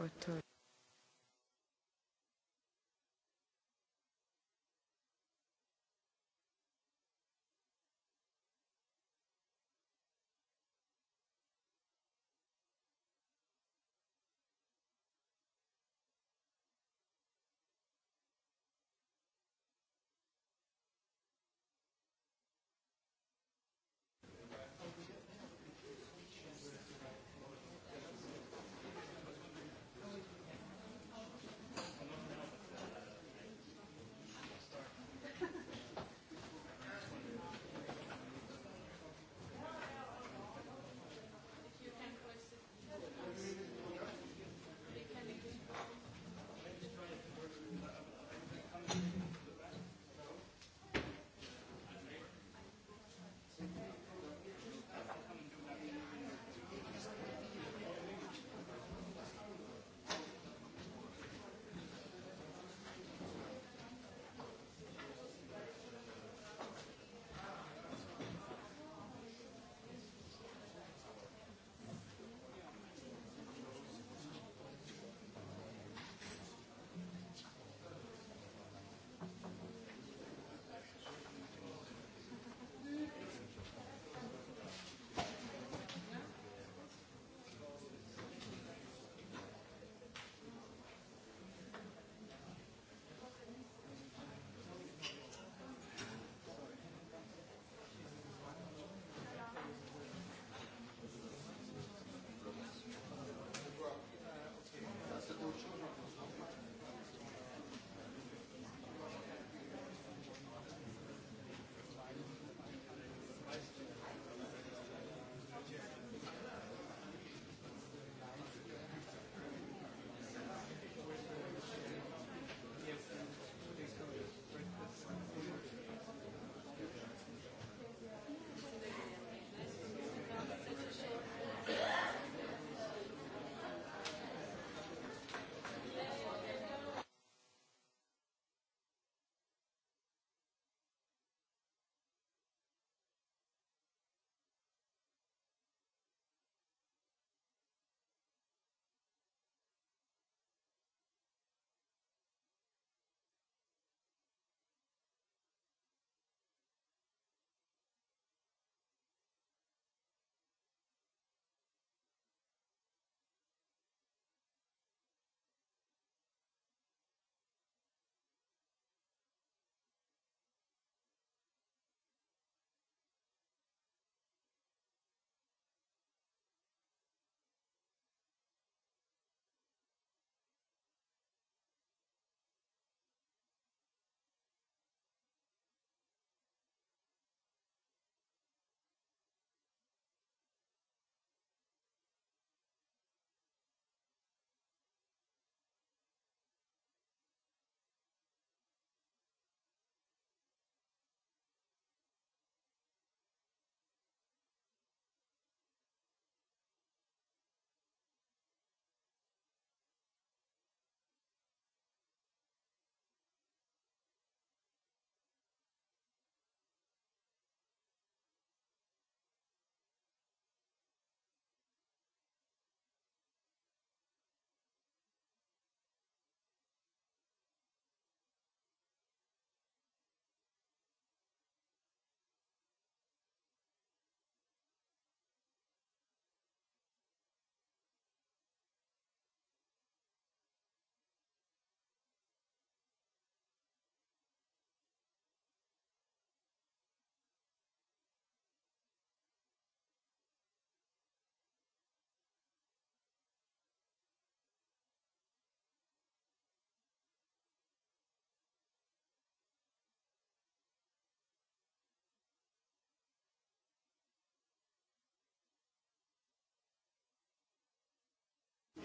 rapporteur.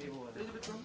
Είναι επιτροπή.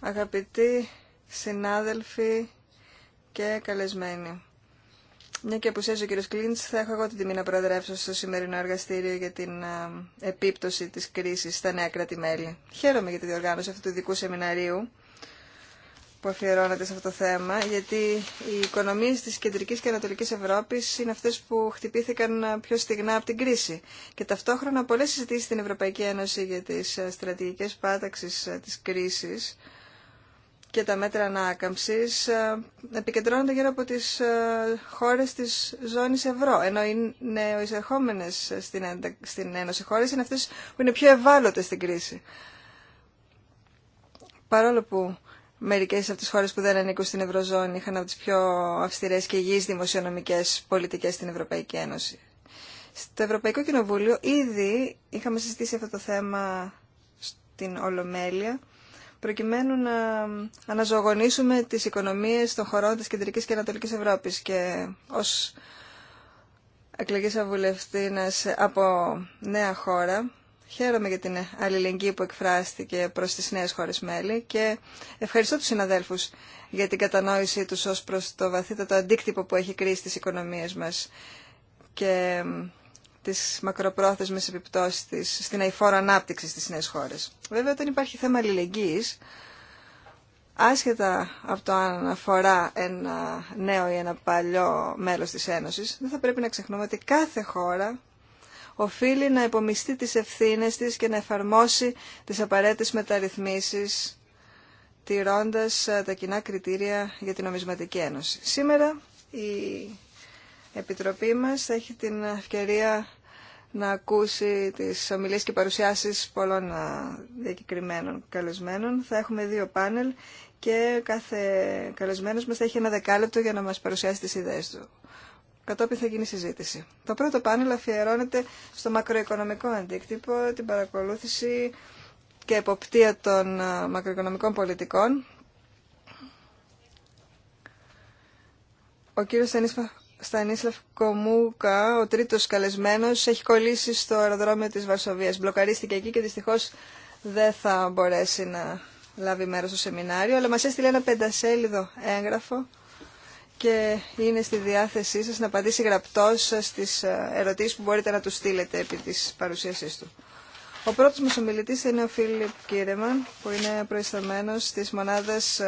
Αγαπητοί συνάδελφοι και καλεσμένοι. Μια και απουσιάζει ο κύριος Κλίντς, θα έχω εγώ την τιμή να προεδρεύσω στο σημερινό εργαστήριο για την επίπτωση της κρίσης στα νέα κράτη-μέλη. Χαίρομαι για τη διοργάνωση αυτού του ειδικού σεμιναρίου που αφιερώνεται σε αυτό το θέμα, γιατί οι οικονομίες της κεντρικής και ανατολικής Ευρώπης είναι αυτές που χτυπήθηκαν πιο στιγνά από την κρίση. Και ταυτόχρονα πολλές συζητήσεις στην Ευρωπαϊκή Ένωση για τις στρατηγικές πάταξεις της κρίσης και τα μέτρα ανάκαμψης ε, επικεντρώνονται γύρω από τις ε, χώρες της ζώνης ευρώ, ενώ οι νεοεισερχόμενες στην Ένωση χώρες είναι αυτές που είναι πιο ευάλωτες στην κρίση. Παρόλο που Μερικές από τις χώρες που δεν ανήκουν στην Ευρωζώνη είχαν από τι πιο αυστηρέ και υγιεί δημοσιονομικέ πολιτικές στην Ευρωπαϊκή Ένωση. Στο Ευρωπαϊκό Κοινοβούλιο ήδη είχαμε συζητήσει αυτό το θέμα στην Ολομέλεια προκειμένου να αναζωογονήσουμε τις οικονομίες των χωρών της Κεντρικής και Ανατολική Ευρώπη και ω εκλεγή βουλευτή από νέα χώρα Χαίρομαι για την αλληλεγγύη που εκφράστηκε προς τις νέε χώρε μέλη και ευχαριστώ τους συναδέλφους για την κατανόησή τους ω προς το βαθύτατο αντίκτυπο που έχει κρίσει στις οικονομίες μας και τις μακροπρόθεσμες επιπτώσεις τη στην αηφόρο ανάπτυξη στι νέε χώρε. Βέβαια, όταν υπάρχει θέμα αλληλεγγύη, άσχετα από το αν αφορά ένα νέο ή ένα παλιό μέλος της Ένωσης, δεν θα πρέπει να ξεχνούμε ότι κάθε χώρα οφείλει να υπομειστεί τις ευθύνες της και να εφαρμόσει τις απαραίτητες μεταρρυθμίσεις τηρώντας ε, τα κοινά κριτήρια για την Ομισματική ένωση. Σήμερα η Επιτροπή μας θα έχει την ευκαιρία να ακούσει τις ομιλίες και παρουσιάσεις πολλών ε, διακεκριμένων καλεσμένων. Θα έχουμε δύο πάνελ και κάθε καλεσμένος μας θα έχει ένα δεκάλεπτο για να μας παρουσιάσει τις ιδέες του. Κατόπιν θα γίνει συζήτηση. Το πρώτο πάνελ αφιερώνεται στο μακροοικονομικό αντίκτυπο, την παρακολούθηση και εποπτεία των ε, μακροοικονομικών πολιτικών. Ο κύριος Στανίσλαφ Κομούκα, ο τρίτος καλεσμένος, έχει κολλήσει στο αεροδρόμιο της Βαρσοβίας. Μπλοκαρίστηκε εκεί και δυστυχώς δεν θα μπορέσει να λάβει μέρος στο σεμινάριο, αλλά μας έστειλε ένα πεντασέλιδο έγγραφο και είναι στη διάθεσή σας να απαντήσει γραπτός στις ερωτήσεις που μπορείτε να του στείλετε επί της παρουσίασής του. Ο πρώτος μας ομιλητής είναι ο Φίλιπ Κιρέμαν που είναι προϊσταμένος της μονάδας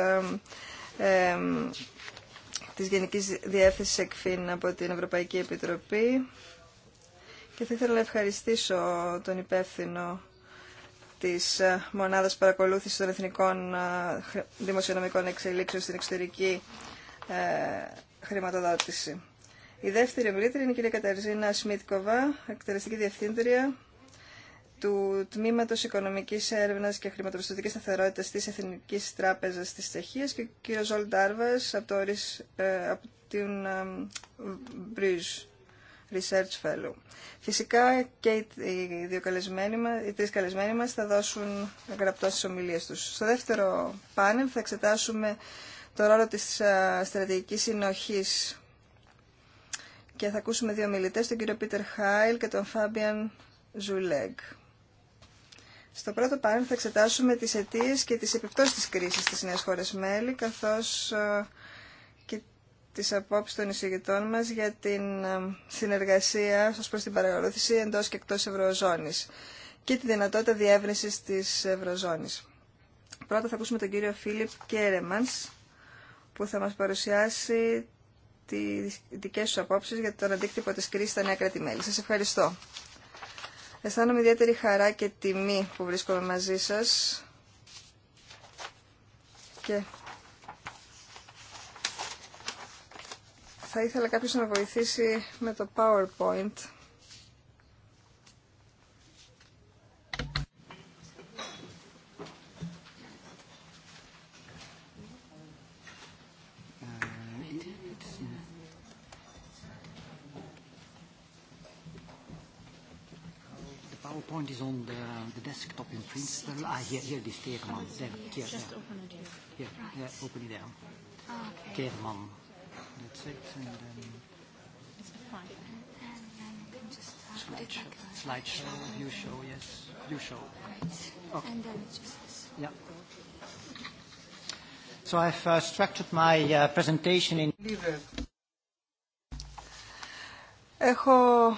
της Γενικής Διεύθυνσης ΕΚΦΗΝ από την Ευρωπαϊκή Επιτροπή. Και θα ήθελα να ευχαριστήσω τον υπεύθυνο της ε, Μονάδας Παρακολούθησης των Εθνικών ε, Δημοσιονομικών Εξελίξεων στην εξωτερική ε, χρηματοδότηση. Η δεύτερη ευρύτερη είναι η κυρία Καταρζίνα Σμίτκοβα, εκτελεστική διευθύντρια του Τμήματος Οικονομικής Έρευνας και Χρηματοπιστωτικής Σταθερότητας της Εθνικής Τράπεζας της Τσεχίας και ο κύριος Ζολ Ντάρβας από, ε, την ε, Bridge Research Fellow. Φυσικά και οι, δύο καλεσμένοι μας, οι τρεις καλεσμένοι μας θα δώσουν γραπτό στις ομιλίες τους. Στο δεύτερο πάνελ θα εξετάσουμε το ρόλο της ε, στρατηγικής συνοχής. Και θα ακούσουμε δύο μιλητές, τον κύριο Πίτερ Χάιλ και τον Φάμπιαν Ζουλέγκ. Στο πρώτο πάνελ θα εξετάσουμε τις αιτίες και τις επιπτώσεις της κρίσης στις νέες χώρες μέλη, καθώς ε, και τις απόψεις των εισηγητών μας για την ε, συνεργασία ως προς την παραγωγή εντός και εκτός Ευρωζώνης και τη δυνατότητα διεύρυνσης της Ευρωζώνης. Πρώτα θα ακούσουμε τον κύριο Φίλιπ Κέρεμανς, που θα μας παρουσιάσει τις δικές σου απόψεις για τον αντίκτυπο της κρίσης στα νέα κράτη-μέλη. Σας ευχαριστώ. Αισθάνομαι ιδιαίτερη χαρά και τιμή που βρίσκομαι μαζί σας. Και θα ήθελα κάποιος να βοηθήσει με το PowerPoint. PowerPoint is on the, the desktop in principle. Ah, here, here it is, Teerman. There, here, Just open it here. Right. Yeah, open it there. Oh, okay. Teerman. That's it, and then... It's fine. And then you can just start slideshow. slideshow, you show, yes. You show. Great. Okay. And then it's just this. Yeah. So I've uh, structured my uh, presentation in... Έχω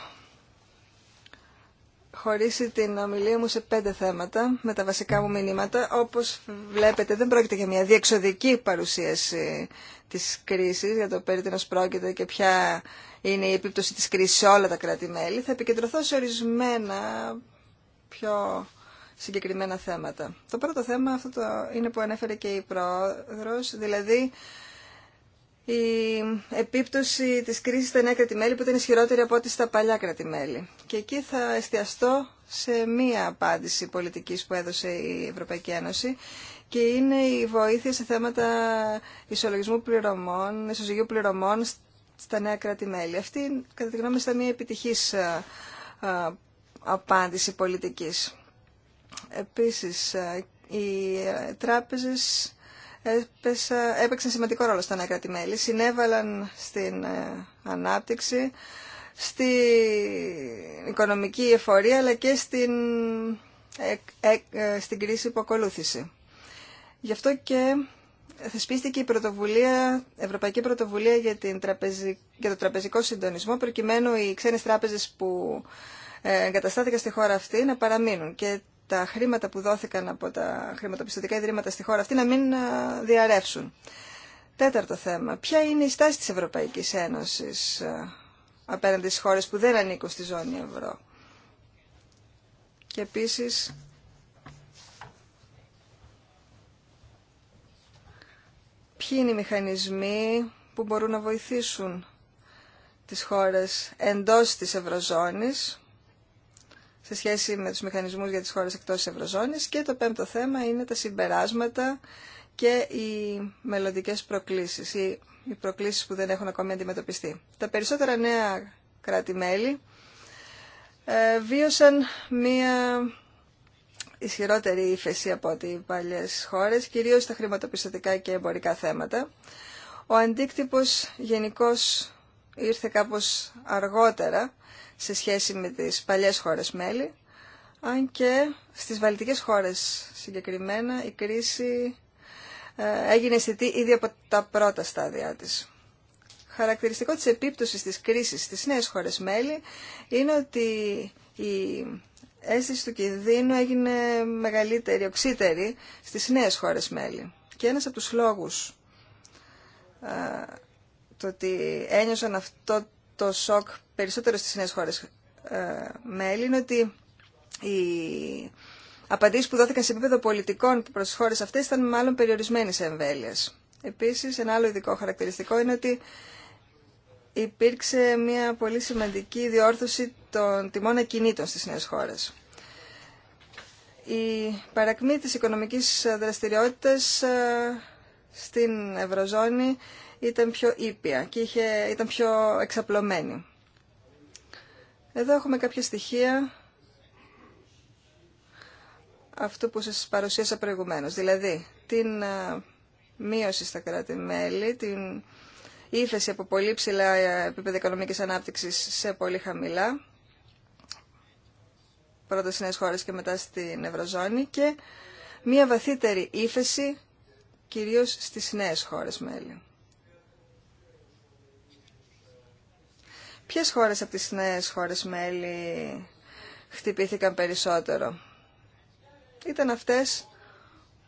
χωρίσει την ομιλία μου σε πέντε θέματα με τα βασικά μου μηνύματα. Όπως βλέπετε δεν πρόκειται για μια διεξοδική παρουσίαση της κρίσης, για το περί τίνος πρόκειται και ποια είναι η επίπτωση της κρίσης σε όλα τα κράτη-μέλη. Θα επικεντρωθώ σε ορισμένα πιο συγκεκριμένα θέματα. Το πρώτο θέμα αυτό το είναι που ανέφερε και η Πρόεδρος, δηλαδή η επίπτωση της κρίσης στα νέα κρατημέλη που ήταν ισχυρότερη από ό,τι στα παλιά κρατημέλη. Και εκεί θα εστιαστώ σε μία απάντηση πολιτικής που έδωσε η Ευρωπαϊκή Ένωση και είναι η βοήθεια σε θέματα ισολογισμού πληρωμών, ισοζυγίου πληρωμών στα νέα κράτη-μέλη. Αυτή, κατά τη γνώμη, ήταν μια επιτυχής απάντηση πληρωμων στα νεα κρατη αυτη κατα τη Επίσης, οι ε, τράπεζες έπαιξαν, σημαντικό ρόλο στα νέα κράτη-μέλη. Συνέβαλαν στην ε, ανάπτυξη, στην οικονομική εφορία αλλά και στην, ε, ε, στην κρίση που ακολούθησε. Γι' αυτό και θεσπίστηκε η πρωτοβουλία, Ευρωπαϊκή Πρωτοβουλία για, την για το τραπεζικό συντονισμό προκειμένου οι ξένες τράπεζες που εγκαταστάθηκαν στη χώρα αυτή να παραμείνουν τα χρήματα που δόθηκαν από τα χρηματοπιστωτικά ιδρύματα στη χώρα αυτή να μην ε, διαρρεύσουν. Τέταρτο θέμα. Ποια είναι η στάση της Ευρωπαϊκής Ένωσης ε, απέναντι στις χώρες που δεν ανήκουν στη ζώνη ευρώ. Και επίσης ποιοι είναι οι μηχανισμοί που μπορούν να βοηθήσουν τις χώρες εντός της Ευρωζώνης σε σχέση με τους μηχανισμούς για τις χώρες εκτός της Ευρωζώνης και το πέμπτο θέμα είναι τα συμπεράσματα και οι μελλοντικέ προκλήσεις ή οι προκλήσεις που δεν έχουν ακόμη αντιμετωπιστεί. Τα περισσότερα νέα κράτη-μέλη ε, βίωσαν μία ισχυρότερη ύφεση από ό,τι οι παλιές χώρες, κυρίως στα χρηματοπιστωτικά και εμπορικά θέματα. Ο αντίκτυπος γενικώ ήρθε κάπως αργότερα, σε σχέση με τις παλιές χώρες μέλη, αν και στις βαλτικές χώρες συγκεκριμένα η κρίση ε, έγινε αισθητή ήδη από τα πρώτα στάδια της. Χαρακτηριστικό της επίπτωσης της κρίσης στις νέες χώρες μέλη είναι ότι η αίσθηση του κινδύνου έγινε μεγαλύτερη, οξύτερη στις νέες χώρες μέλη. Και ένας από τους λόγους ε, το ότι ένιωσαν αυτό το σοκ περισσότερο στις νέες χώρες ε, μέλη είναι ότι οι απαντήσεις που δόθηκαν σε επίπεδο πολιτικών προς τις χώρες αυτές ήταν μάλλον περιορισμένες εμβέλειες. Επίσης, ένα άλλο ειδικό χαρακτηριστικό είναι ότι υπήρξε μια πολύ σημαντική διόρθωση των τιμών ακινήτων στις νέες χώρες. Η παρακμή της οικονομικής δραστηριότητας ε, στην Ευρωζώνη ήταν πιο ήπια και είχε, ήταν πιο εξαπλωμένη. Εδώ έχουμε κάποια στοιχεία αυτού που σας παρουσίασα προηγουμένως. Δηλαδή, την ε, μείωση στα κράτη-μέλη, την ύφεση από πολύ ψηλά ε, επίπεδα οικονομικής ανάπτυξης σε πολύ χαμηλά, πρώτα στις νέες χώρες και μετά στην Ευρωζώνη και μία βαθύτερη ύφεση κυρίως στις νέες χώρες μέλη. Ποιες χώρες από τις νέες χώρες μέλη χτυπήθηκαν περισσότερο. Ήταν αυτές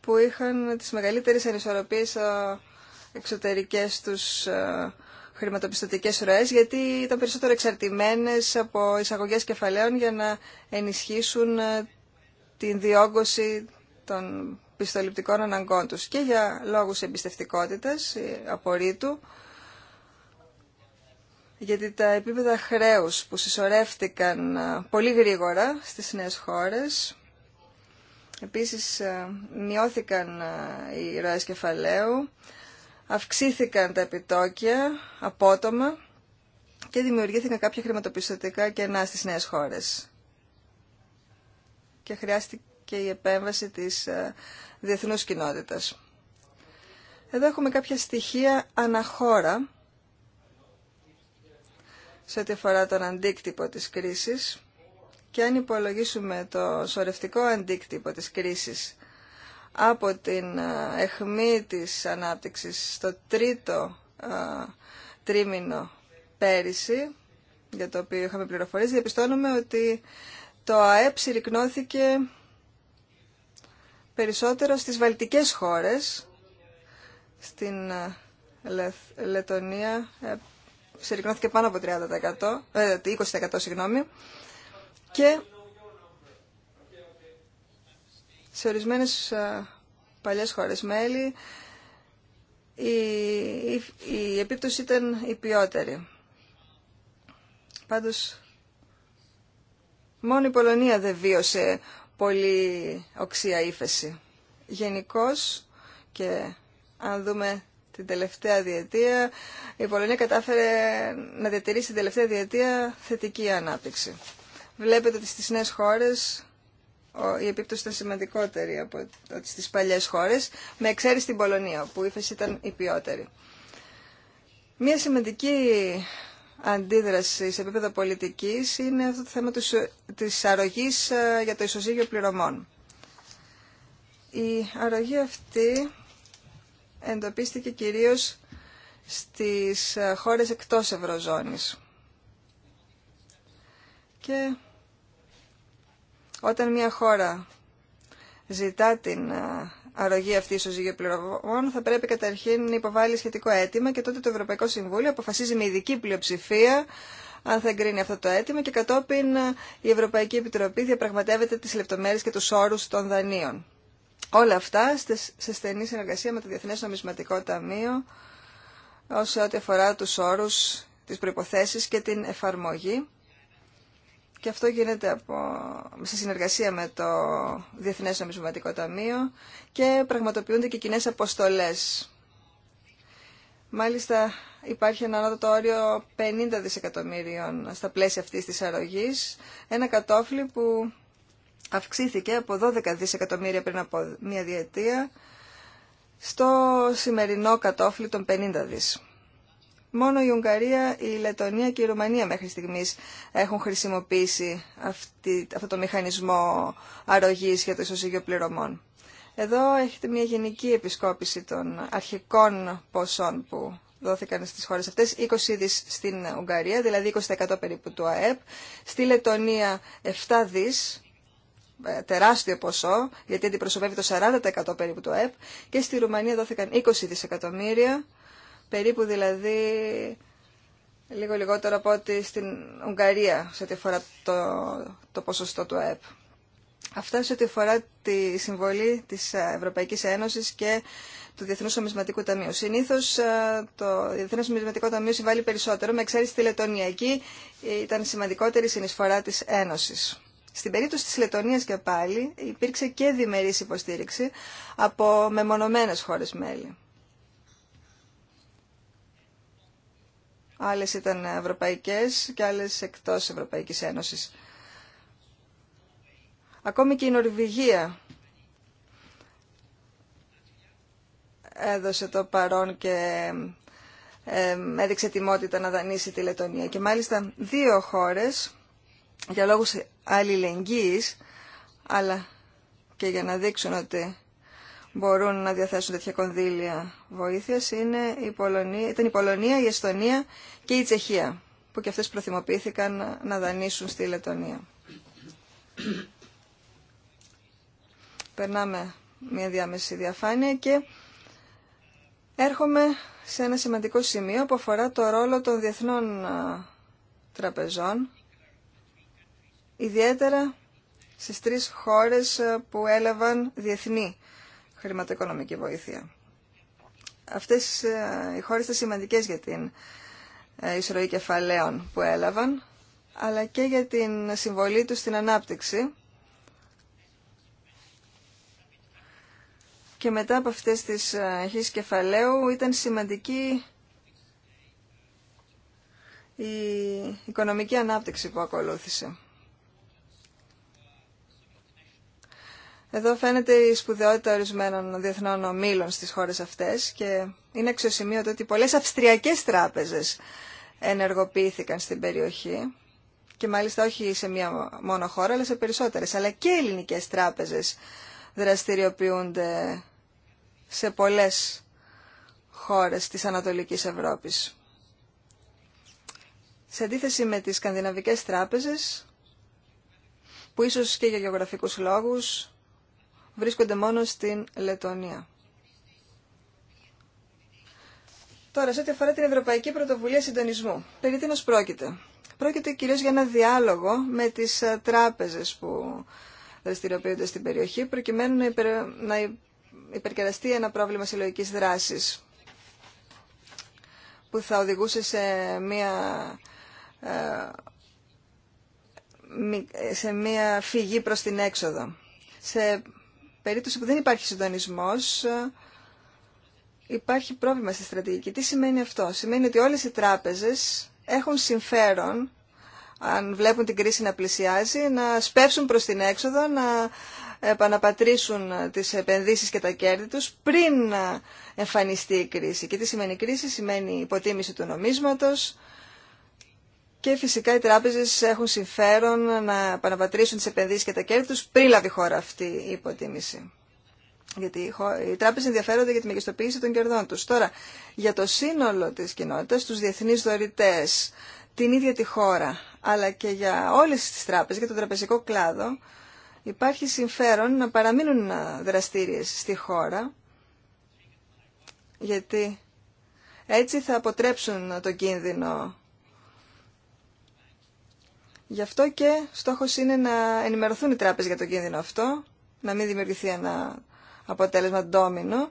που είχαν τις μεγαλύτερες ανισορροπίες εξωτερικές τους ε, χρηματοπιστωτικές ροές, γιατί ήταν περισσότερο εξαρτημένες από εισαγωγές κεφαλαίων για να ενισχύσουν ε, την διόγκωση των πιστοληπτικών αναγκών τους και για λόγους εμπιστευτικότητας, ε, απορρίτου, γιατί τα επίπεδα χρέους που συσσωρεύτηκαν ε, πολύ γρήγορα στις νέες χώρες, επίσης ε, μειώθηκαν ε, οι ροές κεφαλαίου, αυξήθηκαν τα επιτόκια απότομα και δημιουργήθηκαν κάποια χρηματοπιστωτικά κενά στις νέες χώρες. Και χρειάστηκε η επέμβαση της διεθνούς κοινότητας. Εδώ έχουμε κάποια στοιχεία αναχώρα σε ό,τι αφορά τον αντίκτυπο της κρίσης και αν υπολογίσουμε το σωρευτικό αντίκτυπο της κρίσης από την εχμή της ανάπτυξης στο τρίτο ε, τρίμηνο πέρυσι, για το οποίο είχαμε πληροφορίες, διαπιστώνουμε ότι το ΑΕΠ συρρυκνώθηκε περισσότερο στις βαλτικές χώρες, στην ε, Λετωνία ε, συρρυκνώθηκε πάνω από 30%, 20% ε, συγγνώμη, και σε ορισμένες παλιές χώρες μέλη η, η, επίπτωση ήταν η ποιότερη. Πάντως, μόνο η Πολωνία δεν βίωσε πολύ οξία ύφεση. Γενικώ και αν δούμε την τελευταία διετία η Πολωνία κατάφερε να διατηρήσει την τελευταία διετία θετική ανάπτυξη. Βλέπετε ότι στις νέες χώρες η επίπτωση ήταν σημαντικότερη από ότι στις παλιές χώρες, με εξαίρεση την Πολωνία, που η ύφεση ήταν η ποιότερη. Μία σημαντική αντίδραση σε επίπεδο πολιτικής είναι αυτό το θέμα της αρρωγής ε, για το ισοζύγιο πληρωμών. Η αρρωγή αυτή εντοπίστηκε κυρίως στις ε, χώρες εκτός Ευρωζώνης. Και όταν μια χώρα ζητά την ε, αρρωγή αυτή στο πληρωμών, θα πρέπει καταρχήν να υποβάλει σχετικό αίτημα και τότε το Ευρωπαϊκό Συμβούλιο αποφασίζει με ειδική πλειοψηφία αν θα εγκρίνει αυτό το αίτημα και κατόπιν ε, η Ευρωπαϊκή Επιτροπή διαπραγματεύεται τις λεπτομέρειες και τους όρους των δανείων. Όλα αυτά σε στενή συνεργασία με το Διεθνές Νομισματικό Ταμείο όσο ό,τι αφορά τους όρους, τις προϋποθέσεις και την εφαρμογή. Και αυτό γίνεται από, σε συνεργασία με το Διεθνές Νομισματικό Ταμείο και πραγματοποιούνται και κοινέ αποστολές. Μάλιστα υπάρχει ένα ανώτατο όριο 50 δισεκατομμύριων στα πλαίσια αυτής της αρρωγής, ένα κατόφλι που αυξήθηκε από 12 δισεκατομμύρια πριν από μία διετία στο σημερινό κατόφλι των 50 δις. Μόνο η Ουγγαρία, η Λετωνία και η Ρουμανία μέχρι στιγμής έχουν χρησιμοποιήσει αυτό το μηχανισμό αρρωγής για το ισοζύγιο πληρωμών. Εδώ έχετε μια γενική επισκόπηση των αρχικών ποσών που δόθηκαν στις χώρες αυτές, 20 δις στην Ουγγαρία, δηλαδή 20% περίπου του ΑΕΠ, στη Λετωνία 7 δις, τεράστιο ποσό, γιατί αντιπροσωπεύει το 40% περίπου του ΕΠ, και στη Ρουμανία δόθηκαν 20 δισεκατομμύρια, περίπου δηλαδή λίγο λιγότερο από ό,τι στην Ουγγαρία σε ό,τι αφορά το, ποσοστό του ΕΠ. Αυτά σε ό,τι αφορά τη συμβολή της Ευρωπαϊκής Ένωσης και του Διεθνούς Ομισματικού Ταμείου. Συνήθως ε, το Διεθνές Ομισματικό Ταμείο συμβάλλει περισσότερο, με εξαίρεση τη Λετωνιακή ήταν σημαντικότερη συνεισφορά της Ένωσης. Στην περίπτωση της Λετωνίας και πάλι υπήρξε και διμερής υποστήριξη από μεμονωμένες χώρες μέλη. Άλλες ήταν ευρωπαϊκές και άλλες εκτός Ευρωπαϊκής Ένωσης. Ακόμη και η Νορβηγία έδωσε το παρόν και ε, έδειξε τιμότητα να δανείσει τη Λετωνία. Και μάλιστα δύο χώρες για λόγους αλληλεγγύης, αλλά και για να δείξουν ότι μπορούν να διαθέσουν τέτοια κονδύλια βοήθειας είναι η Πολωνία, ήταν η Πολωνία, η Εστονία και η Τσεχία, που και αυτές προθυμοποιήθηκαν να δανείσουν στη Λετωνία. Περνάμε μια διάμεση διαφάνεια και έρχομαι σε ένα σημαντικό σημείο που αφορά το ρόλο των διεθνών τραπεζών ιδιαίτερα στις τρεις χώρες ε, που έλαβαν διεθνή χρηματοοικονομική βοήθεια. Αυτές ε, οι χώρες ήταν σημαντικές για την ε, ισορροή κεφαλαίων που έλαβαν, αλλά και για την συμβολή τους στην ανάπτυξη. Και μετά από αυτές τις αρχές κεφαλαίου ήταν σημαντική η οικονομική ανάπτυξη που ακολούθησε. Εδώ φαίνεται η σπουδαιότητα ορισμένων διεθνών ομίλων στις χώρες αυτές και είναι αξιοσημείωτο ότι πολλές αυστριακές τράπεζες ενεργοποιήθηκαν στην περιοχή και μάλιστα όχι σε μία μόνο χώρα αλλά σε περισσότερες, αλλά και ελληνικές τράπεζες δραστηριοποιούνται σε πολλές χώρες της Ανατολικής Ευρώπης. Σε αντίθεση με τις σκανδιναβικές τράπεζες, που ίσως και για γεωγραφικούς λόγους βρίσκονται μόνο στην Λετωνία. Τώρα, σε ό,τι αφορά την Ευρωπαϊκή Πρωτοβουλία Συντονισμού, περί τίνος πρόκειται. Πρόκειται κυρίως για ένα διάλογο με τις ε, τράπεζες που δραστηριοποιούνται στην περιοχή, προκειμένου να, υπερ... υπερκεραστεί ένα πρόβλημα συλλογική δράσης που θα οδηγούσε σε μία ε, σε μία φυγή προς την έξοδο. Σε περίπτωση που δεν υπάρχει συντονισμός, ε, υπάρχει πρόβλημα στη στρατηγική. Τι σημαίνει αυτό. Σημαίνει ότι όλες οι τράπεζες έχουν συμφέρον, αν βλέπουν την κρίση να πλησιάζει, να σπεύσουν προς την έξοδο, να επαναπατρίσουν τις επενδύσεις και τα κέρδη τους πριν εμφανιστεί η κρίση. Και τι σημαίνει η κρίση, σημαίνει υποτίμηση του νομίσματος, και φυσικά οι τράπεζες έχουν συμφέρον να επαναπατρίσουν τι επενδύσει και τα κέρδη του πριν λάβει χώρα αυτή η υποτίμηση. Γιατί οι τράπεζε ενδιαφέρονται για τη μεγιστοποίηση των κερδών του. Τώρα, για το σύνολο τη κοινότητα, του διεθνεί δωρητέ, την ίδια τη χώρα, αλλά και για όλε τι τράπεζε, για τον τραπεζικό κλάδο, υπάρχει συμφέρον να παραμείνουν δραστήριε στη χώρα, γιατί έτσι θα αποτρέψουν τον κίνδυνο Γι' αυτό και στόχος είναι να ενημερωθούν οι τράπεζες για το κίνδυνο αυτό, να μην δημιουργηθεί ένα αποτέλεσμα ντόμινο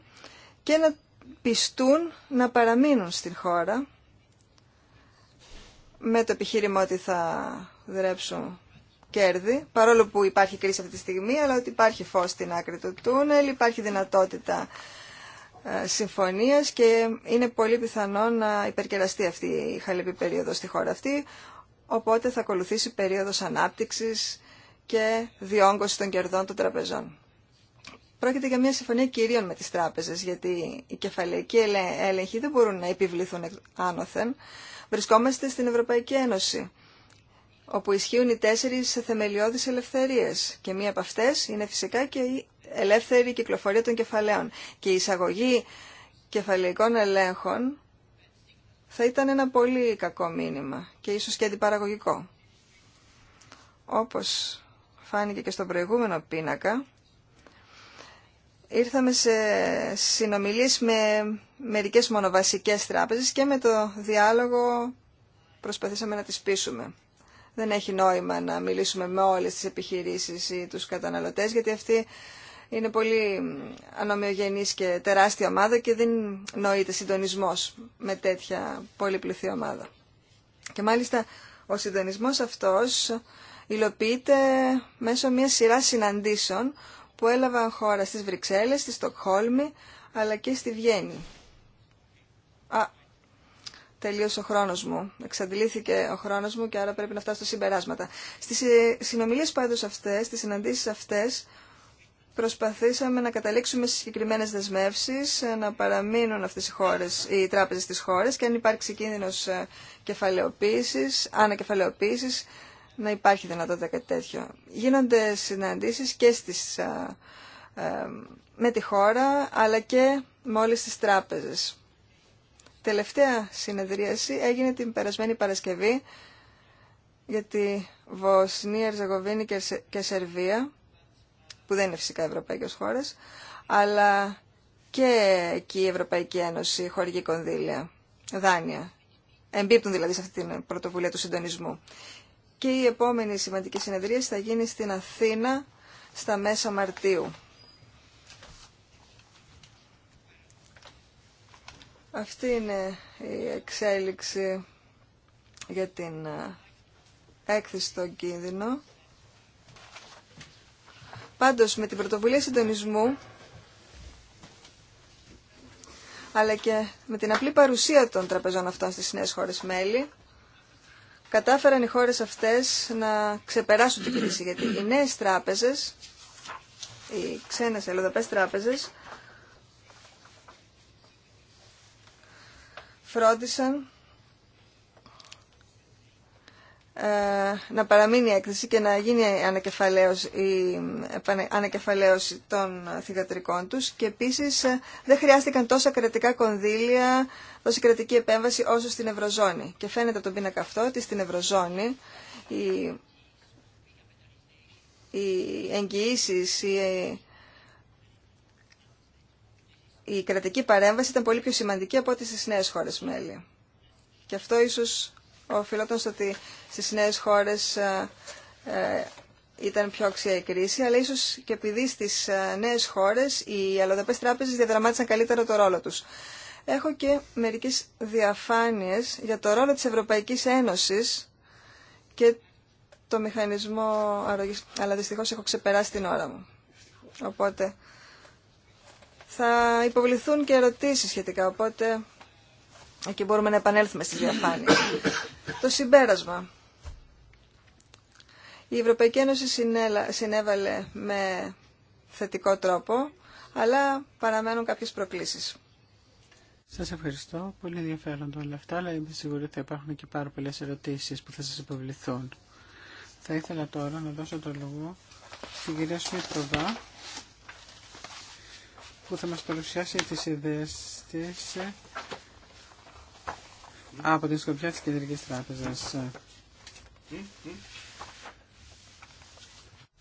και να πιστούν να παραμείνουν στην χώρα με το επιχείρημα ότι θα δρέψουν κέρδη, παρόλο που υπάρχει κρίση αυτή τη στιγμή, αλλά ότι υπάρχει φως στην άκρη του τούνελ, υπάρχει δυνατότητα ε, συμφωνίας και είναι πολύ πιθανό να υπερκεραστεί αυτή η χαλεπή περίοδο στη χώρα αυτή, οπότε θα ακολουθήσει περίοδος ανάπτυξης και διόγκωση των κερδών των τραπεζών. Πρόκειται για μια συμφωνία κυρίων με τις τράπεζες, γιατί οι κεφαλαϊκοί έλεγχοι δεν μπορούν να επιβληθούν άνωθεν. Βρισκόμαστε στην Ευρωπαϊκή Ένωση, όπου ισχύουν οι τέσσερις θεμελιώδεις ελευθερίες και μία από αυτές είναι φυσικά και η ελεύθερη κυκλοφορία των κεφαλαίων. Και η εισαγωγή κεφαλαϊκών ελέγχων θα ήταν ένα πολύ κακό μήνυμα και ίσως και αντιπαραγωγικό. Όπως φάνηκε και στον προηγούμενο πίνακα, ήρθαμε σε συνομιλίες με μερικές μονοβασικές τράπεζες και με το διάλογο προσπαθήσαμε να τις πείσουμε. Δεν έχει νόημα να μιλήσουμε με όλες τις επιχειρήσεις ή τους καταναλωτές, γιατί αυτοί είναι πολύ ανομοιογενής και τεράστια ομάδα και δεν νοείται συντονισμός με τέτοια πολυπληθή ομάδα. Και μάλιστα ο συντονισμός αυτός υλοποιείται μέσω μια σειράς συναντήσεων που έλαβαν χώρα στις Βρυξέλλες, στη Στοκχόλμη αλλά και στη Βιέννη. Α, τελείωσε ο χρόνος μου. Εξαντλήθηκε ο χρόνος μου και άρα πρέπει να φτάσω στα συμπεράσματα. Στις συνομιλίες πάντως αυτές, στις συναντήσεις αυτές, προσπαθήσαμε να καταλήξουμε σε συγκεκριμένες δεσμεύσεις, ε, να παραμείνουν αυτέ οι, χώρες, οι τράπεζες της χώρα, και αν υπάρξει κίνδυνος ε, κεφαλαιοποίησης, ανακεφαλαιοποίησης, να υπάρχει δυνατότητα κάτι τέτοιο. Γίνονται συναντήσεις και στις, ε, με τη χώρα, αλλά και με όλες τις τράπεζες. Τελευταία συνεδρίαση έγινε την περασμένη Παρασκευή για τη Βοσνία, Ερζεγοβίνη και Σερβία που δεν είναι φυσικά ευρωπαϊκές χώρες, αλλά και εκεί η Ευρωπαϊκή Ένωση χορηγεί κονδύλια, δάνεια. Εμπίπτουν δηλαδή σε αυτή την πρωτοβουλία του συντονισμού. Και η επόμενη σημαντική συνεδρία θα γίνει στην Αθήνα στα μέσα Μαρτίου. Αυτή είναι η εξέλιξη για την ε, έκθεση στον κίνδυνο. Πάντως με την πρωτοβουλία συντονισμού αλλά και με την απλή παρουσία των τραπεζών αυτών στις νέες χώρες μέλη κατάφεραν οι χώρες αυτές να ξεπεράσουν την κρίση γιατί οι νέες τράπεζες, οι ξένες ελλοδαπές τράπεζες φρόντισαν ε, να παραμείνει η έκθεση και να γίνει ανακεφαλαίωση, η ανακεφαλαίωση των θηγατρικών τους και επίσης ε, δεν χρειάστηκαν τόσα κρατικά κονδύλια, τόση κρατική επέμβαση όσο στην Ευρωζώνη. Και φαίνεται από τον πίνακα αυτό ότι στην Ευρωζώνη οι, οι εγγυήσεις, ε, η κρατική παρέμβαση ήταν πολύ πιο σημαντική από ό,τι στις νέες χώρες μέλη. Και αυτό ίσως οφειλόταν στο ότι στις νέες χώρες ε, ε, ήταν πιο αξία η κρίση, αλλά ίσως και επειδή στις ε, νέες χώρες οι αλλοδαπές τράπεζες διαδραμάτισαν καλύτερο το ρόλο τους. Έχω και μερικές διαφάνειες για το ρόλο της Ευρωπαϊκής Ένωσης και το μηχανισμό αρρωγής, αλλά δυστυχώς έχω ξεπεράσει την ώρα μου. Οπότε θα υποβληθούν και ερωτήσεις σχετικά, οπότε εκεί μπορούμε να επανέλθουμε στις διαφάνειες. το συμπέρασμα. Η Ευρωπαϊκή Ένωση συνέβαλε με θετικό τρόπο, αλλά παραμένουν κάποιες προκλήσεις. Σας ευχαριστώ. Πολύ ενδιαφέρον όλα αυτά, αλλά είμαι σίγουρη ότι θα υπάρχουν και πάρα πολλές ερωτήσεις που θα σας υποβληθούν. Θα ήθελα τώρα να δώσω το λόγο στην κυρία Σμιτροβά, που θα μας παρουσιάσει τις ιδέες της ε, από την σκοπιά της Κεντρικής Τράπεζας.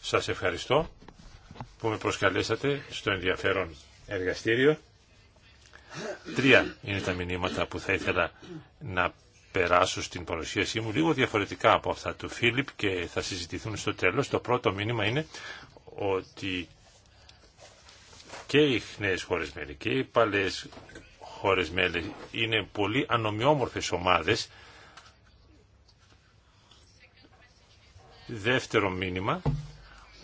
Σας ευχαριστώ που με προσκαλέσατε στο ενδιαφέρον εργαστήριο. Τρία είναι τα μηνύματα που θα ήθελα να περάσω στην παρουσίασή μου, λίγο διαφορετικά από αυτά του Φίλιπ και θα συζητηθούν στο τέλος. Το πρώτο μήνυμα είναι ότι και οι νέες χώρες μέλη και οι παλές χώρες μέλη είναι πολύ ανομοιόμορφες ομάδες. Δεύτερο μήνυμα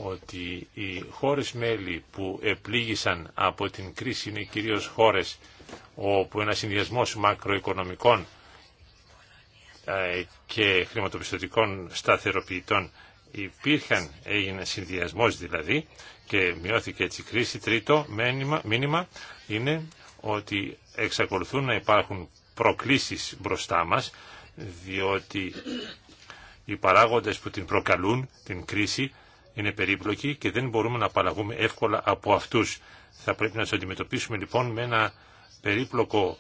ότι οι χώρες μέλη που επλήγησαν από την κρίση είναι κυρίως χώρες όπου ένα συνδυασμός μακροοικονομικών ε, και χρηματοπιστωτικών σταθεροποιητών υπήρχαν, έγινε συνδυασμός δηλαδή και μειώθηκε έτσι η κρίση. Τρίτο μήνυμα είναι ότι εξακολουθούν να υπάρχουν προκλήσεις μπροστά μας διότι οι παράγοντες που την προκαλούν, την κρίση, είναι περίπλοκοι και δεν μπορούμε να απαλλαγούμε εύκολα από αυτούς. Θα πρέπει να του αντιμετωπίσουμε λοιπόν με ένα περίπλοκο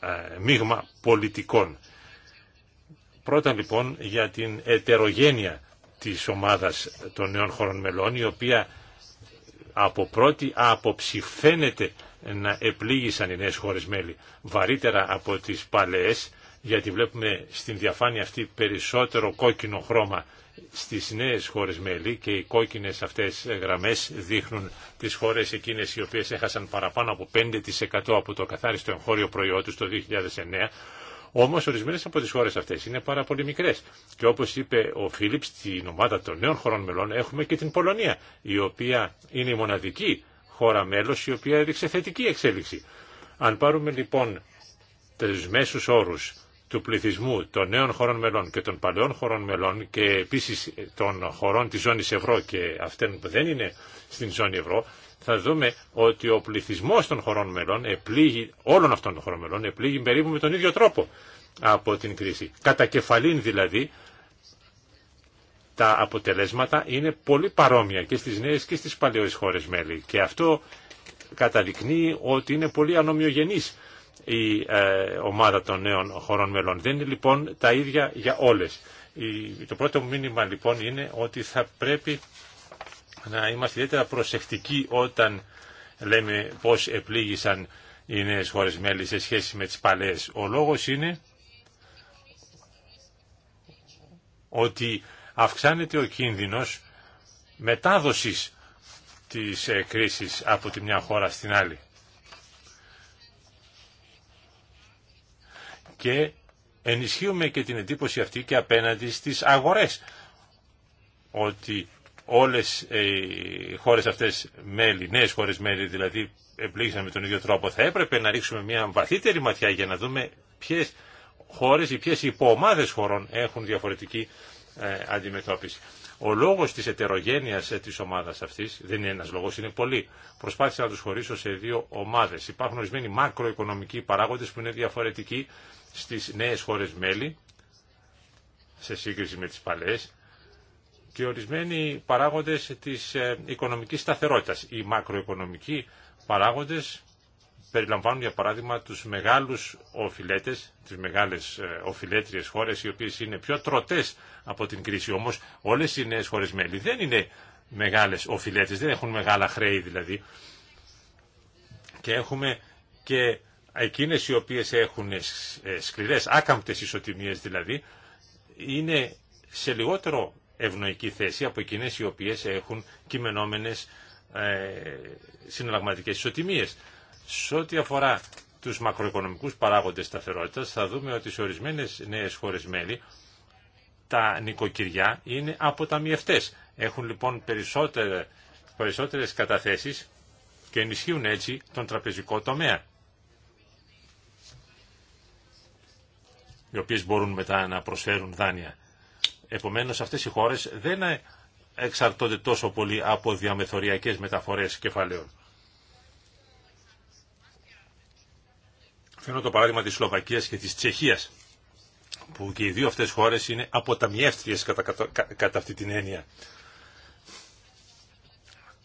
ε, μείγμα πολιτικών. Πρώτα λοιπόν για την ετερογένεια της ομάδας των νέων χωρών μελών, η οποία από πρώτη άποψη φαίνεται να επλήγησαν οι νέες χώρες μέλη βαρύτερα από τις παλαιές, γιατί βλέπουμε στην διαφάνεια αυτή περισσότερο κόκκινο χρώμα στις νέες χώρες μέλη και οι κόκκινες αυτές γραμμές δείχνουν τις χώρες εκείνες οι οποίες έχασαν παραπάνω από 5% από το καθάριστο εγχώριο προϊόν το 2009 όμως ορισμένες από τις χώρες αυτές είναι πάρα πολύ μικρές. Και όπως είπε ο Φίλιπ στην ομάδα των νέων χωρών μελών έχουμε και την Πολωνία, η οποία είναι η μοναδική χώρα μέλος η οποία έδειξε θετική εξέλιξη. Αν πάρουμε λοιπόν τους μέσους όρους του πληθυσμού των νέων χωρών μελών και των παλαιών χωρών μελών και επίσης των χωρών της ζώνης ευρώ και αυτών που δεν είναι στην ζώνη ευρώ, θα δούμε ότι ο πληθυσμός των χωρών μελών, επλήγει, όλων αυτών των χωρών μελών, επλήγει περίπου με τον ίδιο τρόπο από την κρίση. Κατά κεφαλήν δηλαδή, τα αποτελέσματα είναι πολύ παρόμοια και στις νέες και στις παλαιές χώρες μέλη. Και αυτό καταδεικνύει ότι είναι πολύ ανομοιογενής η ε, ομάδα των νέων χωρών μελών. Δεν είναι λοιπόν τα ίδια για όλες. Το πρώτο μήνυμα λοιπόν είναι ότι θα πρέπει να είμαστε ιδιαίτερα προσεκτικοί όταν λέμε πώς επλήγησαν οι νέες χώρες μέλη σε σχέση με τις παλαιές. Ο λόγος είναι ότι αυξάνεται ο κίνδυνος μετάδοσης της ε, κρίσης από τη μια χώρα στην άλλη. και ενισχύουμε και την εντύπωση αυτή και απέναντι στις αγορές ότι όλες ε, οι χώρες αυτές μέλη, νέες χώρες μέλη δηλαδή εμπλήξαν με τον ίδιο τρόπο θα έπρεπε να ρίξουμε μια βαθύτερη ματιά για να δούμε ποιες χώρες ή ποιες υποομάδες χωρών έχουν διαφορετική ε, αντιμετώπιση. Ο λόγος της ετερογένειας ε, της ομάδας αυτής, δεν είναι ένας λόγος, είναι πολλοί. Προσπάθησα να τους χωρίσω σε δύο ομάδες. Υπάρχουν ορισμένοι μακροοικονομικοί παράγοντες που είναι διαφορετικοί στις νέες χώρες μέλη σε σύγκριση με τις παλαιές και ορισμένοι παράγοντες της ε, οικονομικής σταθερότητας. Οι μακροοικονομικοί παράγοντες περιλαμβάνουν για παράδειγμα τους μεγάλους οφιλέτες τις μεγάλες ε, οφειλέτριες χώρες οι οποίες είναι πιο τρωτές από την κρίση. Όμως όλες οι νέες χώρες μέλη δεν είναι μεγάλες οφειλέτες, δεν έχουν μεγάλα χρέη δηλαδή. Και έχουμε και εκείνες οι οποίες έχουν ε, σκληρές, άκαμπτες ισοτιμίες δηλαδή, είναι σε λιγότερο ευνοϊκή θέση από εκείνες οι οποίες έχουν κειμενόμενες ε, συναλλαγματικές ισοτιμίες. Σε ό,τι αφορά τους μακροοικονομικούς παράγοντες σταθερότητας, θα δούμε ότι σε ορισμένες νέες χώρες μέλη τα νοικοκυριά είναι αποταμιευτές. Έχουν λοιπόν περισσότερες, περισσότερες καταθέσεις και ενισχύουν έτσι τον τραπεζικό τομέα. οι οποίες μπορούν μετά να προσφέρουν δάνεια. Επομένως αυτές οι χώρες δεν εξαρτώνται τόσο πολύ από διαμεθοριακές μεταφορές κεφαλαίων. Φαίνω το παράδειγμα της Σλοβακίας και της Τσεχίας, που και οι δύο αυτές χώρες είναι αποταμιεύτριες κατά, κατά, κατά αυτή την έννοια.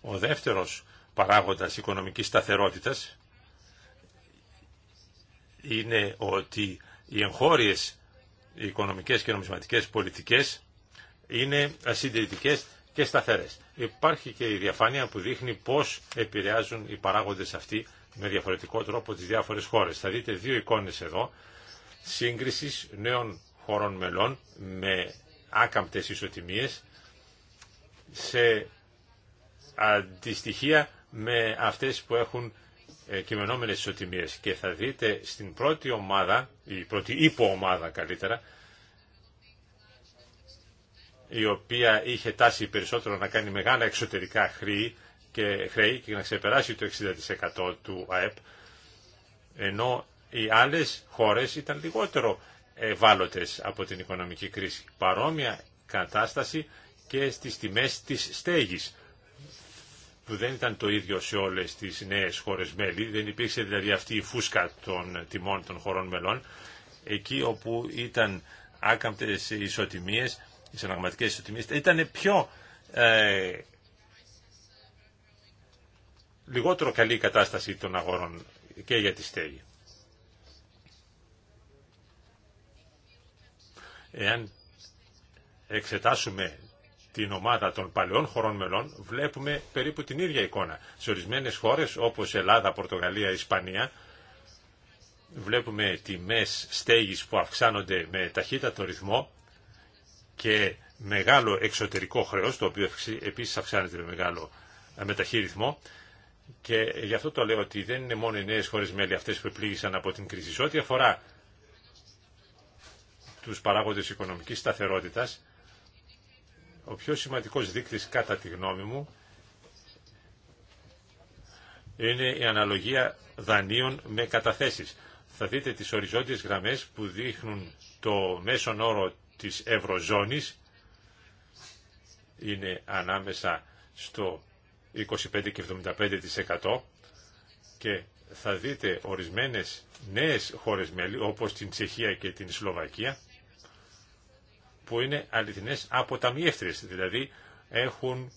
Ο δεύτερος παράγοντας οικονομικής σταθερότητας είναι ότι οι εγχώριες οι οικονομικές και νομισματικές πολιτικές είναι συντηρητικέ και σταθερές. Υπάρχει και η διαφάνεια που δείχνει πώς επηρεάζουν οι παράγοντες αυτοί με διαφορετικό τρόπο τις διάφορες χώρες. Θα δείτε δύο εικόνες εδώ σύγκρισης νέων χωρών μελών με άκαμπτες ισοτιμίες σε αντιστοιχεία με αυτές που έχουν ε, κειμενόμενες ισοτιμίες και θα δείτε στην πρώτη ομάδα, η πρώτη υποομάδα καλύτερα, η οποία είχε τάση περισσότερο να κάνει μεγάλα εξωτερικά χρέη και, χρέη και να ξεπεράσει το 60% του ΑΕΠ, ενώ οι άλλες χώρες ήταν λιγότερο ευάλωτες από την οικονομική κρίση. Παρόμοια κατάσταση και στις τιμές της στέγης που δεν ήταν το ίδιο σε όλες τις νέες χώρες μέλη, δεν υπήρξε δηλαδή αυτή η φούσκα των τιμών των χωρών μελών, εκεί όπου ήταν άκαμπτες ισοτιμίες, οι συναγματικές ισοτιμίες, ήταν πιο ε, λιγότερο καλή η κατάσταση των αγορών και για τη στέγη. Εάν εξετάσουμε την ομάδα των παλαιών χωρών μελών βλέπουμε περίπου την ίδια εικόνα. Σε ορισμένες χώρες όπως Ελλάδα, Πορτογαλία, Ισπανία βλέπουμε τιμές στέγης που αυξάνονται με ταχύτατο ρυθμό και μεγάλο εξωτερικό χρέος, το οποίο επίσης αυξάνεται με, μεγάλο, με ρυθμό. Και γι' αυτό το λέω ότι δεν είναι μόνο οι νέες χώρες μέλη αυτές που επλήγησαν από την κρίση. ό,τι αφορά τους παράγοντες οικονομικής σταθερότητας, ο πιο σημαντικός δείκτης κατά τη γνώμη μου είναι η αναλογία δανείων με καταθέσεις. Θα δείτε τις οριζόντιες γραμμές που δείχνουν το μέσον όρο της Ευρωζώνης είναι ανάμεσα στο 25 και 75% και θα δείτε ορισμένες νέες χώρες μέλη όπως την Τσεχία και την Σλοβακία που είναι αληθινές αποταμιεύτριες, δηλαδή έχουν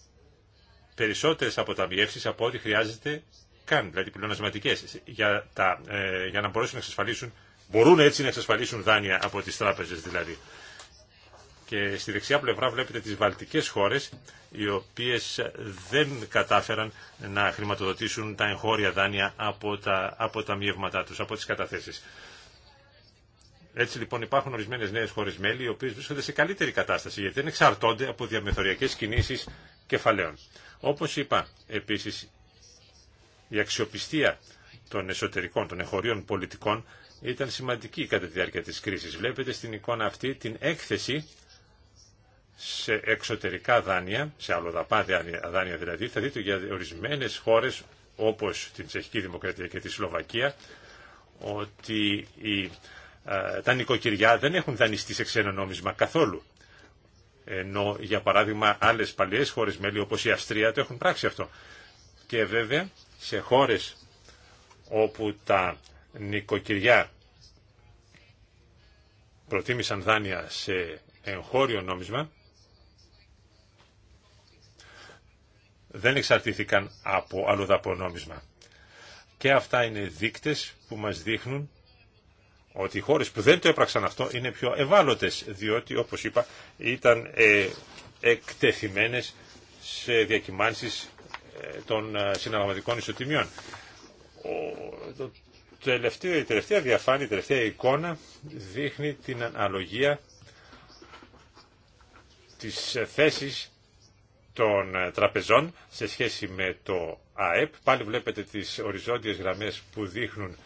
περισσότερες αποταμιεύσεις από ό,τι χρειάζεται καν, δηλαδή πλεονασματικές, για, τα, ε, για να μπορέσουν να εξασφαλίσουν, μπορούν έτσι να εξασφαλίσουν δάνεια από τις τράπεζες δηλαδή. Και στη δεξιά πλευρά βλέπετε τις βαλτικές χώρες, οι οποίες δεν κατάφεραν να χρηματοδοτήσουν τα εγχώρια δάνεια από τα, από τα τους, από τις καταθέσεις. Έτσι λοιπόν υπάρχουν ορισμένε νέε χώρε μέλη οι οποίε βρίσκονται σε καλύτερη κατάσταση γιατί δεν εξαρτώνται από διαμεθοριακές κινήσει κεφαλαίων. Όπω είπα επίση η αξιοπιστία των εσωτερικών, των εχωρίων πολιτικών ήταν σημαντική κατά τη διάρκεια τη κρίση. Βλέπετε στην εικόνα αυτή την έκθεση σε εξωτερικά δάνεια, σε αλλοδαπά δάνεια δηλαδή, θα δείτε για ορισμένε χώρε, όπω την Τσεχική Δημοκρατία και τη Σλοβακία ότι η ε, τα νοικοκυριά δεν έχουν δανειστεί σε ξένο νόμισμα καθόλου. Ενώ, για παράδειγμα, άλλες παλιές χώρες μέλη, όπως η Αυστρία, το έχουν πράξει αυτό. Και βέβαια, σε χώρες όπου τα νοικοκυριά προτίμησαν δάνεια σε εγχώριο νόμισμα, δεν εξαρτήθηκαν από αλλοδαπό νόμισμα. Και αυτά είναι δείκτες που μας δείχνουν ότι οι χώρες που δεν το έπραξαν αυτό είναι πιο ευάλωτες, διότι όπως είπα ήταν ε, εκτεθειμένες σε διακυμάνσεις ε, των ε, συναλλαγματικών ισοτιμιών. το τελευταίο, η τελευταία διαφάνεια, η τελευταία εικόνα δείχνει την αναλογία της θέσης των ε, τραπεζών σε σχέση με το ΑΕΠ. Πάλι βλέπετε τις οριζόντιες γραμμές που δείχνουν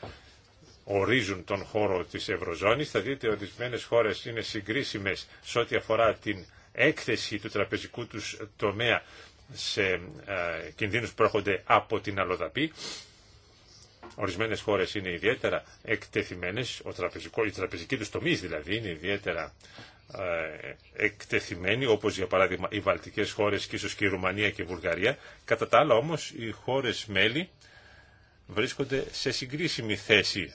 ορίζουν τον χώρο της Ευρωζώνης. Θα δείτε ότι ορισμένες χώρες είναι συγκρίσιμες σε ό,τι αφορά την έκθεση του τραπεζικού του τομέα σε ε, κινδύνους που προέρχονται από την Αλοδαπή. Ορισμένες χώρες είναι ιδιαίτερα εκτεθειμένες, ο τραπεζικό, η τραπεζική τους τομείς δηλαδή είναι ιδιαίτερα ε, εκτεθειμένοι, όπως για παράδειγμα οι Βαλτικέ χώρες και ίσως και η Ρουμανία και η Βουλγαρία. Κατά τα άλλα όμως οι χώρες μέλη βρίσκονται σε συγκρίσιμη θέση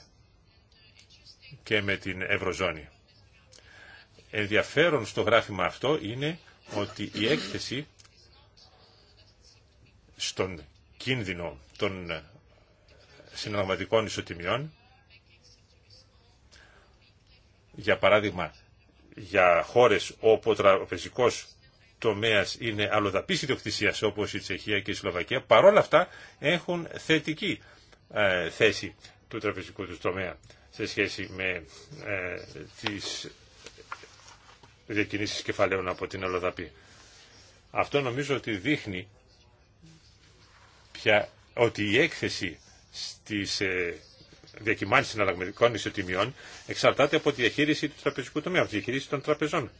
και με την Ευρωζώνη. Ενδιαφέρον στο γράφημα αυτό είναι ότι η έκθεση στον κίνδυνο των συναλλαγματικών ισοτιμιών για παράδειγμα για χώρες όπου ο τραπεζικός τομέας είναι αλλοδαπής ιδιοκτησίας όπως η Τσεχία και η Σλοβακία παρόλα αυτά έχουν θετική ε, θέση του τραπεζικού του τομέα σε σχέση με ε, τις διακινήσεις κεφαλαίων από την Ολοδαπή. Αυτό νομίζω ότι δείχνει πια ότι η έκθεση στις ε, διακυμάνσεις συναλλαγματικών ισοτιμιών εξαρτάται από τη διαχείριση του τραπεζικού τομέα, από τη διαχείριση των τραπεζών.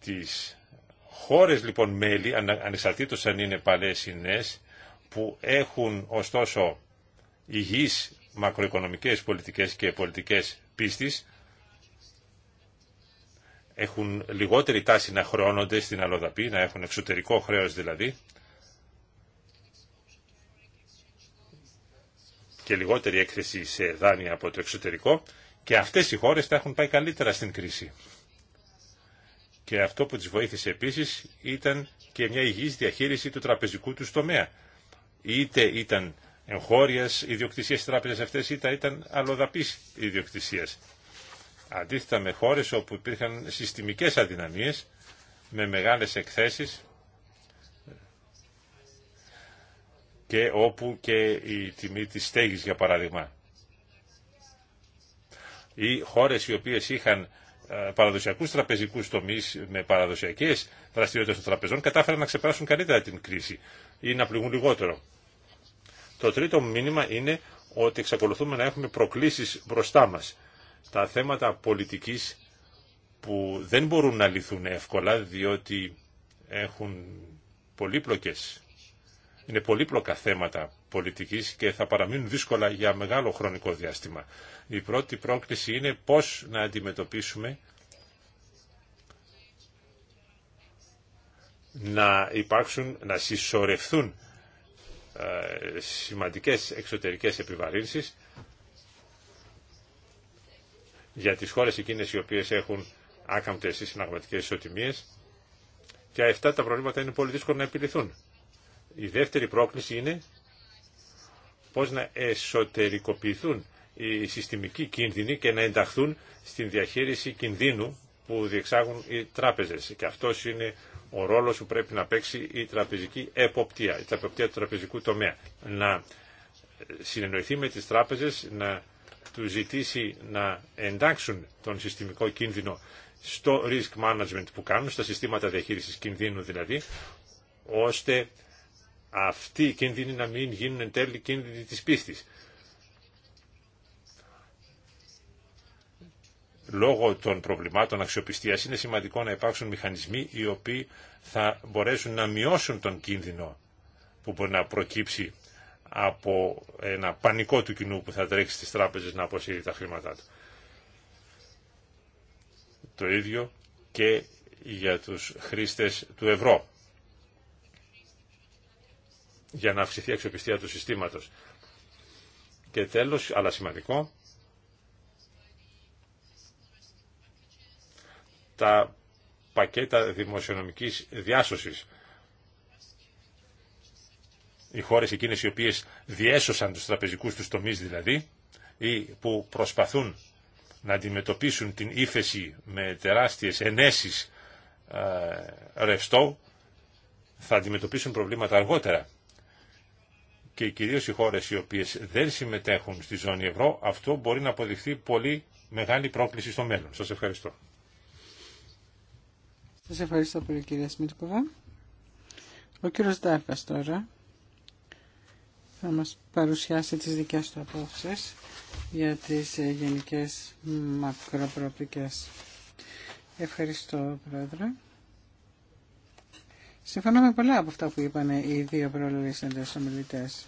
Στις χώρες λοιπόν μέλη, ανεξαρτήτως αν είναι παλές ή που έχουν ωστόσο υγιείς μακροοικονομικές πολιτικές και πολιτικές πίστης έχουν λιγότερη τάση να χρώνονται στην αλλοδαπή, να έχουν εξωτερικό χρέος δηλαδή και λιγότερη έκθεση σε δάνεια από το εξωτερικό και αυτές οι χώρες τα έχουν πάει καλύτερα στην κρίση. Και αυτό που τις βοήθησε επίσης ήταν και μια υγιής διαχείριση του τραπεζικού του τομέα είτε ήταν εγχώριας ιδιοκτησίας τράπεζες αυτές, είτε ήταν αλλοδαπής ιδιοκτησίας. Αντίθετα με χώρες όπου υπήρχαν συστημικές αδυναμίες, με μεγάλες εκθέσεις και όπου και η τιμή της στέγης για παράδειγμα. Ή χώρες οι οποίες είχαν ε, Παραδοσιακού τραπεζικού τομεί με παραδοσιακέ δραστηριότητε των τραπεζών κατάφεραν να ξεπεράσουν καλύτερα την κρίση ή να πληγούν λιγότερο. Το τρίτο μήνυμα είναι ότι εξακολουθούμε να έχουμε προκλήσεις μπροστά μας. Τα θέματα πολιτικής που δεν μπορούν να λυθούν εύκολα διότι έχουν πολύπλοκες είναι πολύπλοκα θέματα πολιτικής και θα παραμείνουν δύσκολα για μεγάλο χρονικό διάστημα. Η πρώτη πρόκληση είναι πώς να αντιμετωπίσουμε να υπάρξουν, να συσσωρευθούν ε, σημαντικές εξωτερικές επιβαρύνσεις για τις χώρες εκείνες οι οποίες έχουν άκαμπτες ή συναγματικές και αυτά τα προβλήματα είναι πολύ δύσκολο να επιληθούν. Η δεύτερη πρόκληση είναι πώς να εσωτερικοποιηθούν οι συστημικοί κίνδυνοι και να ενταχθούν στην διαχείριση κινδύνου που διεξάγουν οι τράπεζες. Και αυτός είναι ο ρόλος που πρέπει να παίξει η τραπεζική εποπτεία, η εποπτεία του τραπεζικού τομέα. Να συνεννοηθεί με τις τράπεζες, να του ζητήσει να εντάξουν τον συστημικό κίνδυνο στο risk management που κάνουν, στα συστήματα διαχείρισης κινδύνου δηλαδή, ώστε αυτοί οι κίνδυνοι να μην γίνουν εν τέλει κίνδυνοι της πίστης. Λόγω των προβλημάτων αξιοπιστίας είναι σημαντικό να υπάρξουν μηχανισμοί οι οποίοι θα μπορέσουν να μειώσουν τον κίνδυνο που μπορεί να προκύψει από ένα πανικό του κοινού που θα τρέξει στις τράπεζες να αποσύρει τα χρήματά του. Το ίδιο και για τους χρήστες του ευρώ για να αυξηθεί η αξιοπιστία του συστήματος. Και τέλος, αλλά σημαντικό, τα πακέτα δημοσιονομικής διάσωσης. Οι χώρες εκείνες οι οποίες διέσωσαν τους τραπεζικούς τους τομείς δηλαδή ή που προσπαθούν να αντιμετωπίσουν την ύφεση με τεράστιες ενέσεις ε, ρευστό θα αντιμετωπίσουν προβλήματα αργότερα και κυρίως οι χώρες οι οποίες δεν συμμετέχουν στη ζώνη ευρώ, αυτό μπορεί να αποδειχθεί πολύ μεγάλη πρόκληση στο μέλλον. Σας ευχαριστώ. Σας ευχαριστώ πολύ κυρία Σμίτκοβα. Ο κύριος Ντάρκας τώρα θα μας παρουσιάσει τις δικές του απόψεις για τις ε, γενικές μακροπρόπτικες. Ευχαριστώ πρόεδρε. Συμφωνώ με πολλά από αυτά που είπαν οι δύο προλογιστέντες ομιλητές.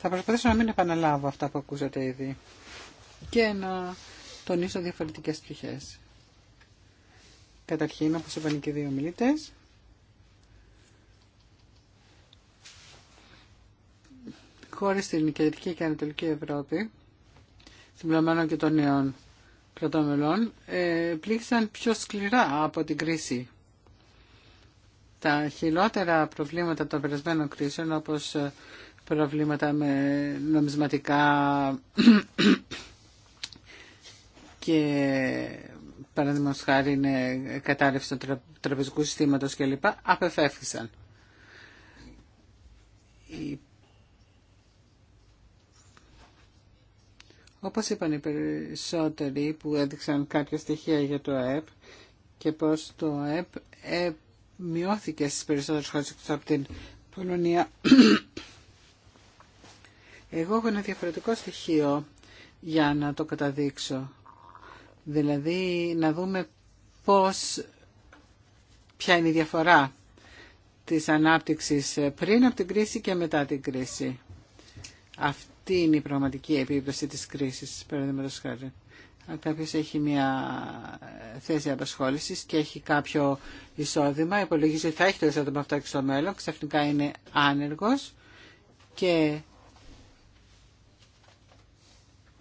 Θα προσπαθήσω να μην επαναλάβω αυτά που ακούσατε ήδη και να τονίσω διαφορετικές πτυχές. Καταρχήν, όπως είπαν και οι δύο μιλητές, χώρες στην Κεντρική και Ανατολική Ευρώπη, συμπληρωμένων και των νέων πλήγησαν ε, πλήξαν πιο σκληρά από την κρίση. Τα χειρότερα προβλήματα των περασμένων κρίσεων όπως ε, προβλήματα με νομισματικά και παραδείγματος χάρη είναι κατάρρευση του τραπεζικού συστήματος κλπ. Η Όπως είπαν οι περισσότεροι που έδειξαν κάποια στοιχεία για το ΑΕΠ και πως το ΑΕΠ ε, μειώθηκε στις περισσότερες χώρες από την Πολωνία. Εγώ έχω ένα διαφορετικό στοιχείο για να το καταδείξω. Δηλαδή να δούμε πώς, ποια είναι η διαφορά της ανάπτυξης πριν από την κρίση και μετά την κρίση τι είναι η πραγματική επίπτωση της κρίσης, παραδείγματο χάρη. Αν κάποιος έχει μια ε, θέση απασχόλησης και έχει κάποιο εισόδημα, υπολογίζει ότι θα έχει το εισόδημα αυτό και στο μέλλον, ξαφνικά είναι άνεργος και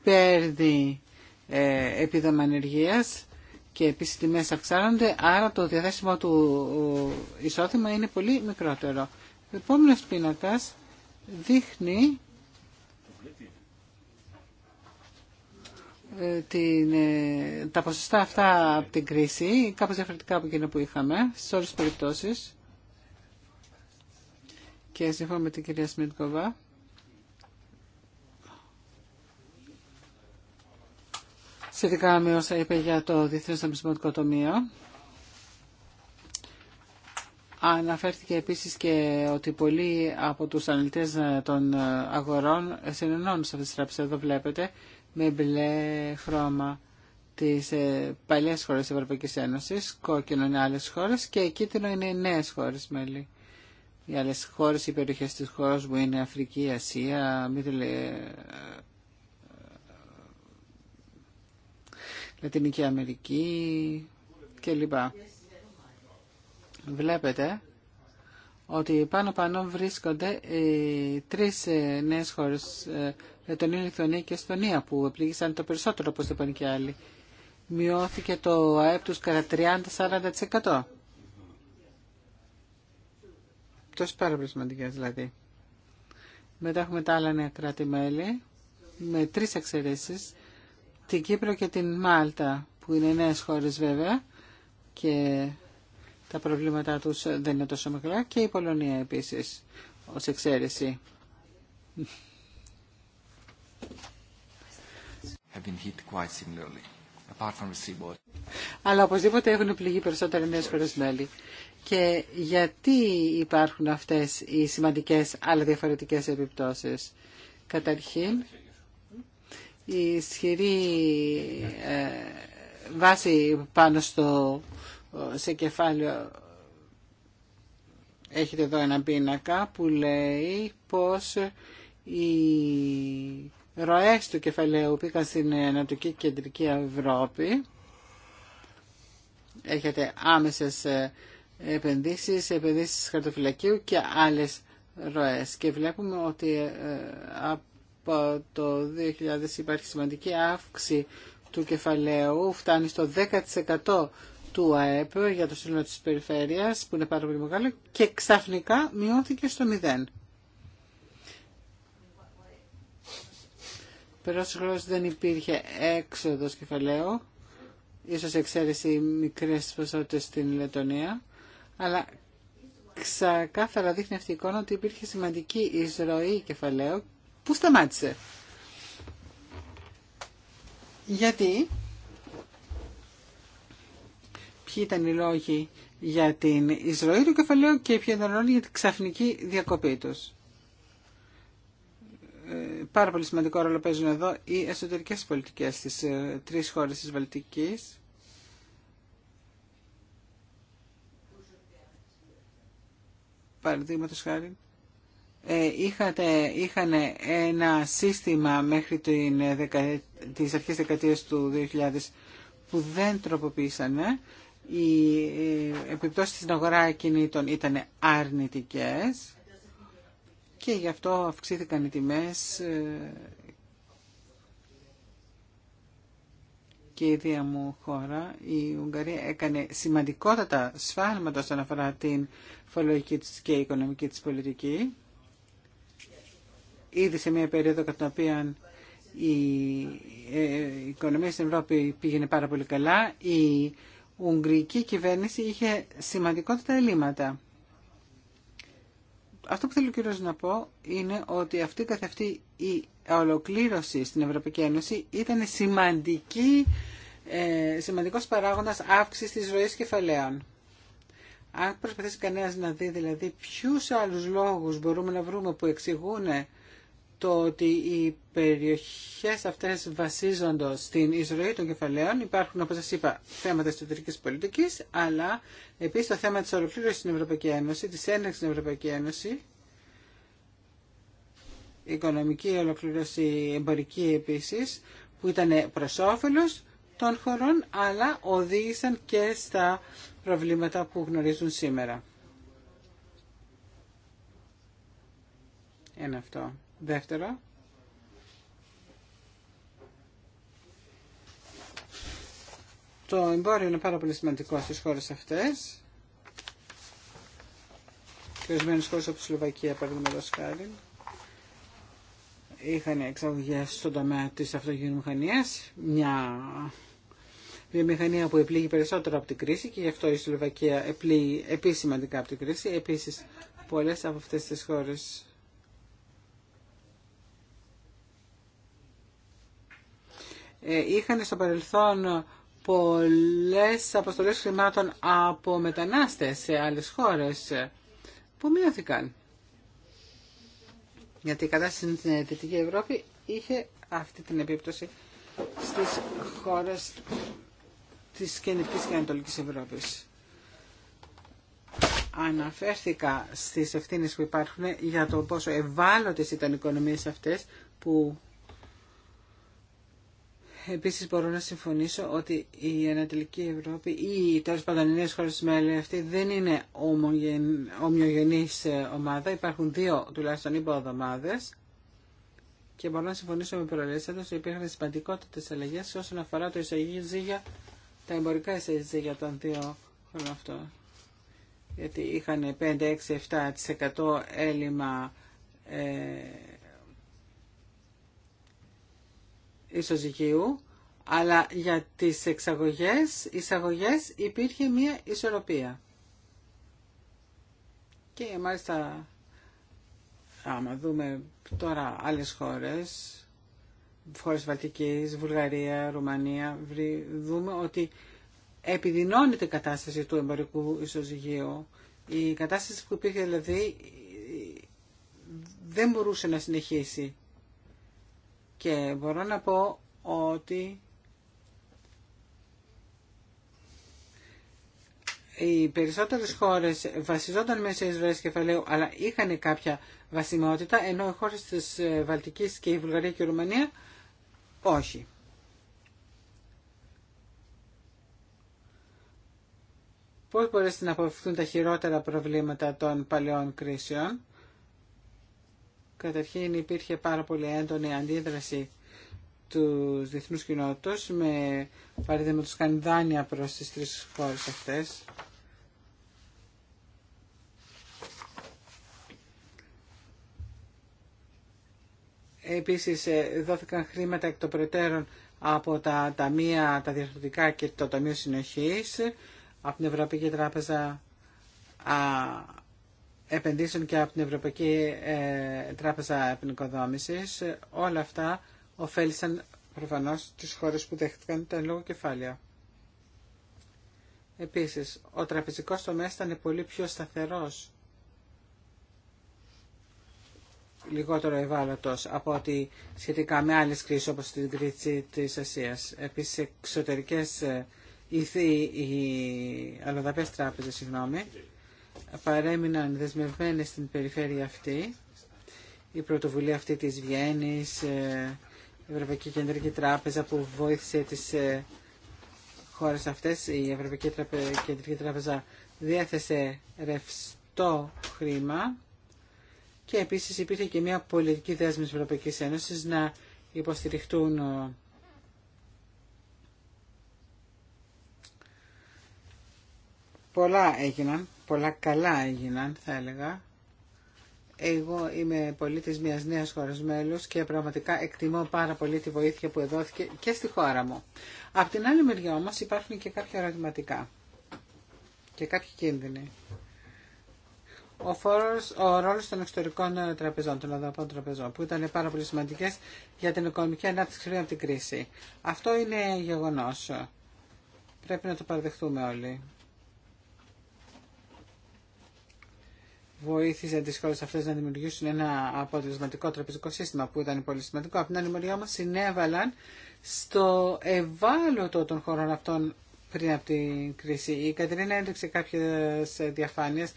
παίρνει ε, επίδομα ανεργίας και επίσης τιμές αυξάνονται, άρα το διαθέσιμο του ε, εισόδημα είναι πολύ μικρότερο. Ο επόμενος πίνακας δείχνει Ε, την, ε, τα ποσοστά αυτά από την κρίση, κάπως διαφορετικά από εκείνα που είχαμε, σε όλες τις περιπτώσεις. Και συμφωνώ με την κυρία Σμιτκοβά. Σχετικά με όσα είπε για το Διεθνές Αμπισμότικο Τομείο. Αναφέρθηκε επίσης και ότι πολλοί από τους αναλυτές των αγορών συνενώνουν σε αυτές τις τράπεζες, εδώ βλέπετε, με μπλε χρώμα τις ε, παλιές χώρες της Ευρωπαϊκής Ένωσης, κόκκινο είναι άλλες χώρες και κίτρινο είναι οι νέες χώρες μέλη. Οι άλλες χώρες, οι περιοχές της χώρας μου είναι Αφρική, Ασία, ε, Λατινική Αμερική κλπ. Βλέπετε ότι πάνω πάνω βρίσκονται οι τρεις ε, νέες χώρες ε, Λετωνία, Λιθουανία και Εσθονία, που επλήγησαν το περισσότερο όπως το είπαν και άλλοι. Μειώθηκε το ΑΕΠ τους κατά 30-40%. Τόσο πάρα πολύ σημαντικά δηλαδή. Μετά έχουμε τα άλλα νέα κράτη-μέλη με τρεις εξαιρέσεις. Την Κύπρο και την Μάλτα που είναι νέες χώρες βέβαια και τα προβλήματά τους δεν είναι τόσο μεγάλα. και η Πολωνία επίσης ως εξαίρεση. Αλλά οπωσδήποτε έχουν πληγεί περισσότερο νέες μέλη. Και γιατί υπάρχουν αυτές οι σημαντικές αλλά διαφορετικές επιπτώσεις. Καταρχήν, η ισχυρή ε, βάση πάνω στο σε κεφάλαιο έχετε εδώ ένα πίνακα που λέει πως η ροές του κεφαλαίου πήγαν στην Ανατολική Κεντρική Ευρώπη. Έχετε άμεσες ε, επενδύσεις, επενδύσεις χαρτοφυλακίου και άλλες ροές. Και βλέπουμε ότι ε, από το 2000 υπάρχει σημαντική αύξηση του κεφαλαίου, φτάνει στο 10% του ΑΕΠ για το σύνολο της περιφέρειας, που είναι πάρα πολύ μεγάλο, και ξαφνικά μειώθηκε στο 0. περάσου δεν υπήρχε έξοδος κεφαλαίου, ίσως εξαίρεση μικρές ποσότητες στην Λετωνία, αλλά ξακάθαρα δείχνει αυτή η εικόνα ότι υπήρχε σημαντική εισρωή κεφαλαίου που σταμάτησε. Γιατί, ποιοι ήταν οι λόγοι για την εισρωή του κεφαλαίου και ποιοι ήταν οι λόγοι για την ξαφνική διακοπή τους πάρα πολύ σημαντικό ρόλο παίζουν εδώ οι εσωτερικές πολιτικές στις ε, τρεις χώρες της Βαλτικής. Παραδείγματος χάρη. Ε, είχατε, είχαν ένα σύστημα μέχρι την, ε, τις αρχές δεκαετίας του 2000 που δεν τροποποίησανε. Οι επιπτώσεις στην αγορά κινήτων ήταν αρνητικές και γι' αυτό αυξήθηκαν οι τιμές ε, και η ίδια μου χώρα, η Ουγγαρία, έκανε σημαντικότατα σφάλματα όσον αφορά την φορολογική της και η οικονομική της πολιτική. Ήδη σε μια περίοδο κατά την οποία η ε, ε, οικονομία στην Ευρώπη πήγαινε πάρα πολύ καλά, η Ουγγρική κυβέρνηση είχε σημαντικότατα ελλείμματα. Αυτό που θέλω κύριος να πω είναι ότι αυτή καθ' η ολοκλήρωση στην Ευρωπαϊκή Ένωση ήταν σημαντική, ε, σημαντικός παράγοντας αύξησης της ροής κεφαλαίων. Αν προσπαθήσει κανένας να δει δηλαδή ποιους άλλους λόγους μπορούμε να βρούμε που εξηγούν το ότι οι περιοχές αυτές βασίζονται στην ισορροή των κεφαλαίων. Υπάρχουν, όπως σας είπα, θέματα εσωτερικής πολιτικής, αλλά επίσης το θέμα της ολοκλήρωσης στην Ευρωπαϊκή Ένωση, της έναρξης στην Ευρωπαϊκή Ένωση, οικονομική ολοκλήρωση εμπορική επίσης, που ήταν προς όφελος των χωρών, αλλά οδήγησαν και στα προβλήματα που γνωρίζουν σήμερα. Είναι αυτό. Δεύτερο. Το εμπόριο είναι πάρα πολύ σημαντικό στις χώρες αυτές. Και ορισμένες χώρες όπως η Σλοβακία, παραδείγματος χάρη, είχαν εξαγωγές στον τομέα της αυτογενομηχανίας, μια βιομηχανία που επλήγει περισσότερο από την κρίση και γι' αυτό η Σλοβακία επλήγει επίσημα από την κρίση. Επίσης, πολλές από αυτές τις χώρες Ε, είχαν στο παρελθόν πολλές αποστολές χρημάτων από μετανάστες σε άλλες χώρες που μειώθηκαν. Γιατί η κατάσταση στην Δυτική Ευρώπη είχε αυτή την επίπτωση στις χώρες της Κεντρικής και Ανατολικής Ευρώπης. Αναφέρθηκα στις ευθύνες που υπάρχουν για το πόσο ευάλωτες ήταν οι οικονομίες αυτές που Επίσης μπορώ να συμφωνήσω ότι η Ανατολική Ευρώπη ή οι τέλο πάντων οι χώρες μέλη αυτή δεν είναι ομοιογενής ε, ομάδα. Υπάρχουν δύο τουλάχιστον υποδομάδες και μπορώ να συμφωνήσω με προλέσσαντες ότι υπήρχαν σημαντικότητε αλλαγές όσον αφορά το τα εμπορικά για των δύο χρόνων αυτών. Γιατί είχαν 5, 6, 7% έλλειμμα ε, ισοζυγίου, αλλά για τις εξαγωγές, εισαγωγές υπήρχε μία ισορροπία. Και μάλιστα, άμα δούμε τώρα άλλες χώρες, χώρες Βαλτικής, Βουλγαρία, Ρουμανία, δούμε ότι επιδεινώνεται η κατάσταση του εμπορικού ισοζυγίου. Η κατάσταση που υπήρχε δηλαδή δεν μπορούσε να συνεχίσει. Και μπορώ να πω ότι οι περισσότερες χώρες βασιζόταν μέσα σε εισβολές κεφαλαίου, αλλά είχαν κάποια βασιμότητα, ενώ οι χώρες της ε, Βαλτικής και η Βουλγαρία και η Ρουμανία όχι. Πώς μπορέσουν να αποφευθούν τα χειρότερα προβλήματα των παλαιών κρίσεων Καταρχήν υπήρχε πάρα πολύ έντονη αντίδραση του διεθνού κοινότητα με παραδείγματο του δάνεια προς τις τρεις χώρες αυτές. Επίσης ε, δόθηκαν χρήματα εκ των προτέρων από τα ταμεία, τα διαφορετικά και το Ταμείο Συνοχής, από την Ευρωπαϊκή Τράπεζα επενδύσεων και από την Ευρωπαϊκή ε, Τράπεζα Επινοικοδόμησης. Όλα αυτά ωφέλησαν προφανώς τις χώρες που δέχτηκαν τα λόγο κεφάλαια. Επίσης, ο τραπεζικός τομέας ήταν πολύ πιο σταθερός, λιγότερο ευάλωτος από ότι σχετικά με άλλες κρίσεις όπως την κρίση της Ασίας. Επίσης, εξωτερικές ε, ήθοι οι αλλοδαπές τράπεζες, συγγνώμη, παρέμειναν δεσμευμένες στην περιφέρεια αυτή. Η πρωτοβουλία αυτή της Βιέννης, ε, η Ευρωπαϊκή Κεντρική Τράπεζα που βοήθησε τις ε, χώρες αυτές, η Ευρωπαϊκή Κεντρική Τράπεζα διέθεσε ρευστό χρήμα και επίσης υπήρχε και μια πολιτική δέσμη της Ευρωπαϊκής Ένωσης να υποστηριχτούν ε, πολλά έγιναν πολλά καλά έγιναν θα έλεγα. Εγώ είμαι πολίτης μιας νέας χώρας μέλους και πραγματικά εκτιμώ πάρα πολύ τη βοήθεια που εδόθηκε και στη χώρα μου. Απ' την άλλη μεριά όμως υπάρχουν και κάποια ερωτηματικά και κάποιοι κίνδυνοι. Ο, φόρος, ο ρόλος των εξωτερικών τραπεζών, των αδραπών τραπεζών, που ήταν πάρα πολύ σημαντικές για την οικονομική ανάπτυξη πριν από την κρίση. Αυτό είναι γεγονός. Πρέπει να το παραδεχτούμε όλοι. βοήθησε τι χώρε αυτέ να δημιουργήσουν ένα αποτελεσματικό τραπεζικό σύστημα που ήταν πολύ σημαντικό. Από την άλλη μεριά όμως συνέβαλαν στο ευάλωτο των χωρών αυτών πριν από την κρίση. Η Κατερίνα έδειξε κάποιε διαφάνειες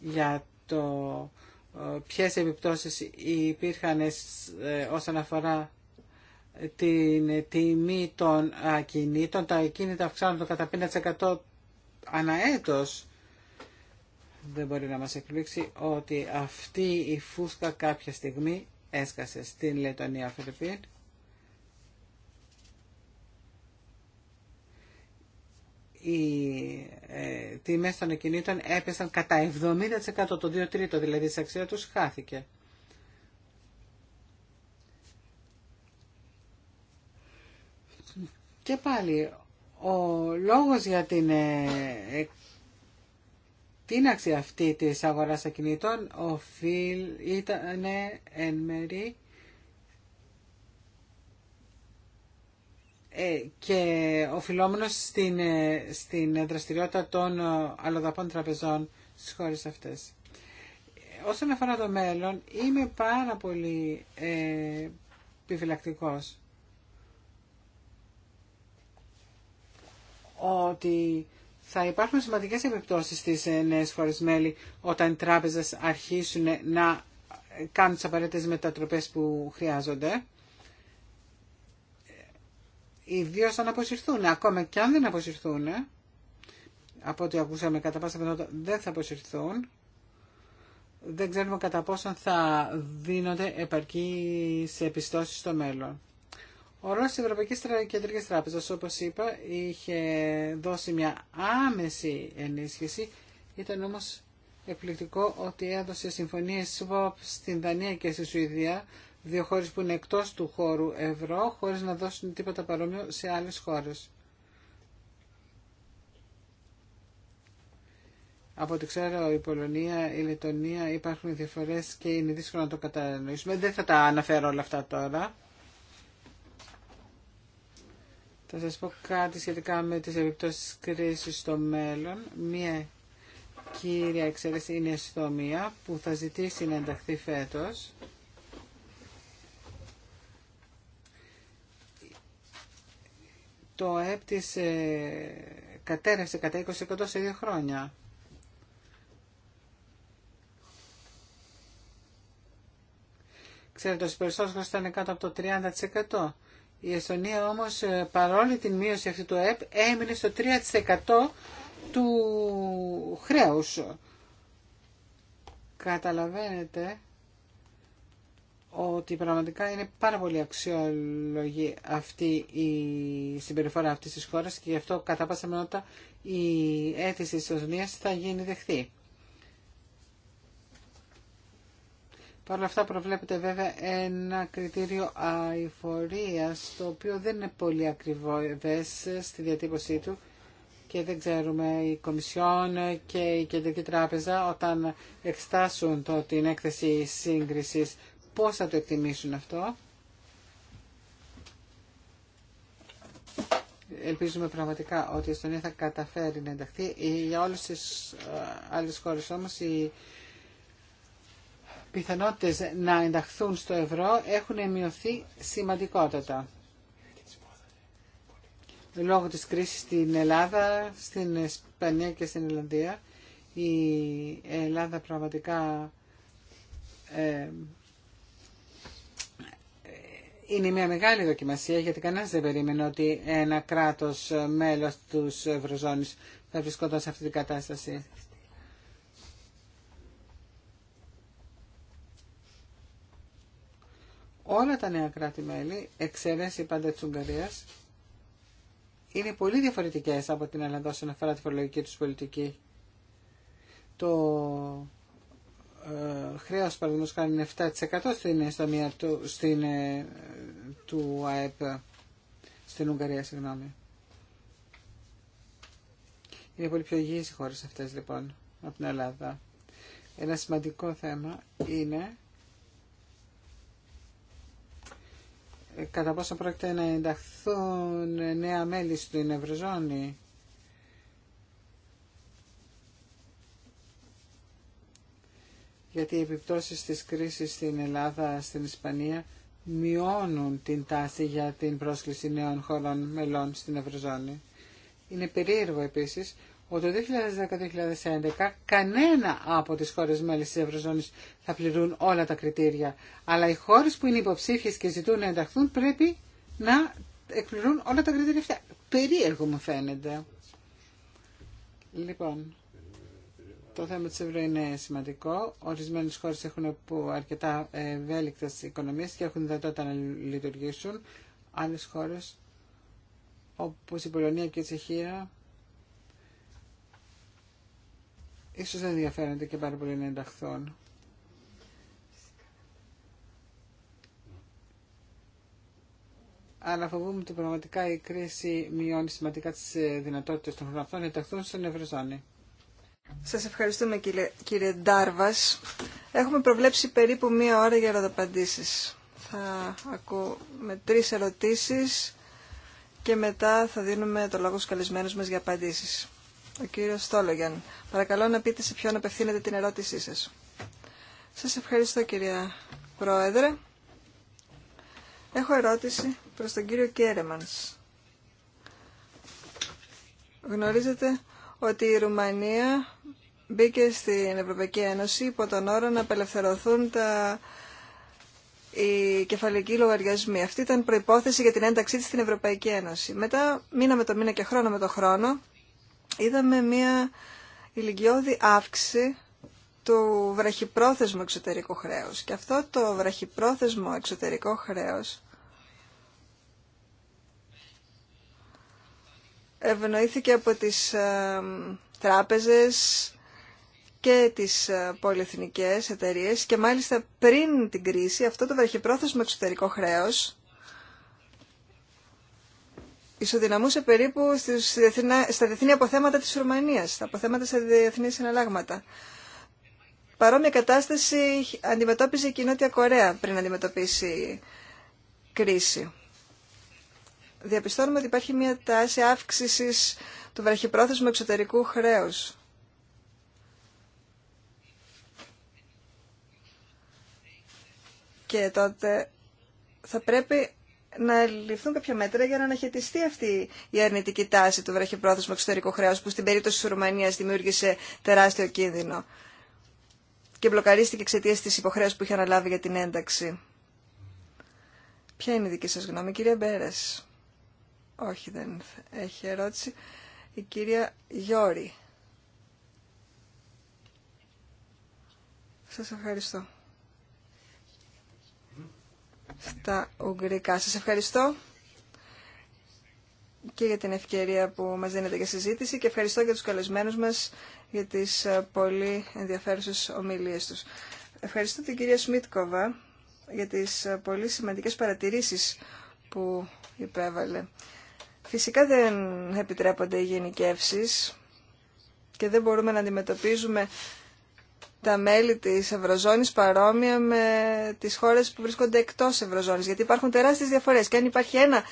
για το ε, ποιες επιπτώσεις υπήρχαν ε, όσον αφορά την τιμή των ακινήτων. Τα ακινήτα αυξάνονται κατά 5% έτος δεν μπορεί να μας εκπλήξει ότι αυτή η φούσκα κάποια στιγμή έσκασε στην Λετωνία Φιλιππίν. Οι ε, τιμές των ακινήτων έπεσαν κατά 70% το 2 τρίτο, δηλαδή της αξία τους χάθηκε. Και πάλι ο λόγος για την ε, τίναξη αυτή της αγοράς ακινήτων οφείλ, ήταν εν μέρη ε, και οφειλόμενος στην, ε, στην δραστηριότητα των ε, αλλοδαπών τραπεζών στις χώρες αυτές. Όσον αφορά το μέλλον, είμαι πάρα πολύ ε, επιφυλακτικός ότι θα υπάρχουν σημαντικές επιπτώσεις στις ε, νέες χώρες μέλη όταν οι τράπεζες αρχίσουν ε, να κάνουν τις απαραίτητες μετατροπές που χρειάζονται. Ε, ιδίως αν αποσυρθούν, ακόμα και αν δεν αποσυρθούν, από ό,τι ακούσαμε κατά πάσα πιθανότητα δεν θα αποσυρθούν, δεν ξέρουμε κατά πόσον θα δίνονται επαρκή σε επιστώσεις στο μέλλον. Ο ρόλο της Ευρωπαϊκής Κεντρικής Τράπεζας, όπως είπα, είχε δώσει μια άμεση ενίσχυση. Ήταν όμως εκπληκτικό ότι έδωσε συμφωνίες swap στην Δανία και στη Σουηδία, δύο χώρες που είναι εκτός του χώρου ευρώ, χωρίς να δώσουν τίποτα παρόμοιο σε άλλες χώρες. Από ό,τι ξέρω, η Πολωνία, η Λετωνία υπάρχουν διαφορές και είναι δύσκολο να το κατανοήσουμε. Δεν θα τα αναφέρω όλα αυτά τώρα. Θα σας πω κάτι σχετικά με τις επιπτώσεις κρίσης στο μέλλον. Μία κύρια εξαίρεση είναι η Εσθομία που θα ζητήσει να ενταχθεί φέτος. Το ΕΠ ε, κατέρευσε κατά 20% σε δύο χρόνια. Ξέρετε, ο περισσότερο ήταν κάτω από το 30%. Η Εστονία όμως ε, παρόλη την μείωση αυτή του ΕΠ έμεινε στο 3% του χρέους. Καταλαβαίνετε ότι πραγματικά είναι πάρα πολύ αξιόλογη αυτή η συμπεριφορά αυτής της χώρας και γι' αυτό κατά πάσα μενότητα η αίτηση της Εστονίας θα γίνει δεχτή. Παρ' όλα αυτά προβλέπεται βέβαια ένα κριτήριο αηφορίας, το οποίο δεν είναι πολύ ακριβό στη διατύπωσή του και δεν ξέρουμε η Κομισιόν και η Κεντρική Τράπεζα όταν εξτάσουν το, την έκθεση σύγκρισης πώς θα το εκτιμήσουν αυτό. Ελπίζουμε πραγματικά ότι η Εστονία θα καταφέρει να ενταχθεί. Για όλες τις ε, άλλες χώρες όμως η πιθανότητες να ενταχθούν στο ευρώ έχουν μειωθεί σημαντικότατα. Λόγω της κρίσης στην Ελλάδα, στην Ισπανία και στην Ελλανδία, η Ελλάδα πραγματικά ε, είναι μια μεγάλη δοκιμασία γιατί κανένας δεν περίμενε ότι ένα κράτος μέλος τους Ευρωζώνης θα βρισκόταν σε αυτή την κατάσταση. όλα τα νέα κράτη-μέλη, εξαίρεση πάντα τη Ουγγαρία, είναι πολύ διαφορετικέ από την Ελλάδα όσον αφορά τη φορολογική του πολιτική. Το ε, χρέος παραδείγματο χάρη είναι 7% στην ιστορία του, στην, ε, του ΑΕΠ στην Ουγγαρία, συγγνώμη. Είναι πολύ πιο υγιεί οι χώρε αυτές λοιπόν από την Ελλάδα. Ένα σημαντικό θέμα είναι κατά πόσο πρόκειται να ενταχθούν νέα μέλη στην Ευρωζώνη. Γιατί οι επιπτώσεις της κρίσης στην Ελλάδα, στην Ισπανία, μειώνουν την τάση για την πρόσκληση νέων χωρών μελών στην Ευρωζώνη. Είναι περίεργο επίσης ότι το 2010-2011 κανένα από τις χώρες μέλη της Ευρωζώνης θα πληρούν όλα τα κριτήρια. Αλλά οι χώρες που είναι υποψήφιες και ζητούν να ενταχθούν πρέπει να εκπληρούν όλα τα κριτήρια αυτά. Περίεργο μου φαίνεται. Λοιπόν, το θέμα της ευρώ είναι σημαντικό. Ορισμένες χώρες έχουν αρκετά ευέλικτες οικονομίες και έχουν δυνατότητα να λειτουργήσουν. Άλλες χώρες, όπως η Πολωνία και η Τσεχία, ίσως δεν ενδιαφέρονται και πάρα πολύ να ενταχθούν. αλλά φοβούμαι ότι πραγματικά η κρίση μειώνει σημαντικά τις ε, δυνατότητες των χωρών να ενταχθούν στην Ευρωζώνη. Σας ευχαριστούμε κύριε, κύριε Ντάρβας. Έχουμε προβλέψει περίπου μία ώρα για ερωταπαντήσεις. Θα ακούμε τρεις ερωτήσεις και μετά θα δίνουμε το λόγο στους καλεσμένους μας για απαντήσεις. Ο κύριος Στόλογιαν, παρακαλώ να πείτε σε ποιον απευθύνετε την ερώτησή σας. Σας ευχαριστώ κυρία Πρόεδρε. Έχω ερώτηση προς τον κύριο Κέρεμανς. Γνωρίζετε ότι η Ρουμανία μπήκε στην Ευρωπαϊκή Ένωση υπό τον όρο να απελευθερωθούν τα οι κεφαλικοί λογαριασμοί. Αυτή ήταν προϋπόθεση για την ένταξή της στην Ευρωπαϊκή Ένωση. Μετά μήνα με το μήνα και χρόνο με το χρόνο είδαμε μια ηλικιώδη αύξηση του βραχυπρόθεσμου εξωτερικού χρέους. Και αυτό το βραχυπρόθεσμο εξωτερικό χρέος ευνοήθηκε από τις ε, τράπεζες και τις ε, πολυεθνικές εταιρείες και μάλιστα πριν την κρίση αυτό το βραχυπρόθεσμο εξωτερικό χρέος ισοδυναμούσε περίπου στις στα διεθνή αποθέματα της Ρουμανίας, στα αποθέματα σε διεθνή συναλλάγματα. Παρόμοια κατάσταση αντιμετώπιζε η Νότια Κορέα πριν αντιμετωπίσει κρίση. Διαπιστώνουμε ότι υπάρχει μια τάση αύξησης του βραχυπρόθεσμου εξωτερικού χρέους. Και τότε θα πρέπει να ληφθούν κάποια μέτρα για να αναχαιτιστεί αυτή η αρνητική τάση του βραχυπρόθεσμου εξωτερικού χρέου που στην περίπτωση τη Ρουμανία δημιούργησε τεράστιο κίνδυνο και μπλοκαρίστηκε εξαιτία τη υποχρέωση που είχε αναλάβει για την ένταξη. Ποια είναι η δική σα γνώμη, κυρία Μπέρε. Όχι, δεν έχει ερώτηση. Η κυρία Γιώρη. Σας ευχαριστώ στα Ουγγρικά. Σας ευχαριστώ και για την ευκαιρία που μας δίνετε για συζήτηση και ευχαριστώ και τους καλεσμένους μας για τις ε, πολύ ενδιαφέρουσες ομιλίες τους. Ευχαριστώ την κυρία Σμίτκοβα για τις ε, πολύ σημαντικές παρατηρήσεις που υπέβαλε. Φυσικά δεν επιτρέπονται οι γενικεύσεις και δεν μπορούμε να αντιμετωπίζουμε τα μέλη της Ευρωζώνης παρόμοια με τις χώρες που βρίσκονται εκτός Ευρωζώνης, γιατί υπάρχουν τεράστιες διαφορές. Και αν υπάρχει ένα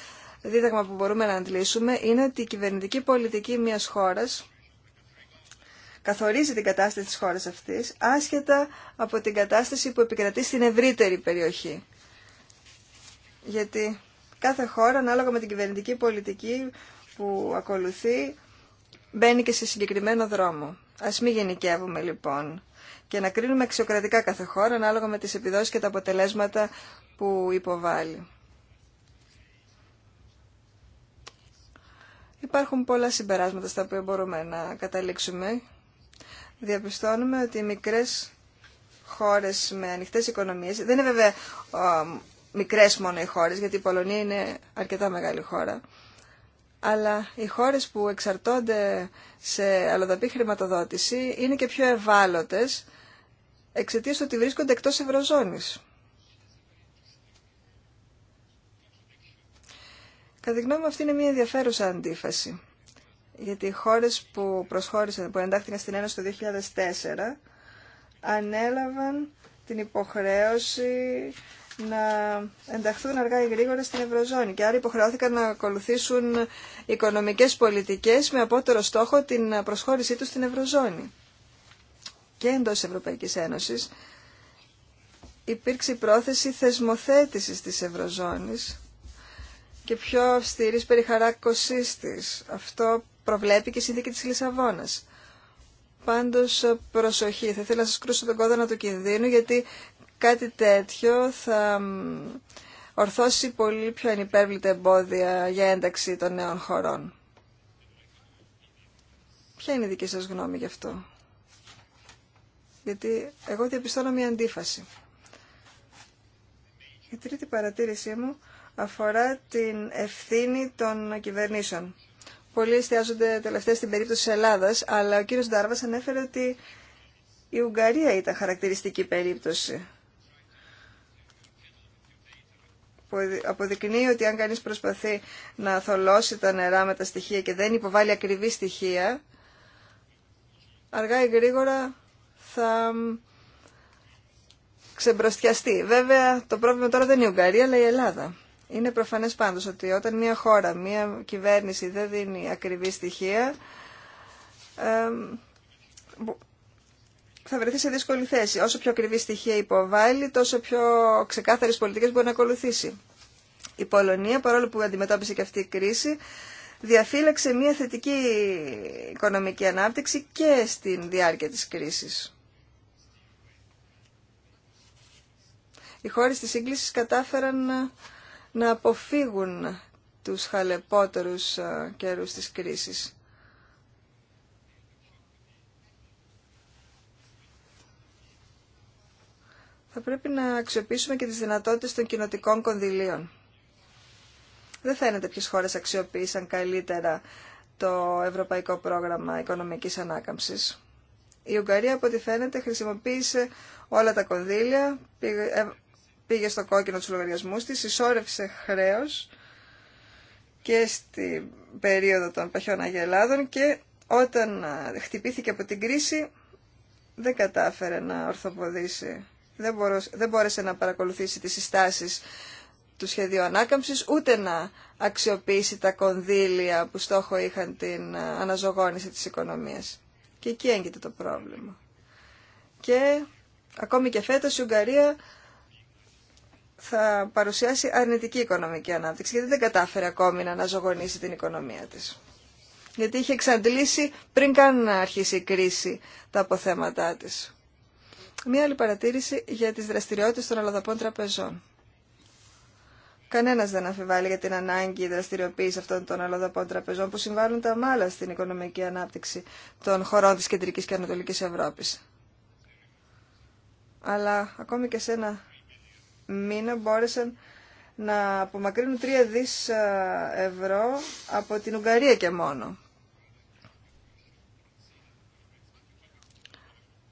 δίδαγμα που μπορούμε να αντλήσουμε, είναι ότι η κυβερνητική πολιτική μιας χώρας καθορίζει την κατάσταση της χώρας αυτής, άσχετα από την κατάσταση που επικρατεί στην ευρύτερη περιοχή. Γιατί κάθε χώρα, ανάλογα με την κυβερνητική πολιτική που ακολουθεί, μπαίνει και σε συγκεκριμένο δρόμο. Ας μην γενικεύουμε λοιπόν και να κρίνουμε αξιοκρατικά κάθε χώρα ανάλογα με τις επιδόσεις και τα αποτελέσματα που υποβάλλει. Υπάρχουν πολλά συμπεράσματα στα οποία μπορούμε να καταλήξουμε. Διαπιστώνουμε ότι οι μικρές χώρες με ανοιχτές οικονομίες, δεν είναι βέβαια μικρές μόνο οι χώρες, γιατί η Πολωνία είναι αρκετά μεγάλη χώρα, αλλά οι χώρες που εξαρτώνται σε αλλοδαπή χρηματοδότηση είναι και πιο ευάλωτες εξαιτίας του ότι βρίσκονται εκτός ευρωζώνης. Κατά τη γνώμη μου αυτή είναι μια ενδιαφέρουσα αντίφαση. Γιατί οι χώρες που προσχώρησαν, που εντάχθηκαν στην Ένωση το 2004, ανέλαβαν την υποχρέωση να ενταχθούν αργά ή γρήγορα στην Ευρωζώνη και άρα υποχρεώθηκαν να ακολουθήσουν οικονομικές πολιτικές με απότερο στόχο την προσχώρησή τους στην Ευρωζώνη. Και εντός Ευρωπαϊκής Ένωσης υπήρξε η πρόθεση θεσμοθέτησης της Ευρωζώνης και πιο αυστηρής περιχαράκωσής της. Αυτό προβλέπει και η συνθήκη της Λισαβόνας. Πάντως προσοχή, θα ήθελα να σας κρούσω τον κόδωνα του κινδύνου γιατί Κάτι τέτοιο θα ορθώσει πολύ πιο ανυπέρβλητα εμπόδια για ένταξη των νέων χωρών. Ποια είναι η δική σας γνώμη γι' αυτό. Γιατί εγώ διαπιστώνω μια αντίφαση. Η τρίτη παρατήρησή μου αφορά την ευθύνη των κυβερνήσεων. Πολλοί εστιάζονται τελευταία στην περίπτωση της Ελλάδας, αλλά ο κύριος Ντάρβας ανέφερε ότι η Ουγγαρία ήταν χαρακτηριστική περίπτωση. αποδεικνύει ότι αν κανείς προσπαθεί να θολώσει τα νερά με τα στοιχεία και δεν υποβάλει ακριβή στοιχεία, αργά ή γρήγορα θα ξεμπροστιαστεί. Βέβαια το πρόβλημα τώρα δεν είναι η Ουγγαρία αλλά η Ελλάδα. Είναι προφανές πάντως ότι όταν μια χώρα, μια κυβέρνηση δεν δίνει ακριβή στοιχεία, ε, θα βρεθεί σε δύσκολη θέση. Όσο πιο ακριβή στοιχεία υποβάλλει, τόσο πιο ξεκάθαρε πολιτικέ μπορεί να ακολουθήσει. Η Πολωνία, παρόλο που αντιμετώπισε και αυτή η κρίση, διαφύλαξε μια θετική οικονομική ανάπτυξη και στην διάρκεια της κρίσης. Οι χώρες της σύγκλησης κατάφεραν να αποφύγουν τους χαλεπότερους ε, καιρούς της κρίσης. θα πρέπει να αξιοποιήσουμε και τις δυνατότητες των κοινοτικών κονδυλίων. Δεν φαίνεται ποιες χώρες αξιοποίησαν καλύτερα το Ευρωπαϊκό Πρόγραμμα Οικονομικής Ανάκαμψης. Η Ουγγαρία, από ό,τι φαίνεται, χρησιμοποίησε όλα τα κονδύλια, πήγε ε, στο κόκκινο του λογαριασμού της, ισόρευσε χρέος και στην περίοδο των παχιών αγελάδων και όταν ε, χτυπήθηκε από την κρίση δεν κατάφερε να ορθοποδήσει δεν, μπορούσε, δεν μπόρεσε να παρακολουθήσει τις συστάσεις του σχεδίου ανάκαμψης, ούτε να αξιοποιήσει τα κονδύλια που στόχο είχαν την ε, αναζωγόνηση της οικονομίας. Και εκεί έγκυται το πρόβλημα. Και ακόμη και φέτος η Ουγγαρία θα παρουσιάσει αρνητική οικονομική ανάπτυξη, γιατί δεν κατάφερε ακόμη να αναζωογονήσει την οικονομία της. Γιατί είχε εξαντλήσει πριν καν να αρχίσει η κρίση τα αποθέματά της. Μία άλλη παρατήρηση για τις δραστηριότητες των αλλοδαπών τραπεζών. Κανένας δεν αμφιβάλλει για την ανάγκη δραστηριοποίηση αυτών των αλλοδαπών τραπεζών που συμβάλλουν τα μάλα στην οικονομική ανάπτυξη των χωρών της Κεντρικής και Ανατολικής Ευρώπης. Αλλά ακόμη και σε ένα μήνα μπόρεσαν να απομακρύνουν 3 δις ε, ευρώ από την Ουγγαρία και μόνο.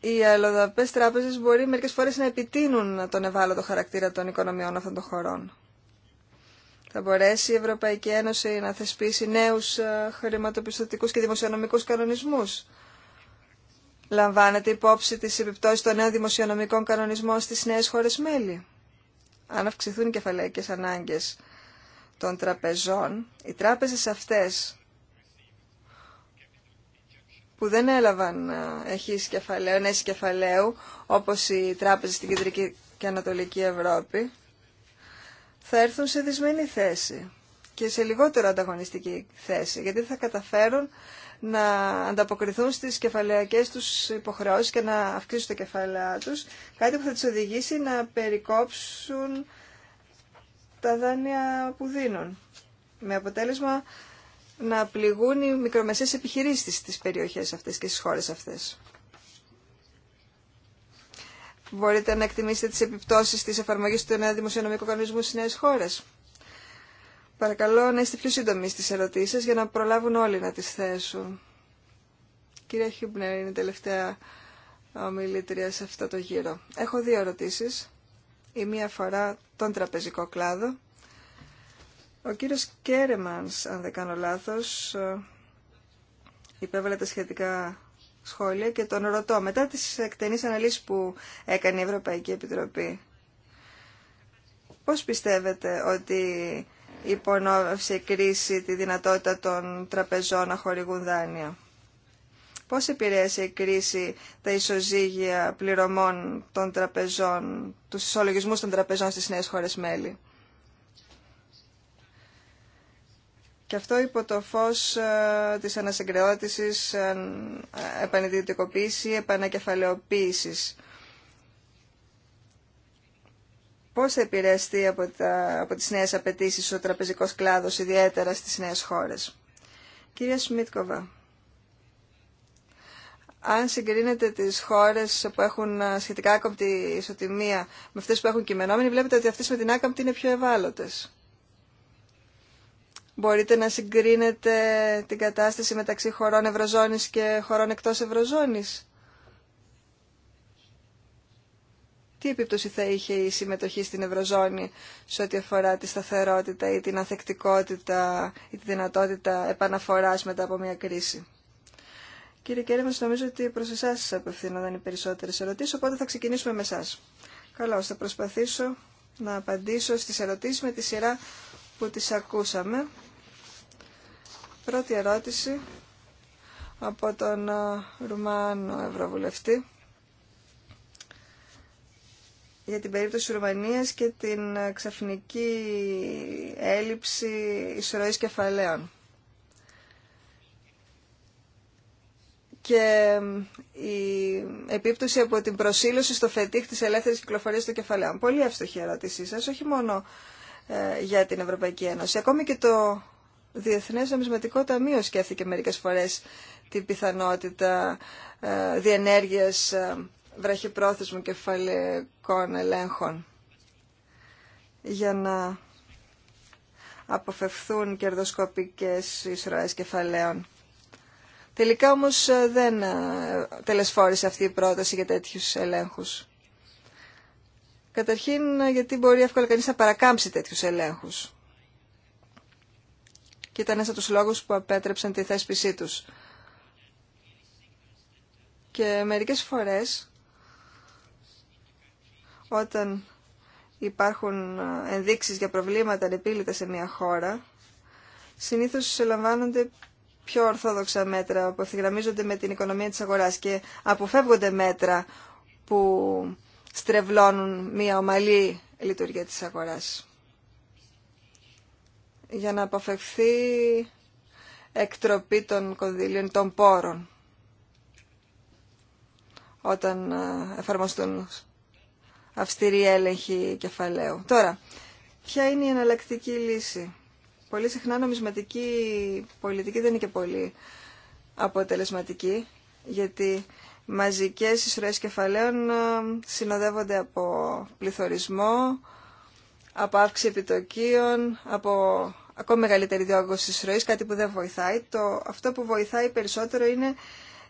οι αλλοδαπέ τράπεζε μπορεί μερικές φορές να επιτείνουν τον ευάλωτο χαρακτήρα των οικονομιών αυτών των χωρών. Θα μπορέσει η Ευρωπαϊκή Ένωση να θεσπίσει νέους ε, χρηματοπιστωτικούς και δημοσιονομικούς κανονισμούς. Λαμβάνεται υπόψη τη επιπτώση των νέων δημοσιονομικών κανονισμών στι νέε χώρε μέλη. Αν αυξηθούν οι κεφαλαϊκέ ανάγκες των τραπεζών, οι τράπεζε αυτέ που δεν έλαβαν ε, έχεις κεφαλαίου, νέες κεφαλαίου, όπως οι τράπεζες στην Κεντρική και Ανατολική Ευρώπη, θα έρθουν σε δυσμενή θέση και σε λιγότερο ανταγωνιστική θέση, γιατί θα καταφέρουν να ανταποκριθούν στις κεφαλαιακές τους υποχρεώσεις και να αυξήσουν τα κεφαλαία τους, κάτι που θα τους οδηγήσει να περικόψουν τα δάνεια που δίνουν. Με αποτέλεσμα να πληγούν οι μικρομεσαίες επιχειρήσεις στις περιοχές αυτές και στις χώρες αυτές. Μπορείτε να εκτιμήσετε τις επιπτώσεις της εφαρμογής του νέου δημοσιονομικού κανονισμού στις νέες χώρες. Παρακαλώ να είστε πιο σύντομοι στις ερωτήσεις για να προλάβουν όλοι να τις θέσουν. Κυρία Χιούμπνερ είναι η τελευταία ομιλήτρια σε αυτό το γύρο. Έχω δύο ερωτήσεις. Η μία αφορά τον τραπεζικό κλάδο ο κύριος Κέρεμανς, αν δεν κάνω λάθος, ε, υπέβαλε τα σχετικά σχόλια και τον ρωτώ, μετά τις εκτενείς αναλύσεις που έκανε η Ευρωπαϊκή Επιτροπή, πώς πιστεύετε ότι υπονόμευσε η κρίση τη δυνατότητα των τραπεζών να χορηγούν δάνεια. Πώς επηρέασε η κρίση τα ισοζύγια πληρωμών των τραπεζών, τους ισολογισμούς των τραπεζών στις νέες χώρες μέλη. Και αυτό υπό το φως ε, της ανασυγκρεώτησης, ε, επανειδιωτικοποίησης, επανακεφαλαιοποίησης. Πώς θα επηρεαστεί από, τα, από τις νέες απαιτήσεις ο τραπεζικός κλάδος, ιδιαίτερα στις νέες χώρες. Κυρία Σμίτκοβα, αν συγκρίνετε τις χώρες που έχουν ε, σχετικά άκαμπτη ισοτιμία με αυτές που έχουν κειμενόμενη, βλέπετε ότι αυτές με την άκαμπτη είναι πιο ευάλωτες. Μπορείτε να συγκρίνετε την κατάσταση μεταξύ χωρών Ευρωζώνης και χωρών εκτός Ευρωζώνης. Τι επίπτωση θα είχε η συμμετοχή στην Ευρωζώνη σε ό,τι αφορά τη σταθερότητα ή την ανθεκτικότητα ή τη δυνατότητα επαναφοράς μετά από μια κρίση. Κύριε μας νομίζω ότι προς εσάς σας απευθύνονταν οι περισσότερες ερωτήσεις, οπότε θα ξεκινήσουμε με εσάς. Καλώ, θα προσπαθήσω να απαντήσω στις ερωτήσεις με τη σειρά που τις ακούσαμε. Πρώτη ερώτηση από τον ε, Ρουμάνο Ευρωβουλευτή για την περίπτωση της Ρουμανίας και την ε, ξαφνική έλλειψη ισορροής κεφαλαίων. και ε, η επίπτωση από την προσήλωση στο φετίχ της ελεύθερης κυκλοφορίας των κεφαλαίων. Πολύ εύστοχη ερώτησή σας, όχι μόνο για την Ευρωπαϊκή Ένωση. Ακόμη και το Διεθνές Νομισματικό Ταμείο σκέφτηκε μερικές φορές την πιθανότητα ε, διενέργειας ε, βραχυπρόθεσμου κεφαλαικών ελέγχων για να αποφευθούν κερδοσκοπικές εισρωές κεφαλαίων. Τελικά όμως ε, δεν τελεσφόρησε αυτή η πρόταση για τέτοιους ελέγχους. Καταρχήν γιατί μπορεί εύκολα κανείς να παρακάμψει τέτοιους ελέγχους και ήταν ένας από τους λόγους που απέτρεψαν τη θέσπισή τους. Και μερικές φορές όταν υπάρχουν ε, ενδείξεις για προβλήματα ανεπίλητα σε μια χώρα, συνήθως λαμβάνονται πιο ορθόδοξα μέτρα που ευθυγραμμίζονται με την οικονομία της αγοράς και αποφεύγονται μέτρα που στρεβλώνουν μια ομαλή λειτουργία της αγοράς για να αποφευθεί εκτροπή των κονδύλιων των πόρων όταν ε, εφαρμοστούν αυστηρή ελέγχοι κεφαλαίου. Τώρα, ποια είναι η εναλλακτική λύση. Πολύ συχνά νομισματική πολιτική δεν είναι και πολύ αποτελεσματική, γιατί μαζικές ισορροές κεφαλαίων ε, συνοδεύονται από πληθωρισμό, από αύξηση επιτοκίων, από ακόμη μεγαλύτερη διόγκωση της ροής, κάτι που δεν βοηθάει. Το, αυτό που βοηθάει περισσότερο είναι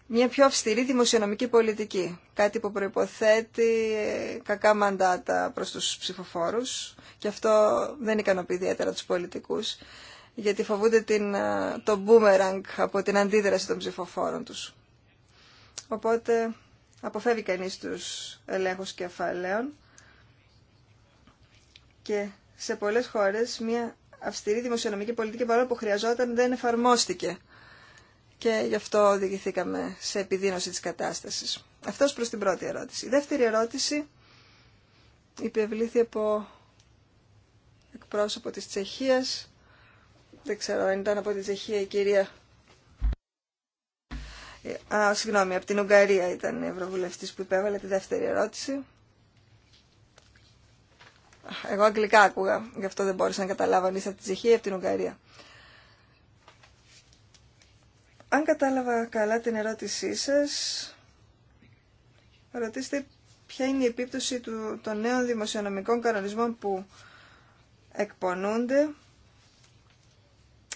μια πιο αυστηρή δημοσιονομική πολιτική, κάτι που προϋποθέτει ε, κακά μαντάτα προς τους ψηφοφόρους και αυτό δεν ικανοποιεί ιδιαίτερα τους πολιτικούς, γιατί φοβούνται την, ε, το boomerang από την αντίδραση των ψηφοφόρων τους. Οπότε αποφεύγει κανείς τους ελέγχους κεφαλαίων και σε πολλές χώρες μια αυστηρή δημοσιονομική πολιτική παρόλο που χρειαζόταν δεν εφαρμόστηκε. Και γι' αυτό οδηγηθήκαμε σε επιδείνωση της κατάστασης. Αυτός προς την πρώτη ερώτηση. Η δεύτερη ερώτηση υπευλήθη από εκπρόσωπο της Τσεχίας. Δεν ξέρω αν ήταν από την Τσεχία η κυρία. Α, συγγνώμη, από την Ουγγαρία ήταν η Ευρωβουλευτής που υπέβαλε τη δεύτερη ερώτηση. Εγώ αγγλικά άκουγα, γι' αυτό δεν μπόρεσα να καταλάβω αν είσαι από τη Τσεχία ή από την Ουγγαρία. Αν κατάλαβα καλά την ερώτησή σας, ρωτήστε ποια είναι η επίπτωση του, των νέων δημοσιονομικών κανονισμών που εκπονούνται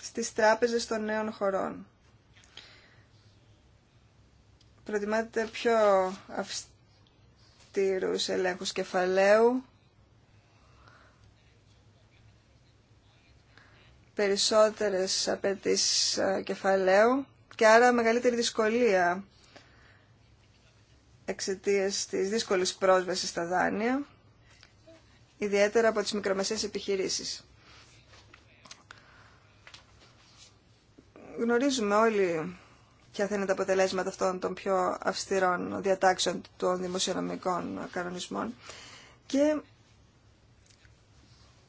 στις τράπεζες των νέων χωρών. Προτιμάτε πιο αυστηρούς ελέγχους κεφαλαίου περισσότερες απαιτήσει ε, κεφαλαίου και άρα μεγαλύτερη δυσκολία εξαιτία της δύσκολης πρόσβασης στα δάνεια, ιδιαίτερα από τις μικρομεσαίες επιχειρήσεις. Γνωρίζουμε όλοι ποια θα είναι τα αποτελέσματα αυτών των πιο αυστηρών διατάξεων των δημοσιονομικών κανονισμών και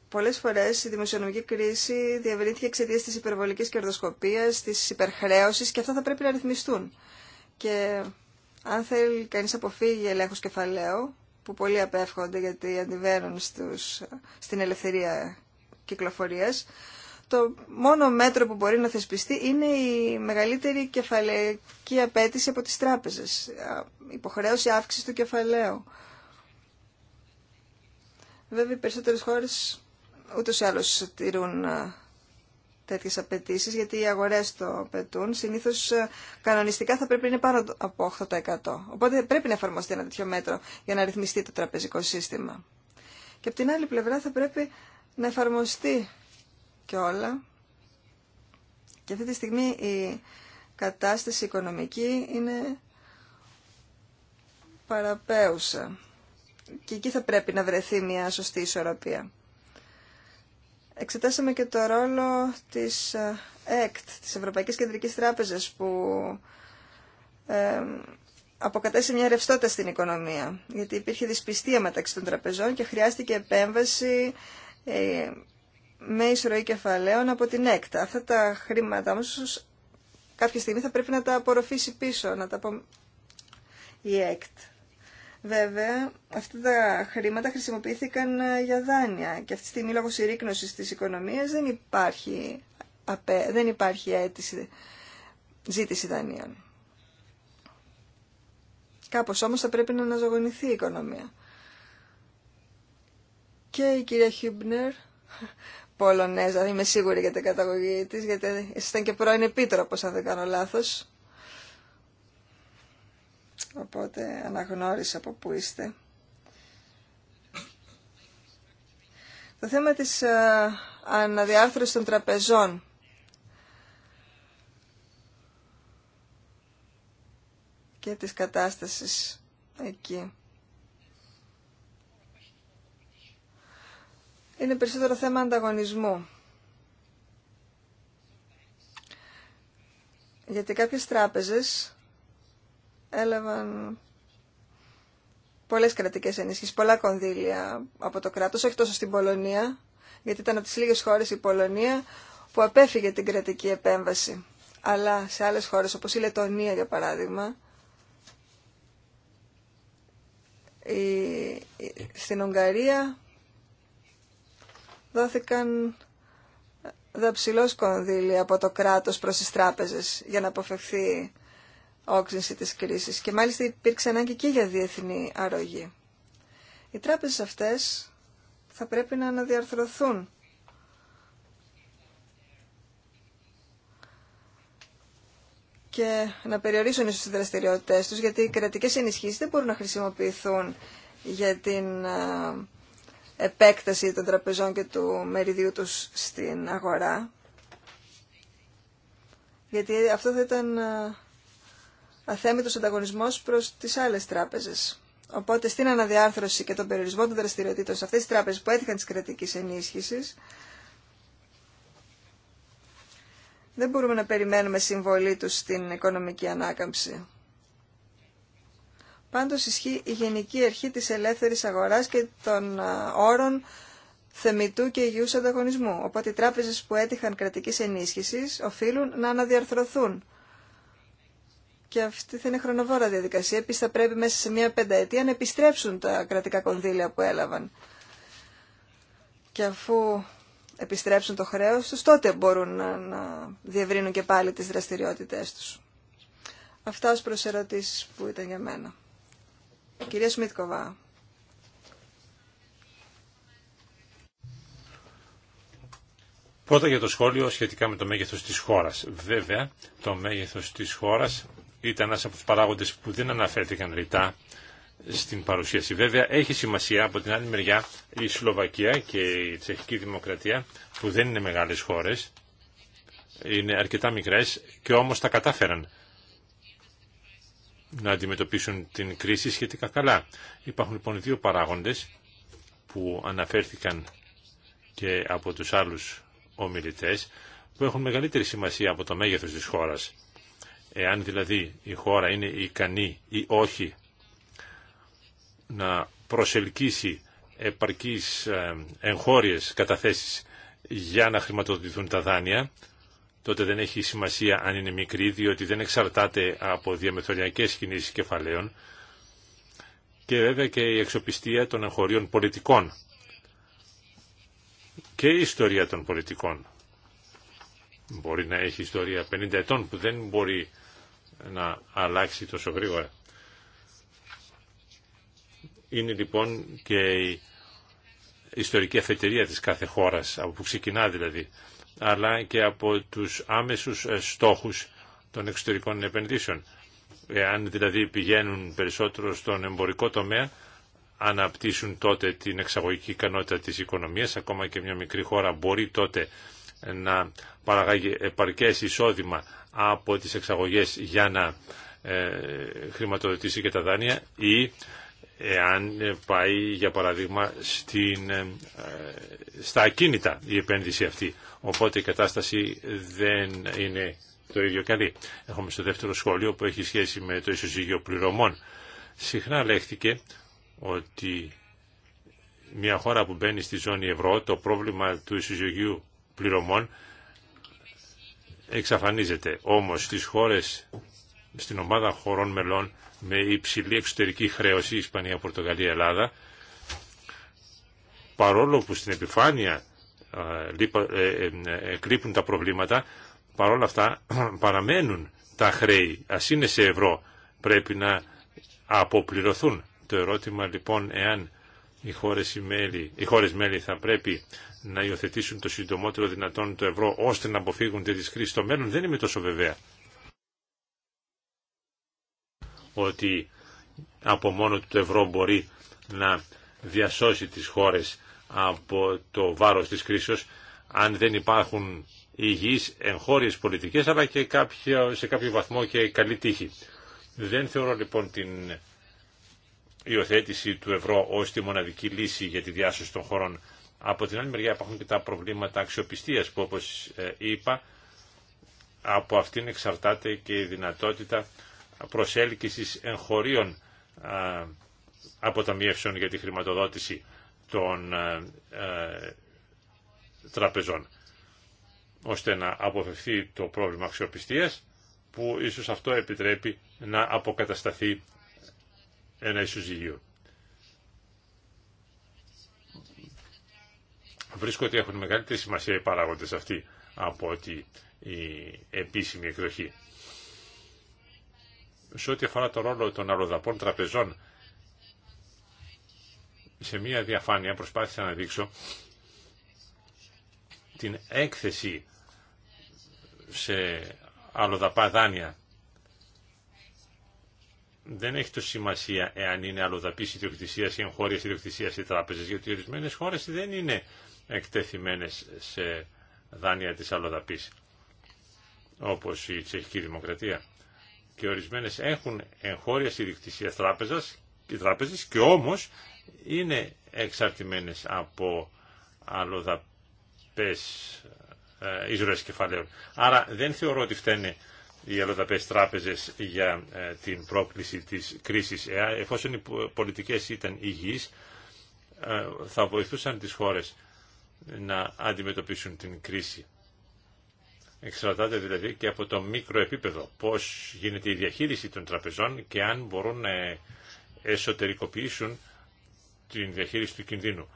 Πολλές φορές η δημοσιονομική κρίση διαβρύνθηκε εξαιτία της υπερβολικής κερδοσκοπίας, της υπερχρέωσης και αυτά θα πρέπει να ρυθμιστούν. Και αν θέλει κανείς αποφύγει ελέγχους κεφαλαίου, που πολλοί απέφχονται γιατί αντιβαίνουν στους, στην ελευθερία κυκλοφορίας, το μόνο μέτρο που μπορεί να θεσπιστεί είναι η μεγαλύτερη κεφαλαϊκή απέτηση από τις τράπεζες. Υποχρέωση αύξηση του κεφαλαίου. Βέβαια, οι περισσότερες χώρες ούτω ή άλλω τηρούν ε, τέτοιε απαιτήσει, γιατί οι αγορέ το απαιτούν. Συνήθω ε, κανονιστικά θα πρέπει να είναι πάνω από 8%. Οπότε πρέπει να εφαρμοστεί ένα τέτοιο μέτρο για να ρυθμιστεί το τραπεζικό σύστημα. Και από την άλλη πλευρά θα πρέπει να εφαρμοστεί και όλα. Και αυτή τη στιγμή η κατάσταση οικονομική είναι παραπέουσα. Και εκεί θα πρέπει να βρεθεί μια σωστή ισορροπία εξετάσαμε και το ρόλο της ε, ΕΚΤ, της Ευρωπαϊκής Κεντρικής Τράπεζας, που ε, αποκατέστησε μια ρευστότητα στην οικονομία, γιατί υπήρχε δυσπιστία μεταξύ των τραπεζών και χρειάστηκε επέμβαση ε, με ισορροή κεφαλαίων από την ΕΚΤ. Αυτά τα χρήματα όμως κάποια στιγμή θα πρέπει να τα απορροφήσει πίσω, να τα απο... η ΕΚΤ. Βέβαια, αυτά τα χρήματα χρησιμοποιήθηκαν ε, για δάνεια και αυτή τη στιγμή λόγω συρρήκνωσης της οικονομίας δεν υπάρχει, απέ, δεν υπάρχει αίτηση, ζήτηση δανείων. Κάπως όμως θα πρέπει να αναζωογονηθεί η οικονομία. Και η κυρία Χιούμπνερ, Πολωνέζα, είμαι σίγουρη για την καταγωγή της, γιατί ήσασταν και πρώην επίτροπος αν δεν κάνω λάθος. Οπότε αναγνώρισα από πού είστε. Το θέμα της ε, αναδιάρθρωσης των τραπεζών. και της κατάστασης εκεί. Είναι περισσότερο θέμα ανταγωνισμού. Γιατί κάποιες τράπεζες έλαβαν πολλές κρατικές ενίσχυσεις, πολλά κονδύλια από το κράτος, όχι τόσο στην Πολωνία, γιατί ήταν από τις λίγες χώρες η Πολωνία που απέφυγε την κρατική επέμβαση. Αλλά σε άλλες χώρες, όπως η Λετωνία για παράδειγμα, στην Ουγγαρία δόθηκαν δαψιλός κονδύλια από το κράτος προς τις τράπεζες για να αποφευθεί όξυνση της κρίσης και μάλιστα υπήρξε ανάγκη και για διεθνή αρρωγή. Οι τράπεζες αυτές θα πρέπει να αναδιαρθρωθούν και να περιορίσουν ίσως τις δραστηριότητες τους γιατί οι κρατικές ενισχύσεις δεν μπορούν να χρησιμοποιηθούν για την επέκταση των τραπεζών και του μεριδιού τους στην αγορά γιατί αυτό θα ήταν αθέμητος ανταγωνισμός προς τις άλλες τράπεζες. Οπότε στην αναδιάρθρωση και τον περιορισμό των δραστηριοτήτων σε αυτές τις τράπεζες που έτυχαν της κρατικής ενίσχυσης, δεν μπορούμε να περιμένουμε συμβολή τους στην οικονομική ανάκαμψη. Πάντως ισχύει η γενική αρχή της ελεύθερης αγοράς και των όρων θεμητού και υγιούς ανταγωνισμού. Οπότε οι τράπεζες που έτυχαν κρατικής ενίσχυσης οφείλουν να αναδιαρθρωθούν και αυτή θα είναι χρονοβόρα διαδικασία. Επίση, θα πρέπει μέσα σε μία πενταετία να επιστρέψουν τα κρατικά κονδύλια που έλαβαν. Και αφού επιστρέψουν το χρέος τους, τότε μπορούν να, να διευρύνουν και πάλι τις δραστηριότητές τους. Αυτά ως προς ερωτήσεις που ήταν για μένα. Κυρία Σμίτκοβα. Πρώτα για το σχόλιο σχετικά με το μέγεθος της χώρας. Βέβαια, το μέγεθος της χώρας ήταν ένας από τους παράγοντες που δεν αναφέρθηκαν ρητά στην παρουσίαση. Βέβαια έχει σημασία από την άλλη μεριά η Σλοβακία και η Τσεχική Δημοκρατία που δεν είναι μεγάλες χώρες, είναι αρκετά μικρές και όμως τα κατάφεραν να αντιμετωπίσουν την κρίση σχετικά καλά. Υπάρχουν λοιπόν δύο παράγοντες που αναφέρθηκαν και από τους άλλους ομιλητές που έχουν μεγαλύτερη σημασία από το μέγεθος της χώρας. Εάν δηλαδή η χώρα είναι ικανή ή όχι να προσελκύσει επαρκείς ε, εγχώριες καταθέσεις για να χρηματοδοτηθούν τα δάνεια, τότε δεν έχει σημασία αν είναι μικρή, διότι δεν εξαρτάται από διαμεθοριακές κινήσεις κεφαλαίων και βέβαια και η εξοπιστία των εγχωρίων πολιτικών και η ιστορία των πολιτικών. Μπορεί να έχει ιστορία 50 ετών που δεν μπορεί να αλλάξει τόσο γρήγορα. Είναι λοιπόν και η ιστορική αφετηρία της κάθε χώρας, από που ξεκινά δηλαδή, αλλά και από τους άμεσους ε, στόχους των εξωτερικών επενδύσεων. Εάν δηλαδή πηγαίνουν περισσότερο στον εμπορικό τομέα, αναπτύσσουν τότε την εξαγωγική ικανότητα της οικονομίας, ακόμα και μια μικρή χώρα μπορεί τότε να παραγάγει επαρκές εισόδημα από τις εξαγωγές για να ε, χρηματοδοτήσει και τα δάνεια ή εάν πάει για παραδείγμα στην, ε, στα ακίνητα η επένδυση αυτή. Οπότε η κατάσταση δεν είναι το ίδιο καλή. Έχουμε στο δεύτερο σχόλιο που έχει σχέση με το ισοζύγιο πληρωμών. Συχνά λέχθηκε ότι μια χώρα που μπαίνει στη ζώνη ευρώ το πρόβλημα του ισοζυγίου πληρωμών εξαφανίζεται. Όμως στις χώρες, στην ομάδα χωρών μελών με υψηλή εξωτερική χρέωση, Ισπανία, Πορτογαλία, Ελλάδα, παρόλο που στην επιφάνεια εκλείπουν ε, ε, ε, τα προβλήματα, παρόλα αυτά παραμένουν τα χρέη. Ας είναι σε ευρώ, πρέπει να αποπληρωθούν. Το ερώτημα λοιπόν εάν οι χώρες, μέλη, οι χώρες μέλη θα πρέπει να υιοθετήσουν το συντομότερο δυνατόν το ευρώ ώστε να αποφύγουν τέτοιες κρίσεις στο μέλλον δεν είμαι τόσο βεβαία ότι από μόνο του το ευρώ μπορεί να διασώσει τις χώρες από το βάρος της κρίσης αν δεν υπάρχουν υγιείς εγχώριες πολιτικές αλλά και σε κάποιο βαθμό και καλή τύχη. Δεν θεωρώ λοιπόν την υιοθέτηση του ευρώ ως τη μοναδική λύση για τη διάσωση των χωρών. Από την άλλη μεριά υπάρχουν και τα προβλήματα αξιοπιστίας που όπως ε, είπα από αυτήν εξαρτάται και η δυνατότητα προσέλκυσης εγχωρίων αποταμιεύσεων για τη χρηματοδότηση των ε, ε, τραπεζών ώστε να αποφευθεί το πρόβλημα αξιοπιστίας που ίσως αυτό επιτρέπει να αποκατασταθεί ένα ισοζύγιο. Βρίσκω ότι έχουν μεγαλύτερη σημασία οι παράγοντες αυτοί από ότι η επίσημη εκδοχή. Σε ό,τι αφορά το ρόλο των αλλοδαπών τραπεζών, σε μία διαφάνεια προσπάθησα να δείξω την έκθεση σε αλλοδαπά δάνεια δεν έχει το σημασία εάν είναι αλλοδαπή ιδιοκτησία ή εγχώρια ιδιοκτησία οι τράπεζε, γιατί ορισμένε χώρε δεν είναι εκτεθειμένε σε δάνεια τη αλλοδαπή, όπω η Τσεχική Δημοκρατία. Και ορισμένε έχουν έχουν εγχώριας ιδιοκτησία και τράπεζε και όμω είναι εξαρτημένε από αλλοδαπέ ε, εισρωέ κεφαλαίων. Άρα δεν θεωρώ ότι φταίνε οι αλλοδαπές τράπεζες για ε, την πρόκληση της κρίσης. Ε, εφόσον οι πολιτικές ήταν υγιείς, ε, θα βοηθούσαν τις χώρες να αντιμετωπίσουν την κρίση. Εξαρτάται δηλαδή και από το επίπεδο πώς γίνεται η διαχείριση των τραπεζών και αν μπορούν να εσωτερικοποιήσουν την διαχείριση του κινδύνου.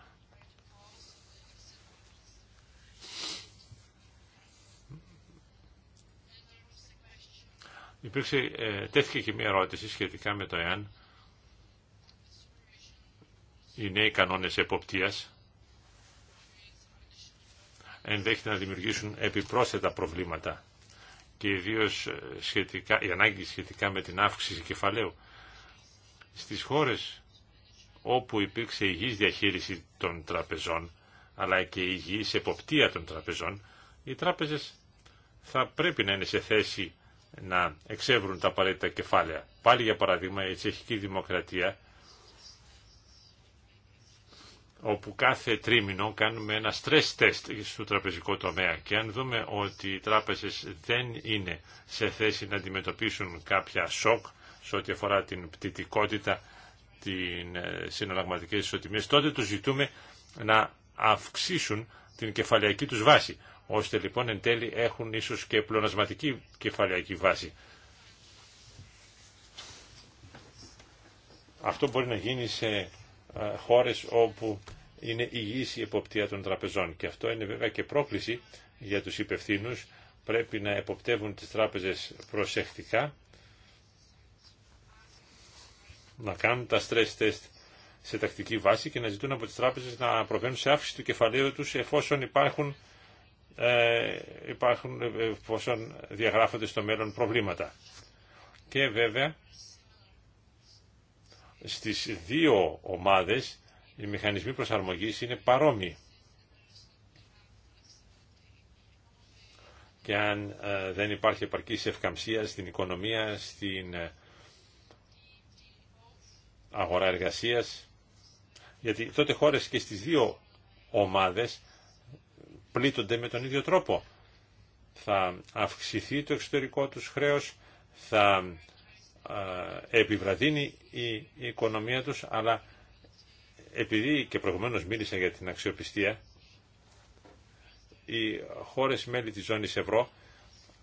Υπήρξε, ε, τέθηκε και μια ερώτηση σχετικά με το εάν οι νέοι κανόνες εποπτείας ενδέχεται να δημιουργήσουν επιπρόσθετα προβλήματα και ιδίω ε, σχετικά, η ανάγκη σχετικά με την αύξηση κεφαλαίου. Στις χώρες όπου υπήρξε υγιής διαχείριση των τραπεζών, αλλά και υγιής εποπτεία των τραπεζών, οι τράπεζες θα πρέπει να είναι σε θέση να εξεύρουν τα απαραίτητα κεφάλαια. Πάλι για παράδειγμα η τσεχική δημοκρατία όπου κάθε τρίμηνο κάνουμε ένα stress test στο τραπεζικό τομέα και αν δούμε ότι οι τράπεζες δεν είναι σε θέση να αντιμετωπίσουν κάποια σοκ σε ό,τι αφορά την πτυτικότητα την ε, συναλλαγματικές ισοτιμίες, τότε τους ζητούμε να αυξήσουν την κεφαλαιακή τους βάση ώστε λοιπόν εν τέλει έχουν ίσως και πλονασματική κεφαλαϊκή βάση. Αυτό μπορεί να γίνει σε ε, χώρες όπου είναι υγιής η εποπτεία των τραπεζών και αυτό είναι βέβαια και πρόκληση για τους υπευθύνους. Πρέπει να εποπτεύουν τις τράπεζες προσεκτικά, να κάνουν τα stress test σε τακτική βάση και να ζητούν από τις τράπεζες να προβαίνουν σε αύξηση του κεφαλαίου τους εφόσον υπάρχουν ε, υπάρχουν, ε, ε, εφόσον διαγράφονται στο μέλλον προβλήματα. Και βέβαια, στις δύο ομάδες οι μηχανισμοί προσαρμογής είναι παρόμοιοι. Και αν ε, δεν υπάρχει επαρκή ευκαμψία στην οικονομία, στην αγορά εργασίας, γιατί τότε χώρες και στις δύο ομάδες πλήττονται με τον ίδιο τρόπο. Θα αυξηθεί το εξωτερικό τους χρέος, θα επιβραδύνει η οικονομία τους, αλλά επειδή και προηγουμένως μίλησα για την αξιοπιστία, οι χώρες μέλη της ζώνης ευρώ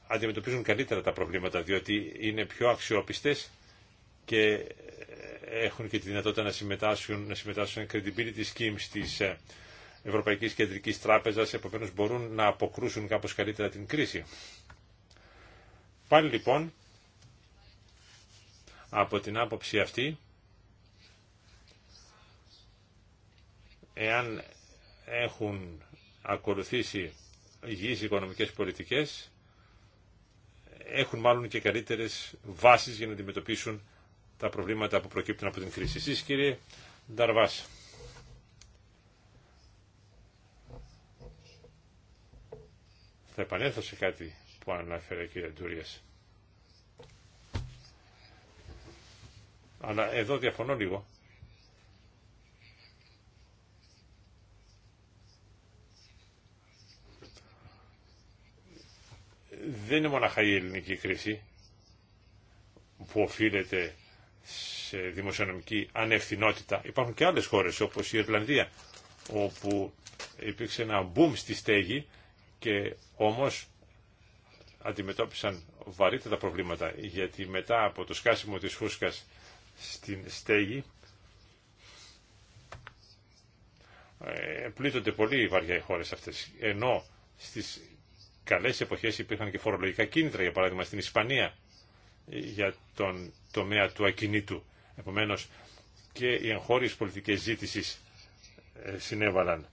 αντιμετωπίζουν καλύτερα τα προβλήματα, διότι είναι πιο αξιόπιστες και έχουν και τη δυνατότητα να συμμετάσχουν, να συμμετάσχουν credibility schemes της ε, Ευρωπαϊκή Κεντρική Τράπεζα επομένω μπορούν να αποκρούσουν κάπω καλύτερα την κρίση. Πάλι λοιπόν, από την άποψη αυτή, εάν έχουν ακολουθήσει υγιείς οικονομικές πολιτικές, έχουν μάλλον και καλύτερες βάσεις για να αντιμετωπίσουν τα προβλήματα που προκύπτουν από την κρίση. Εσείς κύριε Νταρβάς. Θα επανέλθω σε κάτι που αναφέρε η κυρία Ντουρίας. Αλλά εδώ διαφωνώ λίγο. Δεν είναι μοναχα η ελληνική κρίση που οφείλεται σε δημοσιονομική ανευθυνότητα. Υπάρχουν και άλλες χώρες όπως η Ιρλανδία όπου υπήρξε ένα boom στη στέγη και όμως αντιμετώπισαν βαρύτερα προβλήματα γιατί μετά από το σκάσιμο της φούσκας στην στέγη ε, πλήττονται πολύ βαριά οι χώρες αυτές ενώ στις καλές εποχές υπήρχαν και φορολογικά κίνητρα για παράδειγμα στην Ισπανία για τον τομέα του ακινήτου επομένως και οι εγχώριες πολιτικές ζήτησης ε, συνέβαλαν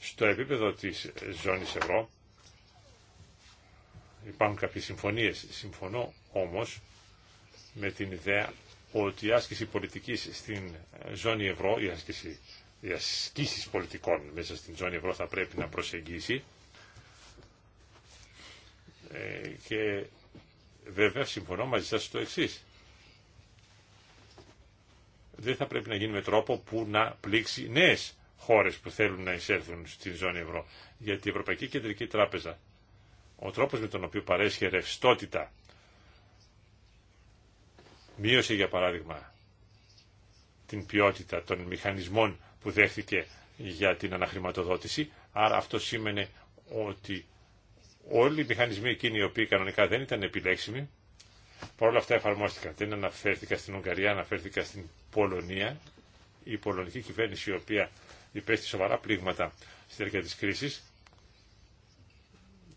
Στο επίπεδο της ζώνης ευρώ υπάρχουν κάποιες συμφωνίες. Συμφωνώ όμως με την ιδέα ότι η άσκηση πολιτικής στην ζώνη ευρώ, η άσκηση οι πολιτικών μέσα στην ζώνη ευρώ θα πρέπει να προσεγγίσει ε, και βέβαια συμφωνώ μαζί σας στο εξής δεν θα πρέπει να γίνει με τρόπο που να πλήξει νέες χώρες που θέλουν να εισέλθουν στην ζώνη ευρώ. Γιατί η Ευρωπαϊκή Κεντρική Τράπεζα, ο τρόπος με τον οποίο παρέσχε ρευστότητα, μείωσε για παράδειγμα την ποιότητα των μηχανισμών που δέχθηκε για την αναχρηματοδότηση, άρα αυτό σήμαινε ότι όλοι οι μηχανισμοί εκείνοι οι οποίοι κανονικά δεν ήταν επιλέξιμοι, παρόλα αυτά εφαρμόστηκαν. Δεν αναφέρθηκα στην Ουγγαρία, αναφέρθηκα στην Πολωνία, η πολωνική κυβέρνηση η οποία υπέστη σοβαρά πλήγματα στη διάρκεια της κρίσης,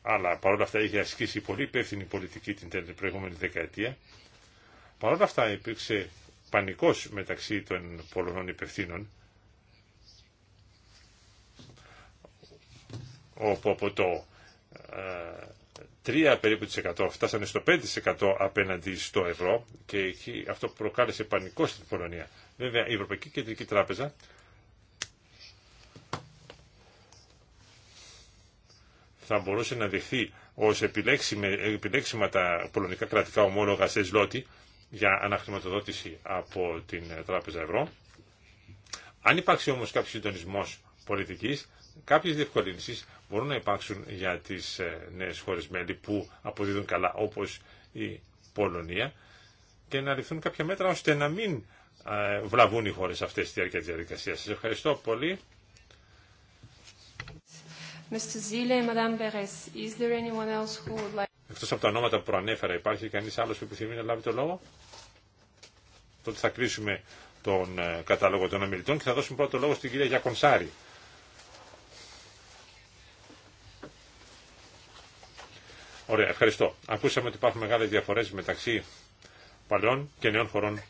αλλά παρόλα αυτά είχε ασκήσει πολύ υπεύθυνη πολιτική την προηγούμενη δεκαετία. Παρόλα αυτά υπήρξε πανικός μεταξύ των Πολωνών υπευθύνων, όπου από το 3 ε, περίπου φτάσανε στο 5% απέναντι στο ευρώ και εκεί αυτό προκάλεσε πανικό στην Πολωνία. Βέβαια η Ευρωπαϊκή Κεντρική Τράπεζα θα μπορούσε να δεχθεί ως επιλέξιμα τα πολωνικά κρατικά ομόλογα σε σλότη για αναχρηματοδότηση από την Τράπεζα Ευρώ. Αν υπάρξει όμως κάποιο συντονισμό πολιτικής, κάποιες διευκολύνσεις μπορούν να υπάρξουν για τις ε, νέες χώρες μέλη που αποδίδουν καλά όπως η Πολωνία και να ληφθούν κάποια μέτρα ώστε να μην ε, βλαβούν οι χώρες αυτές στη διάρκεια της διαδικασίας. Σας ευχαριστώ πολύ. Εκτός από τα ονόματα που προανέφερα, υπάρχει κανείς άλλος που επιθυμεί να λάβει το λόγο. Τότε θα κλείσουμε τον ε, κατάλογο των ομιλητών και θα δώσουμε πρώτο λόγο στην κυρία Γιακονσάρη. Ωραία, ευχαριστώ. Ακούσαμε ότι υπάρχουν μεγάλες διαφορές μεταξύ παλαιών και νέων χωρών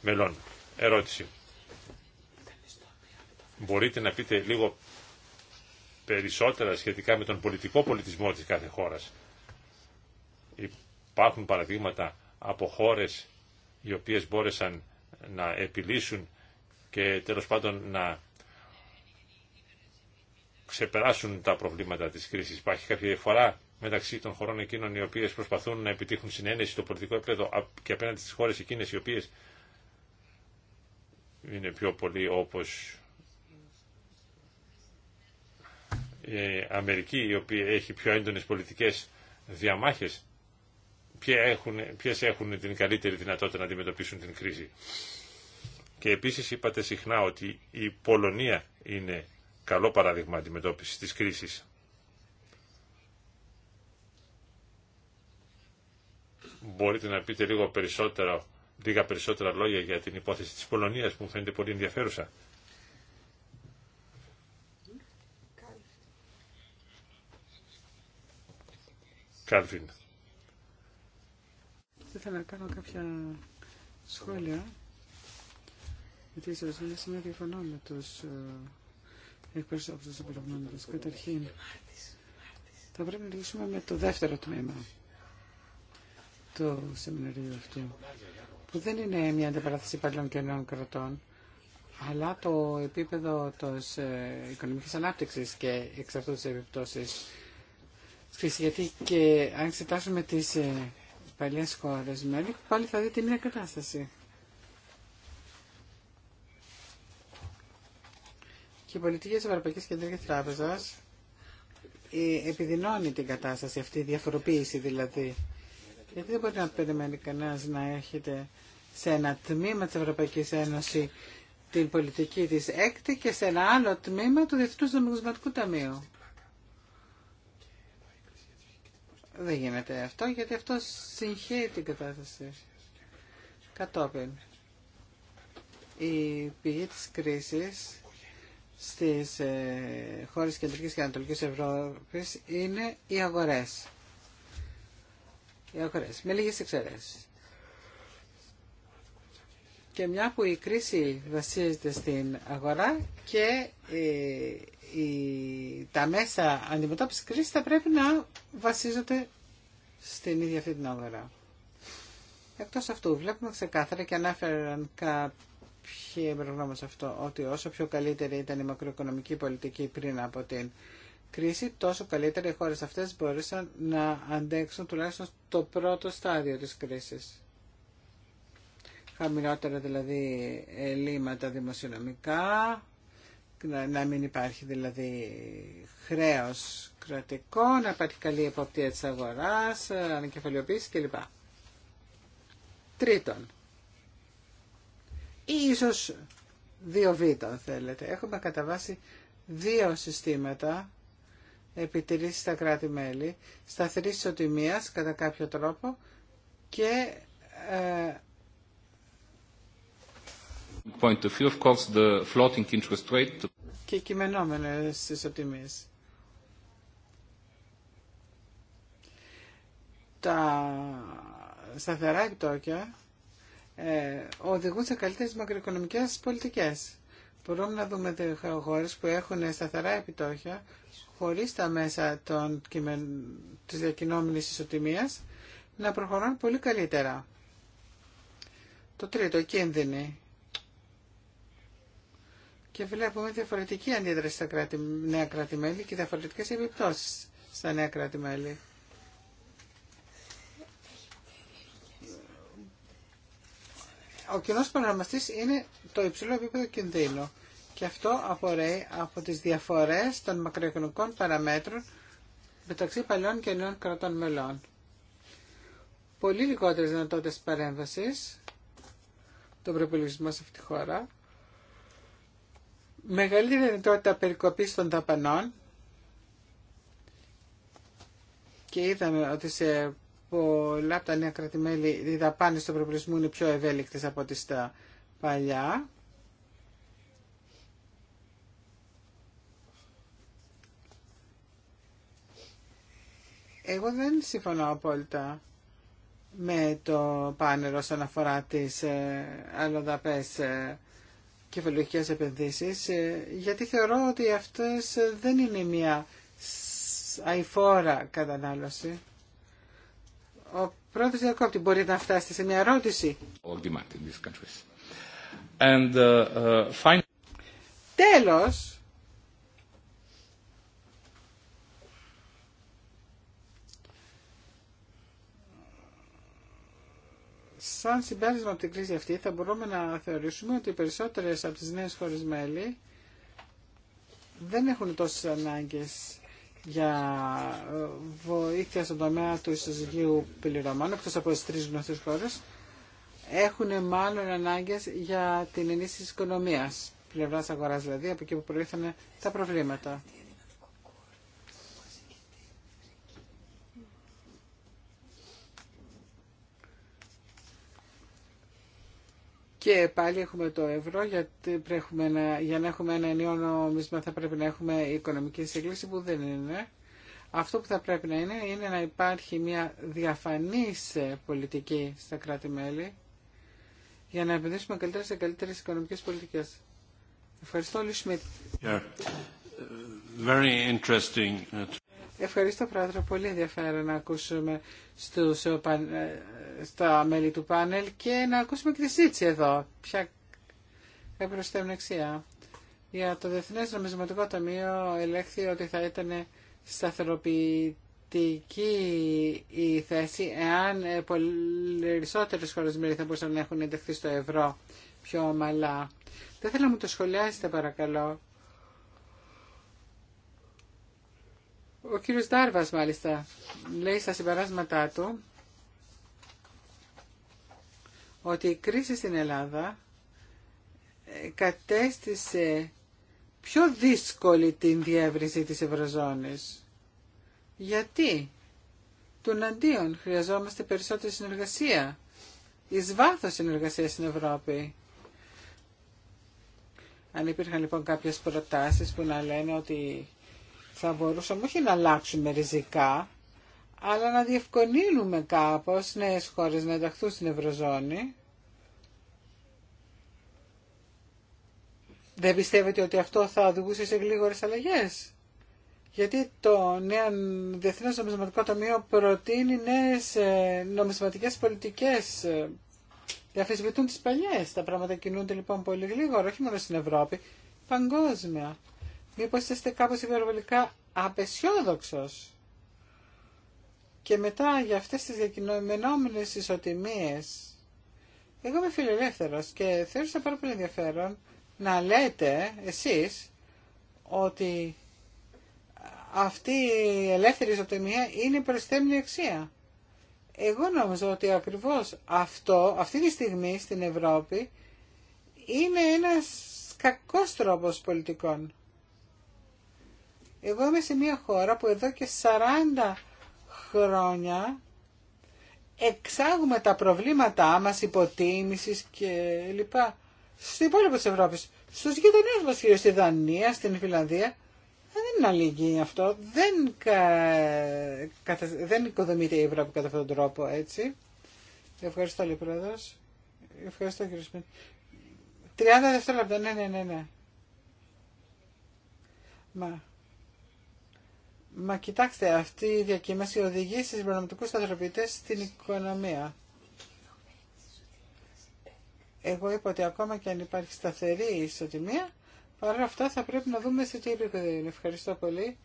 μελών. Ερώτηση. Μπορείτε να πείτε λίγο περισσότερα σχετικά με τον πολιτικό πολιτισμό της κάθε χώρας. Υπάρχουν παραδείγματα από χώρες οι οποίες μπόρεσαν να επιλύσουν και τέλος πάντων να ξεπεράσουν τα προβλήματα της κρίσης. Υπάρχει κάποια διαφορά μεταξύ των χωρών εκείνων οι οποίες προσπαθούν να επιτύχουν συνένεση στο πολιτικό επίπεδο και απέναντι στις χώρες εκείνες οι οποίες είναι πιο πολύ όπως Αμερική η οποία έχει πιο έντονες πολιτικές διαμάχες ποιες έχουν την καλύτερη δυνατότητα να αντιμετωπίσουν την κρίση. Και επίσης είπατε συχνά ότι η Πολωνία είναι καλό παράδειγμα αντιμετώπισης της κρίσης. Μπορείτε να πείτε λίγο περισσότερο, λίγα περισσότερα λόγια για την υπόθεση της Πολωνίας που μου φαίνεται πολύ ενδιαφέρουσα. Κάλβιν. Θα ήθελα να κάνω κάποια σχόλια. Γιατί σε ορισμένα σημεία διαφωνώ με του ε, εκπροσώπου του εμπειρογνώμενου. Καταρχήν, θα πρέπει να μιλήσουμε με το δεύτερο τμήμα του σεμιναρίου αυτού, που δεν είναι μια αντιπαράθεση παλιών και νέων κρατών, αλλά το επίπεδο της ε, οικονομικής ανάπτυξης και εξ αυτού γιατί και αν εξετάσουμε τις ε, παλιές χώρες μέλη, πάλι θα δείτε μια κατάσταση. Και η πολιτική της Ευρωπαϊκής Κεντρικής Τράπεζας ε, επιδεινώνει την κατάσταση αυτή, η διαφοροποίηση δηλαδή. Γιατί δεν μπορεί να περιμένει κανένα να έχετε σε ένα τμήμα της Ευρωπαϊκής Ένωσης την πολιτική της έκτη και σε ένα άλλο τμήμα του Διεθνούς Νομισματικού Ταμείου. Δεν γίνεται αυτό γιατί αυτό συγχαίει την κατάσταση. Κατόπιν, η πηγή της κρίσης στις ε, χώρες Κεντρικής και Ανατολικής Ευρώπης είναι οι αγορές. Οι αγορές, με λίγες εξαιρέσεις. Και μια που η κρίση βασίζεται στην αγορά και τα μέσα αντιμετώπισης κρίσης θα πρέπει να βασίζονται στην ίδια αυτή την αγορά. Εκτός αυτού, βλέπουμε ξεκάθαρα και ανάφεραν κάποιοι εμπειρογνώμες αυτό, ότι όσο πιο καλύτερη ήταν η μακροοικονομική πολιτική πριν από την κρίση, τόσο καλύτερα οι χώρες αυτές μπορούσαν να αντέξουν τουλάχιστον το πρώτο στάδιο της κρίσης. Χαμηλότερα δηλαδή ελλείμματα δημοσιονομικά, να, μην υπάρχει δηλαδή χρέος κρατικό, να υπάρχει καλή εποπτεία της αγοράς, ε, ανακεφαλαιοποίηση κλπ. Τρίτον, ή ίσως δύο β' θέλετε. Έχουμε καταβάσει δύο συστήματα επιτηρήσει στα κράτη-μέλη, σταθερή ισοτιμίας κατά κάποιο τρόπο και ε, Point of view, Και κειμενόμενες ισοτιμίες. Τα σταθερά επιτόκια ε, οδηγούν σε καλύτερες μακροοικονομικές πολιτικές. Μπορούμε να δούμε χώρε που έχουν σταθερά επιτόκια χωρίς τα μέσα των, της διακοινόμενης να προχωρούν πολύ καλύτερα. Το τρίτο, κίνδυνοι και βλέπουμε διαφορετική αντίδραση στα κράτη, νέα κράτη-μέλη και διαφορετικές επιπτώσεις στα νέα κράτη-μέλη. Ο κοινός προγραμματής είναι το υψηλό επίπεδο κινδύνου και αυτό απορρέει από τις διαφορές των μακροοικονομικών παραμέτρων μεταξύ παλιών και νέων κρατών μελών. Πολύ λιγότερες δυνατότητες παρέμβασης, των προπολογισμό σε αυτή τη χώρα, μεγαλύτερη δυνατότητα περικοπής των δαπανών και είδαμε ότι σε πολλά από τα νέα κρατημέλη οι δαπάνες του προβλησμού είναι πιο ευέλικτες από ό,τι στα παλιά. Εγώ δεν συμφωνώ απόλυτα με το πάνελ όσον αφορά τις ε, αλλοδαπές ε, κεφαλαιοχικές επενδύσεις, ε, γιατί θεωρώ ότι αυτές ε, δεν είναι μια αηφόρα κατανάλωση. Ο πρώτος διακόπτη μπορεί να φτάσει σε μια ερώτηση. Uh, uh, Τέλος, σαν συμπέρασμα από την κρίση αυτή θα μπορούμε να θεωρήσουμε ότι οι περισσότερες από τις νέες χώρες μέλη δεν έχουν τόσες ανάγκες για ε, βοήθεια στον τομέα του ισοζυγίου πληρωμών, εκτός από τις τρεις γνωστές χώρες, έχουν μάλλον ανάγκες για την ενίσχυση της οικονομίας, πλευράς αγοράς δηλαδή, από εκεί που προήλθαν τα προβλήματα. Και πάλι έχουμε το ευρώ, γιατί να, για να έχουμε ένα ενιαίο νομίσμα θα πρέπει να έχουμε οικονομική σύγκληση που δεν είναι. Αυτό που θα πρέπει να είναι είναι να υπάρχει μια διαφανής πολιτική στα κράτη-μέλη για να επενδύσουμε καλύτερα σε καλύτερες οικονομικές πολιτικές. Ευχαριστώ όλοι Σμιτ. Very Ευχαριστώ πρόεδρε, πολύ ενδιαφέρον να ακούσουμε στους, ε, ε, στα μέλη του πάνελ και να ακούσουμε και τη συζήτηση εδώ. Ποια προσθέμουν Για το Διεθνές Νομισματικό Ταμείο ελέγχθη ότι θα ήταν σταθεροποιητική η θέση εάν ε, περισσότερε χώρε μέλη θα μπορούσαν να έχουν εντεχθεί στο ευρώ πιο ομαλά. Δεν θέλω να μου το σχολιάσετε παρακαλώ. Ο κύριος Ντάρβας μάλιστα λέει στα συμπεράσματά του ότι η κρίση στην Ελλάδα ε, κατέστησε πιο δύσκολη την διεύρυνση της Ευρωζώνης. Γιατί Τον αντίον χρειαζόμαστε περισσότερη συνεργασία, εις βάθος συνεργασία στην Ευρώπη. Αν υπήρχαν λοιπόν κάποιες προτάσεις που να λένε ότι θα μπορούσαμε όχι να αλλάξουμε ριζικά, αλλά να διευκολύνουμε κάπως νέες χώρες να ενταχθούν στην Ευρωζώνη. Δεν πιστεύετε ότι αυτό θα οδηγούσε σε γλίγορες αλλαγές. Γιατί το νέο Διεθνές Νομισματικό Ταμείο προτείνει νέες ε, νομισματικές πολιτικές Διαφυσβητούν ε, τις παλιές. Τα πράγματα κινούνται λοιπόν πολύ γλίγορα, όχι μόνο στην Ευρώπη, παγκόσμια. Μήπως είστε κάπως υπερβολικά απεσιόδοξος. Και μετά για αυτές τις διακοινωμενόμενες ισοτιμίες. Εγώ είμαι φιλελεύθερος και θεώρησα πάρα πολύ ενδιαφέρον να λέτε εσείς ότι αυτή η ελεύθερη ισοτιμία είναι προσθέμενη αξία. Εγώ νόμιζα ότι ακριβώς αυτό, αυτή τη στιγμή στην Ευρώπη, είναι ένας κακός τρόπος πολιτικών. Εγώ είμαι σε μια χώρα που εδώ και 40 χρόνια εξάγουμε τα προβλήματά μας υποτίμησης και λοιπά υπόλοιπη πόλη της Ευρώπης. Στους γειτονιούς μας κύριε, στη Δανία, στην Φιλανδία δεν είναι αλληλεγγύη αυτό. Δεν, κα... κατα... δεν οικοδομείται η Ευρώπη κατά αυτόν τον τρόπο έτσι. Ευχαριστώ λέει πρόεδρος. Ευχαριστώ κύριε Σπίν. 30 δευτερόλεπτα, ναι, ναι, ναι, ναι. Μα Μα κοιτάξτε, αυτή η διακύμαση οδηγεί στις προνομιτικούς σταθεροποιητές στην οικονομία. Εγώ είπα ότι ακόμα και αν υπάρχει σταθερή ισοτιμία, παρά αυτά θα πρέπει να δούμε σε τι επίπεδο είναι. Ευχαριστώ πολύ.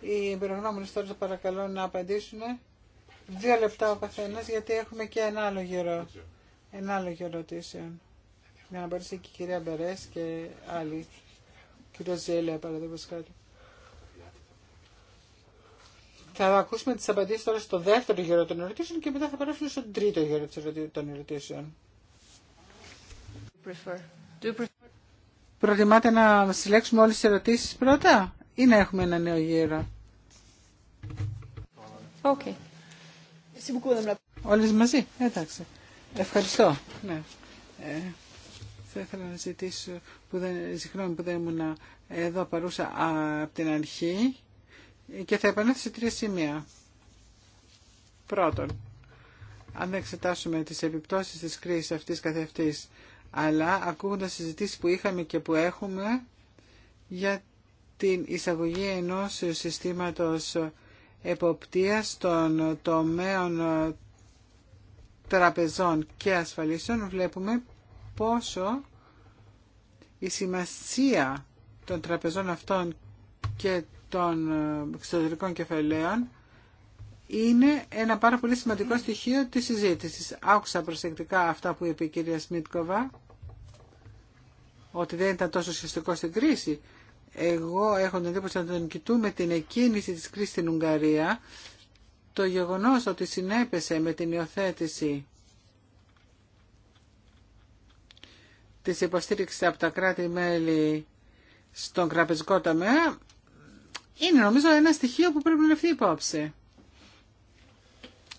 Οι εμπειρογνώμονες τώρα θα παρακαλώ να απαντήσουν. Δύο λεπτά ο καθένα γιατί έχουμε και ένα άλλο γύρο, ένα άλλο γύρο ερωτήσεων. Για να μπορέσει και η κυρία Μπερές και άλλοι. Κύριο Ζέλια παραδείγματο κάτι. Θα ακούσουμε τις απαντήσεις τώρα στο δεύτερο γύρο των ερωτήσεων και μετά θα περάσουμε στο τρίτο γύρο των ερωτήσεων. Προτιμάτε να συλλέξουμε όλες τις ερωτήσεις πρώτα ή να έχουμε ένα νέο γύρο. Okay. Όλες μαζί, εντάξει. Ευχαριστώ. Ναι. Ε, θα ήθελα να ζητήσω, που δεν, συγγνώμη που δεν ήμουν εδώ παρούσα από την αρχή, και θα επανέλθει σε τρία σημεία. Πρώτον, αν δεν εξετάσουμε τις επιπτώσεις της κρίσης αυτής καθεαυτής, αλλά ακούγοντας συζητήσεις που είχαμε και που έχουμε για την εισαγωγή ενός συστήματος εποπτείας των τομέων τραπεζών και ασφαλίσεων βλέπουμε πόσο η σημασία των τραπεζών αυτών και των ε, εξωτερικών κεφαλαίων είναι ένα πάρα πολύ σημαντικό στοιχείο της συζήτησης. Άκουσα προσεκτικά αυτά που είπε η κυρία Σμίτκοβα, ότι δεν ήταν τόσο ουσιαστικό στην κρίση. Εγώ έχω την εντύπωση να τον κοιτούμε την εκκίνηση της κρίσης στην Ουγγαρία, το γεγονός ότι συνέπεσε με την υιοθέτηση της υποστήριξης από τα κράτη-μέλη στον κραπεζικό τομέα είναι νομίζω ένα στοιχείο που πρέπει να λεφθεί υπόψη.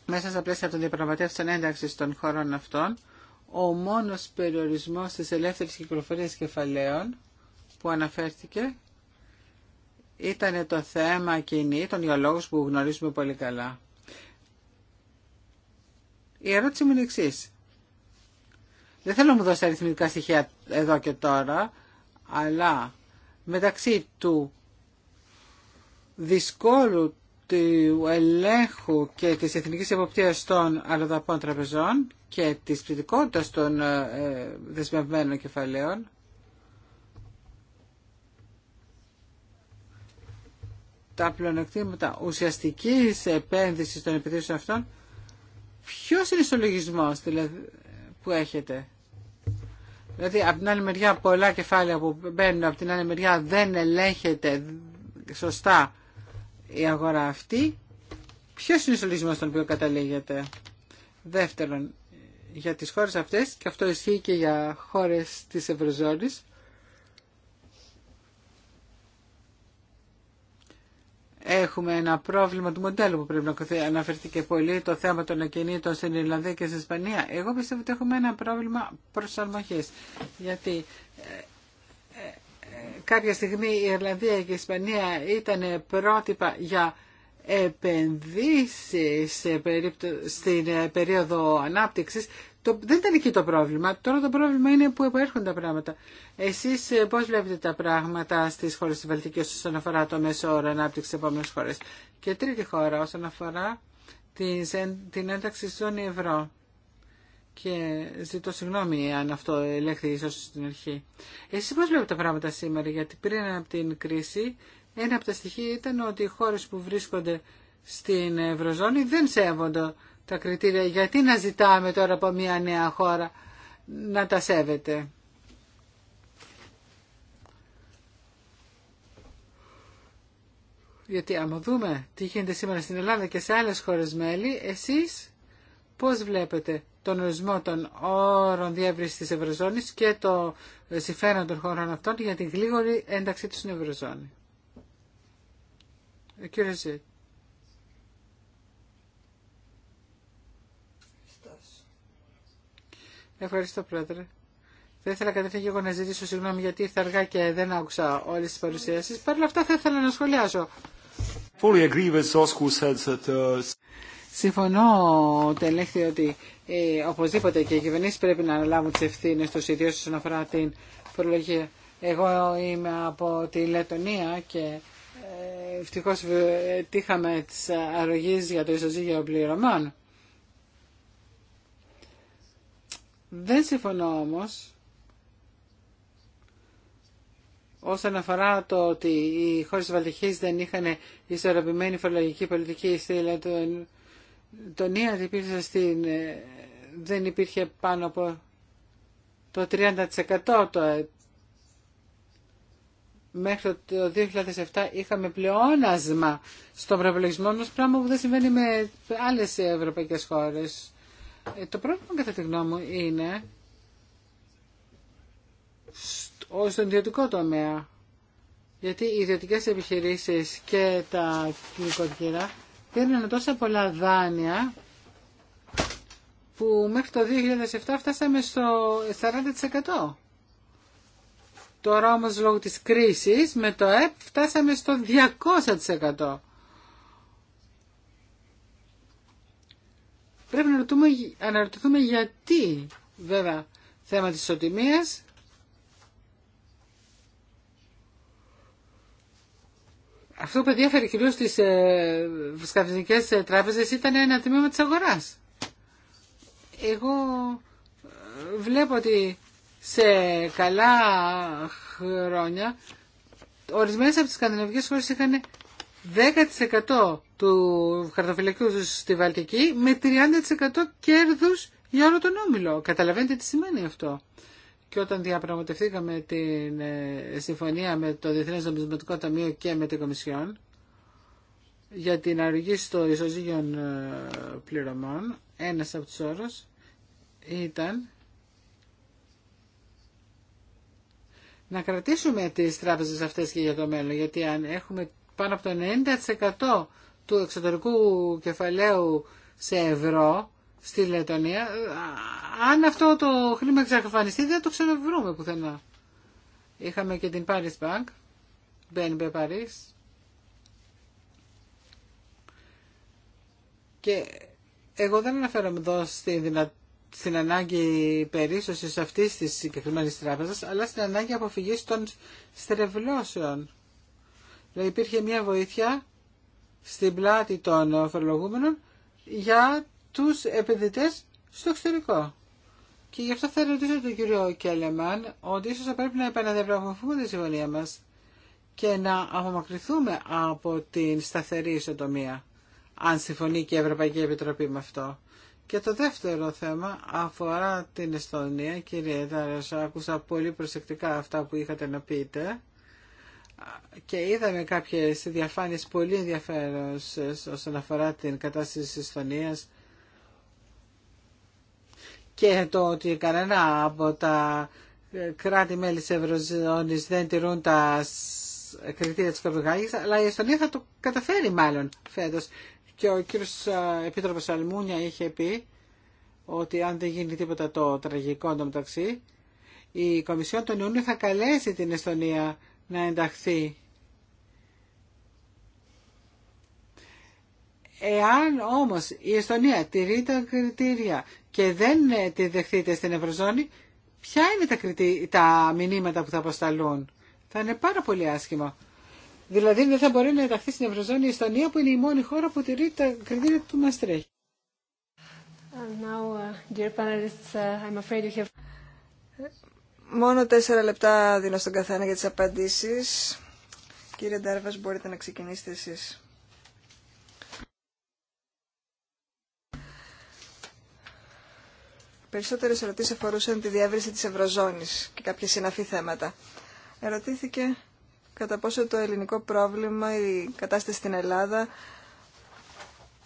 Μέσα στα πλαίσια των διαπραγματεύσεων ένταξη των χωρών αυτών, ο μόνος περιορισμός της ελεύθερης κυκλοφορίας κεφαλαίων που αναφέρθηκε ήταν το θέμα κοινή των γεωλόγου που γνωρίζουμε πολύ καλά. Η ερώτηση μου είναι εξή. Δεν θέλω να μου δώσει αριθμητικά στοιχεία εδώ και τώρα, αλλά μεταξύ του δυσκόλου του ελέγχου και της εθνικής εποπτείας των αλλοδαπών τραπεζών και της πληθυκότητας των ε, δεσμευμένων κεφαλαίων τα πλεονεκτήματα ουσιαστικής επένδυσης των επιδείξεων αυτών ποιος είναι ο λογισμός δηλαδή, που έχετε δηλαδή από την άλλη μεριά πολλά κεφάλαια που μπαίνουν από την άλλη μεριά δεν ελέγχεται σωστά η αγορά αυτή, ποιος είναι ο τον στον οποίο καταλήγεται. Δεύτερον, για τις χώρες αυτές, και αυτό ισχύει και για χώρες της Ευρωζώνης, Έχουμε ένα πρόβλημα του μοντέλου που πρέπει να αναφερθεί και πολύ, το θέμα των ακινήτων στην Ιρλανδία και στην Ισπανία. Εγώ πιστεύω ότι έχουμε ένα πρόβλημα προσαρμογής, γιατί ε, κάποια στιγμή η Ιρλανδία και η Ισπανία ήταν πρότυπα για επενδύσεις στην ε, περίοδο ανάπτυξης, το, δεν ήταν εκεί το πρόβλημα. Τώρα το πρόβλημα είναι που έρχονται τα πράγματα. Εσείς ε, πώς βλέπετε τα πράγματα στις χώρες της Βαλτικής όσον αφορά το μέσο όρο ανάπτυξης σε επόμενες Και τρίτη χώρα όσον αφορά την ένταξη ζώνη ευρώ. Και ζητώ συγγνώμη αν αυτό ελέγχθη ίσως στην αρχή. Εσείς πώ βλέπετε τα πράγματα σήμερα, γιατί πριν από την κρίση, ένα από τα στοιχεία ήταν ότι οι χώρε που βρίσκονται στην Ευρωζώνη δεν σέβονται τα κριτήρια. Γιατί να ζητάμε τώρα από μια νέα χώρα να τα σέβεται. Γιατί άμα δούμε τι γίνεται σήμερα στην Ελλάδα και σε άλλες χώρες μέλη, εσείς Πώς βλέπετε τον ορισμό των όρων διεύρυνσης της Ευρωζώνης και το συμφέρον των χωρών αυτών για την γλίγορη ένταξή του στην Ευρωζώνη. Ε, κύριε Ευχαριστώ, Πρόεδρε. Θα ήθελα καταρχήν και εγώ να ζητήσω συγγνώμη γιατί ήρθα αργά και δεν άκουσα όλες τις παρουσιάσεις. Παρ' όλα αυτά θα ήθελα να σχολιάσω. Fully said that, uh, Συμφωνώ, τελέχθη, ότι ε, οπωσδήποτε και οι κυβερνήσει πρέπει να αναλάβουν τι ευθύνε του, ιδίω όσον αφορά την φορολογία. Εγώ είμαι από τη Λετωνία και ε, ευτυχώ τύχαμε τι αρρωγή για το ισοζύγιο πληρωμών. Δεν συμφωνώ όμω όσον αφορά το ότι οι χώρε τη Βαλτική δεν είχαν ισορροπημένη φορολογική πολιτική στη Λετωνία τονία υπήρχε στην, ε, δεν υπήρχε πάνω από το 30% το, ε, μέχρι το 2007 είχαμε πλεόνασμα στον προπολογισμό μας, πράγμα που δεν συμβαίνει με άλλες ευρωπαϊκές χώρες. Ε, το πρόβλημα κατά τη γνώμη μου είναι στον ιδιωτικό τομέα. Γιατί οι ιδιωτικές επιχειρήσεις και τα νοικοκυρά δίνουν τόσα πολλά δάνεια που μέχρι το 2007 φτάσαμε στο 40%. Τώρα όμως λόγω της κρίσης με το ΕΠ φτάσαμε στο 200%. Πρέπει να αναρωτηθούμε γιατί βέβαια θέμα της ισοτιμίας Αυτό που ενδιαφέρει κυρίω στις ε, σκαφιστικές ε, τράπεζες ήταν ένα τμήμα τη αγοράς. Εγώ ε, βλέπω ότι σε καλά χρόνια ορισμένε από τι σκανδιναβικέ χώρε είχαν 10% του χαρτοφυλακίου του στη Βαλτική με 30% κέρδου για όλο τον όμιλο. Καταλαβαίνετε τι σημαίνει αυτό και όταν διαπραγματευθήκαμε την ε, συμφωνία με το Διεθνές Νομισματικό Ταμείο και με την Κομισιόν για την αργή στο ισοζύγιο ε, πληρωμών, ένας από τους όρους ήταν να κρατήσουμε τις τράπεζες αυτές και για το μέλλον, γιατί αν έχουμε πάνω από το 90% του εξωτερικού κεφαλαίου σε ευρώ, στη Λετωνία. Αν αυτό το χρήμα εξαφανιστεί δεν το ξαναβρούμε πουθενά. Είχαμε και την Paris Bank, BNB Paris. Και εγώ δεν αναφέρομαι εδώ στην ανάγκη περίσωση αυτής τη συγκεκριμένη τράπεζα, αλλά στην ανάγκη αποφυγή των στρεβλώσεων. Δηλαδή υπήρχε μια βοήθεια στην πλάτη των φορολογούμενων για τους επενδυτές στο εξωτερικό. Και γι' αυτό θα ρωτήσω τον κύριο Κέλεμαν ότι ίσως θα πρέπει να επαναδιαπραγματευτούμε τη συμφωνία μας και να απομακρυνθούμε από την σταθερή ισοτομία, αν συμφωνεί και η Ευρωπαϊκή Επιτροπή με αυτό. Και το δεύτερο θέμα αφορά την Εστονία. Κύριε Δάρας, άκουσα πολύ προσεκτικά αυτά που είχατε να πείτε και είδαμε κάποιες διαφάνειες πολύ ενδιαφέρουσες όσον αφορά την κατάσταση της Εστονίας και το ότι κανένα από τα κράτη-μέλη της Ευρωζώνης δεν τηρούν τα κριτήρια της Κοπεγάγης, αλλά η Εστονία θα το καταφέρει μάλλον φέτος. Και ο κύριος Επίτροπος Αλμούνια είχε πει ότι αν δεν γίνει τίποτα το τραγικό το μεταξύ, η Κομισιόν τον Ιούνιο θα καλέσει την Εστονία να ενταχθεί Εάν όμως η Εστονία τηρεί τα κριτήρια και δεν ε, τη δεχτείτε στην Ευρωζώνη, ποια είναι τα, τα μηνύματα που θα αποσταλούν. Θα είναι πάρα πολύ άσχημα. Δηλαδή δεν θα μπορεί να ενταχθεί στην Ευρωζώνη η Εστονία που είναι η μόνη χώρα που τηρεί τα κριτήρια του Μαστρέχη. τρέχει. Uh, uh, Μόνο τέσσερα λεπτά δίνω στον καθένα για τις απαντήσεις. Κύριε Ντάρβας, μπορείτε να ξεκινήσετε εσείς. περισσότερες ερωτήσεις αφορούσαν τη διεύρυνση της Ευρωζώνης και κάποια συναφή θέματα. Ερωτήθηκε κατά πόσο το ελληνικό πρόβλημα, η κατάσταση στην Ελλάδα,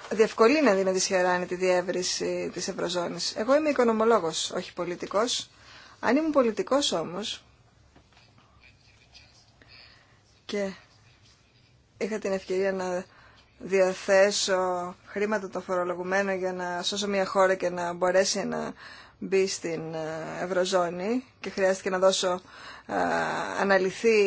διευκολύνει να δυσχεράνει τη διεύρυνση της Ευρωζώνης. Εγώ είμαι οικονομολόγος, όχι πολιτικός. Αν ήμουν πολιτικός όμως και είχα την ευκαιρία να διαθέσω χρήματα το φορολογουμένο για να σώσω μια χώρα και να μπορέσει να μπει στην ε, Ευρωζώνη και χρειάστηκε να δώσω ε, αναλυθεί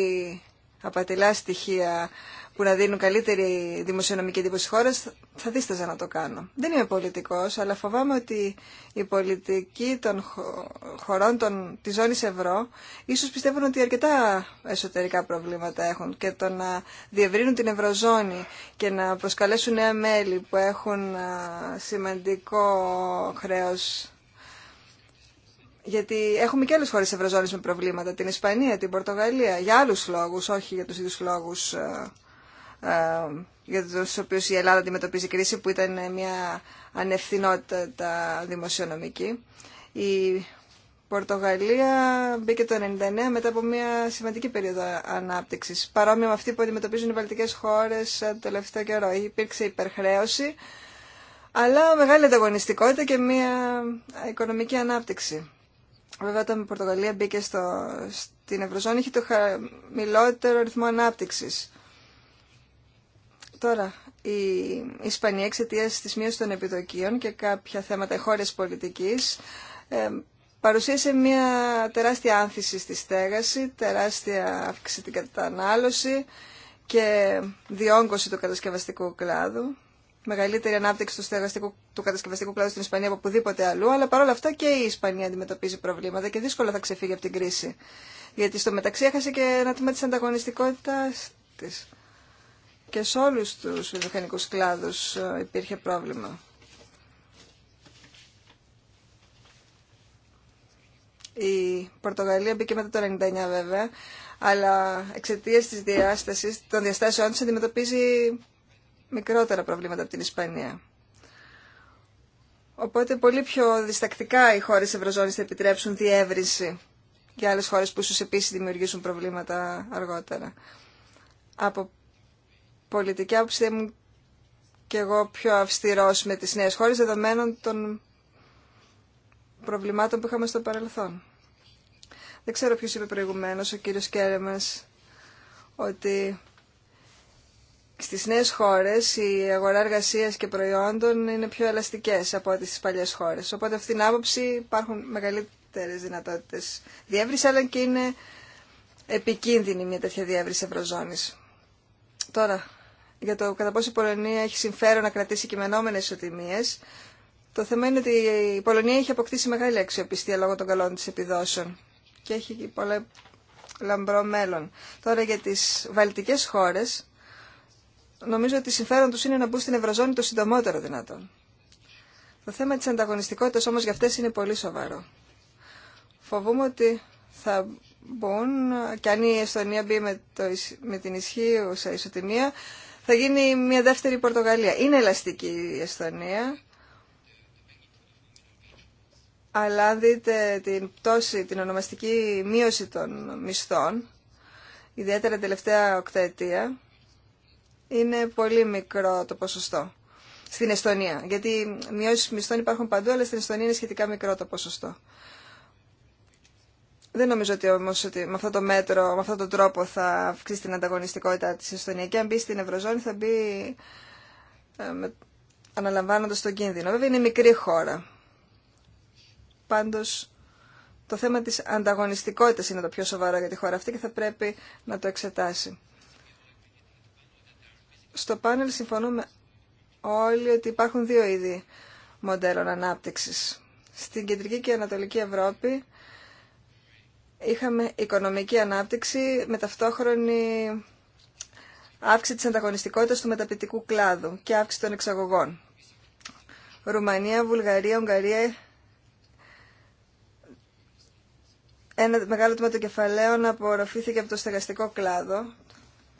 απατηλά στοιχεία που να δίνουν καλύτερη δημοσιονομική εντύπωση χώρα, θα δίσταζα να το κάνω. Δεν είμαι πολιτικός, αλλά φοβάμαι ότι οι πολιτικοί των χωρών των, της ζώνης ευρώ ίσως πιστεύουν ότι αρκετά εσωτερικά προβλήματα έχουν και το να διευρύνουν την ευρωζώνη και να προσκαλέσουν νέα μέλη που έχουν σημαντικό χρέο. γιατί έχουμε και άλλε χώρε Ευρωζώνη με προβλήματα. Την Ισπανία, την Πορτογαλία. Για άλλου λόγου, όχι για του ίδιου λόγου ε, για τους οποίους η Ελλάδα αντιμετωπίζει κρίση που ήταν μια ανευθυνότητα δημοσιονομική. Η Πορτογαλία μπήκε το 1999 μετά από μια σημαντική περίοδο ανάπτυξης. Παρόμοια με αυτή που αντιμετωπίζουν οι Βαλτικέ χώρες ε, το τελευταίο καιρό. Υπήρξε υπερχρέωση, αλλά μεγάλη ανταγωνιστικότητα και μια οικονομική ανάπτυξη. Βέβαια, όταν η Πορτογαλία μπήκε στο, στην Ευρωζώνη, είχε το χαμηλότερο ρυθμό ανάπτυξης. Τώρα, η Ισπανία εξαιτία τη μείωση των επιδοκίων και κάποια θέματα χώρε πολιτική ε, παρουσίασε μια τεράστια άνθηση στη στέγαση, τεράστια αύξηση την κατανάλωση και διόγκωση του κατασκευαστικού κλάδου. Μεγαλύτερη ανάπτυξη του, στεγαστικού, του κατασκευαστικού κλάδου στην Ισπανία από οπουδήποτε αλλού, αλλά παρόλα αυτά και η Ισπανία αντιμετωπίζει προβλήματα και δύσκολα θα ξεφύγει από την κρίση. Γιατί στο μεταξύ έχασε και ένα τμήμα τη ανταγωνιστικότητά και σε όλους τους βιομηχανικούς κλάδους ε, υπήρχε πρόβλημα. Η Πορτογαλία μπήκε μετά το 99 βέβαια, αλλά εξαιτία της διάστασης, των διαστάσεών της αντιμετωπίζει μικρότερα προβλήματα από την Ισπανία. Οπότε πολύ πιο διστακτικά οι χώρες Ευρωζώνης θα επιτρέψουν διεύρυνση για άλλες χώρες που ίσως επίσης δημιουργήσουν προβλήματα αργότερα. Από πολιτική άποψη ήμουν και εγώ πιο αυστηρός με τις νέες χώρες δεδομένων των προβλημάτων που είχαμε στο παρελθόν. Δεν ξέρω ποιος είπε προηγουμένως, ο κύριος Κέρεμας, ότι στις νέες χώρες η αγορά εργασία και προϊόντων είναι πιο ελαστικές από ό,τι στις παλιές χώρες. Οπότε αυτήν την άποψη υπάρχουν μεγαλύτερες δυνατότητες διεύρυνση, αλλά και είναι επικίνδυνη μια τέτοια διεύρυνση ευρωζώνης. Τώρα, για το κατά πόσο η Πολωνία έχει συμφέρον να κρατήσει κειμενόμενε ισοτιμίε. Το θέμα είναι ότι η Πολωνία έχει αποκτήσει μεγάλη αξιοπιστία λόγω των καλών τη επιδόσεων και έχει και πολλά λαμπρό μέλλον. Τώρα για τι βαλτικέ χώρε, νομίζω ότι συμφέρον του είναι να μπουν στην Ευρωζώνη το συντομότερο δυνατόν. Το θέμα τη ανταγωνιστικότητα όμω για αυτέ είναι πολύ σοβαρό. Φοβούμαι ότι θα μπουν και αν η Εστονία μπει με, με την ισχύουσα ισοτιμία θα γίνει μια δεύτερη Πορτογαλία. Είναι ελαστική η Εσθονία, αλλά αν δείτε την πτώση, την ονομαστική μείωση των μισθών, ιδιαίτερα τελευταία οκταετία, είναι πολύ μικρό το ποσοστό στην Εστονία. Γιατί μειώσει μισθών υπάρχουν παντού, αλλά στην Εστονία είναι σχετικά μικρό το ποσοστό. Δεν νομίζω ότι όμω ότι με αυτό το μέτρο, με αυτόν τον τρόπο θα αυξήσει την ανταγωνιστικότητά τη Εστονία. Και αν μπει στην Ευρωζώνη θα μπει ε, με, αναλαμβάνοντας τον κίνδυνο. Βέβαια είναι μικρή χώρα. Πάντως το θέμα της ανταγωνιστικότητας είναι το πιο σοβαρό για τη χώρα αυτή και θα πρέπει να το εξετάσει. Στο πάνελ συμφωνούμε όλοι ότι υπάρχουν δύο είδη μοντέλων ανάπτυξης. Στην κεντρική και ανατολική Ευρώπη είχαμε οικονομική ανάπτυξη με ταυτόχρονη αύξηση της ανταγωνιστικότητας του μεταπητικού κλάδου και αύξηση των εξαγωγών. Ρουμανία, Βουλγαρία, Ουγγαρία, ένα μεγάλο τμήμα των κεφαλαίων απορροφήθηκε από το στεγαστικό κλάδο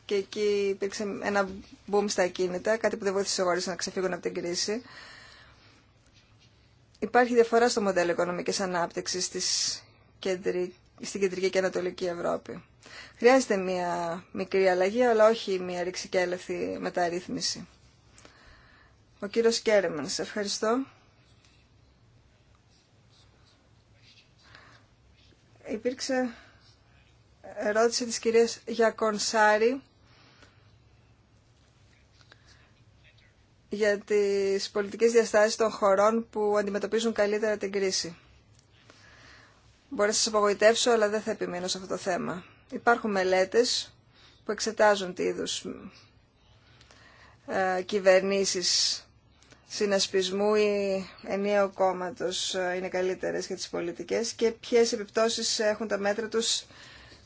και εκεί υπήρξε ένα boom στα ακίνητα, κάτι που δεν βοήθησε οι να ξεφύγουν από την κρίση. Υπάρχει διαφορά στο μοντέλο οικονομικής ανάπτυξης της κεντρικής στην Κεντρική και Ανατολική Ευρώπη. Χρειάζεται μια μικρή αλλαγή, αλλά όχι μια ρηξικέλευθη μεταρρύθμιση. Ο κύριος Κέρεμαν, σε ευχαριστώ. Υπήρξε ερώτηση της κυρίας Γιακονσάρη για τις πολιτικές διαστάσεις των χωρών που αντιμετωπίζουν καλύτερα την κρίση. Μπορεί να σα απογοητεύσω, αλλά δεν θα επιμείνω σε αυτό το θέμα. Υπάρχουν μελέτε που εξετάζουν τι είδου ε, συνασπισμού ή ενιαίου κόμματο ε, είναι καλύτερε για τι πολιτικέ και ποιε επιπτώσει έχουν τα μέτρα του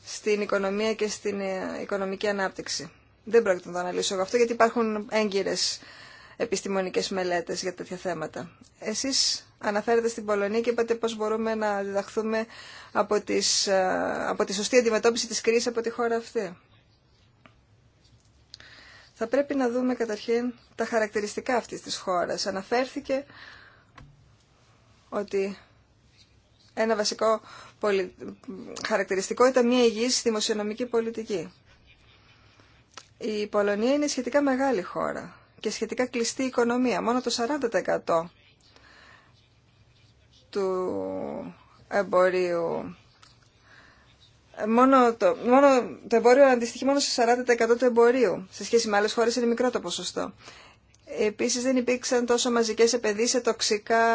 στην οικονομία και στην ε, οικονομική ανάπτυξη. Δεν πρόκειται να το αναλύσω εγώ αυτό γιατί υπάρχουν έγκυρες επιστημονικές μελέτες για τέτοια θέματα. Εσείς αναφέρετε στην Πολωνία και είπατε πώς μπορούμε να διδαχθούμε από, τις, ε, από τη σωστή αντιμετώπιση της κρίσης από τη χώρα αυτή. Θα πρέπει να δούμε καταρχήν τα χαρακτηριστικά αυτής της χώρας. Αναφέρθηκε ότι ένα βασικό χαρακτηριστικό ήταν μια υγιής δημοσιονομική πολιτική. Η Πολωνία είναι σχετικά μεγάλη χώρα και σχετικά κλειστή οικονομία. Μόνο το 40% του εμπορίου μόνο το, μόνο το εμπόριο αντιστοιχεί μόνο σε 40% του εμπορίου. Σε σχέση με άλλες χώρες είναι μικρό το ποσοστό. Επίσης δεν υπήρξαν τόσο μαζικές επενδύσεις σε τοξικά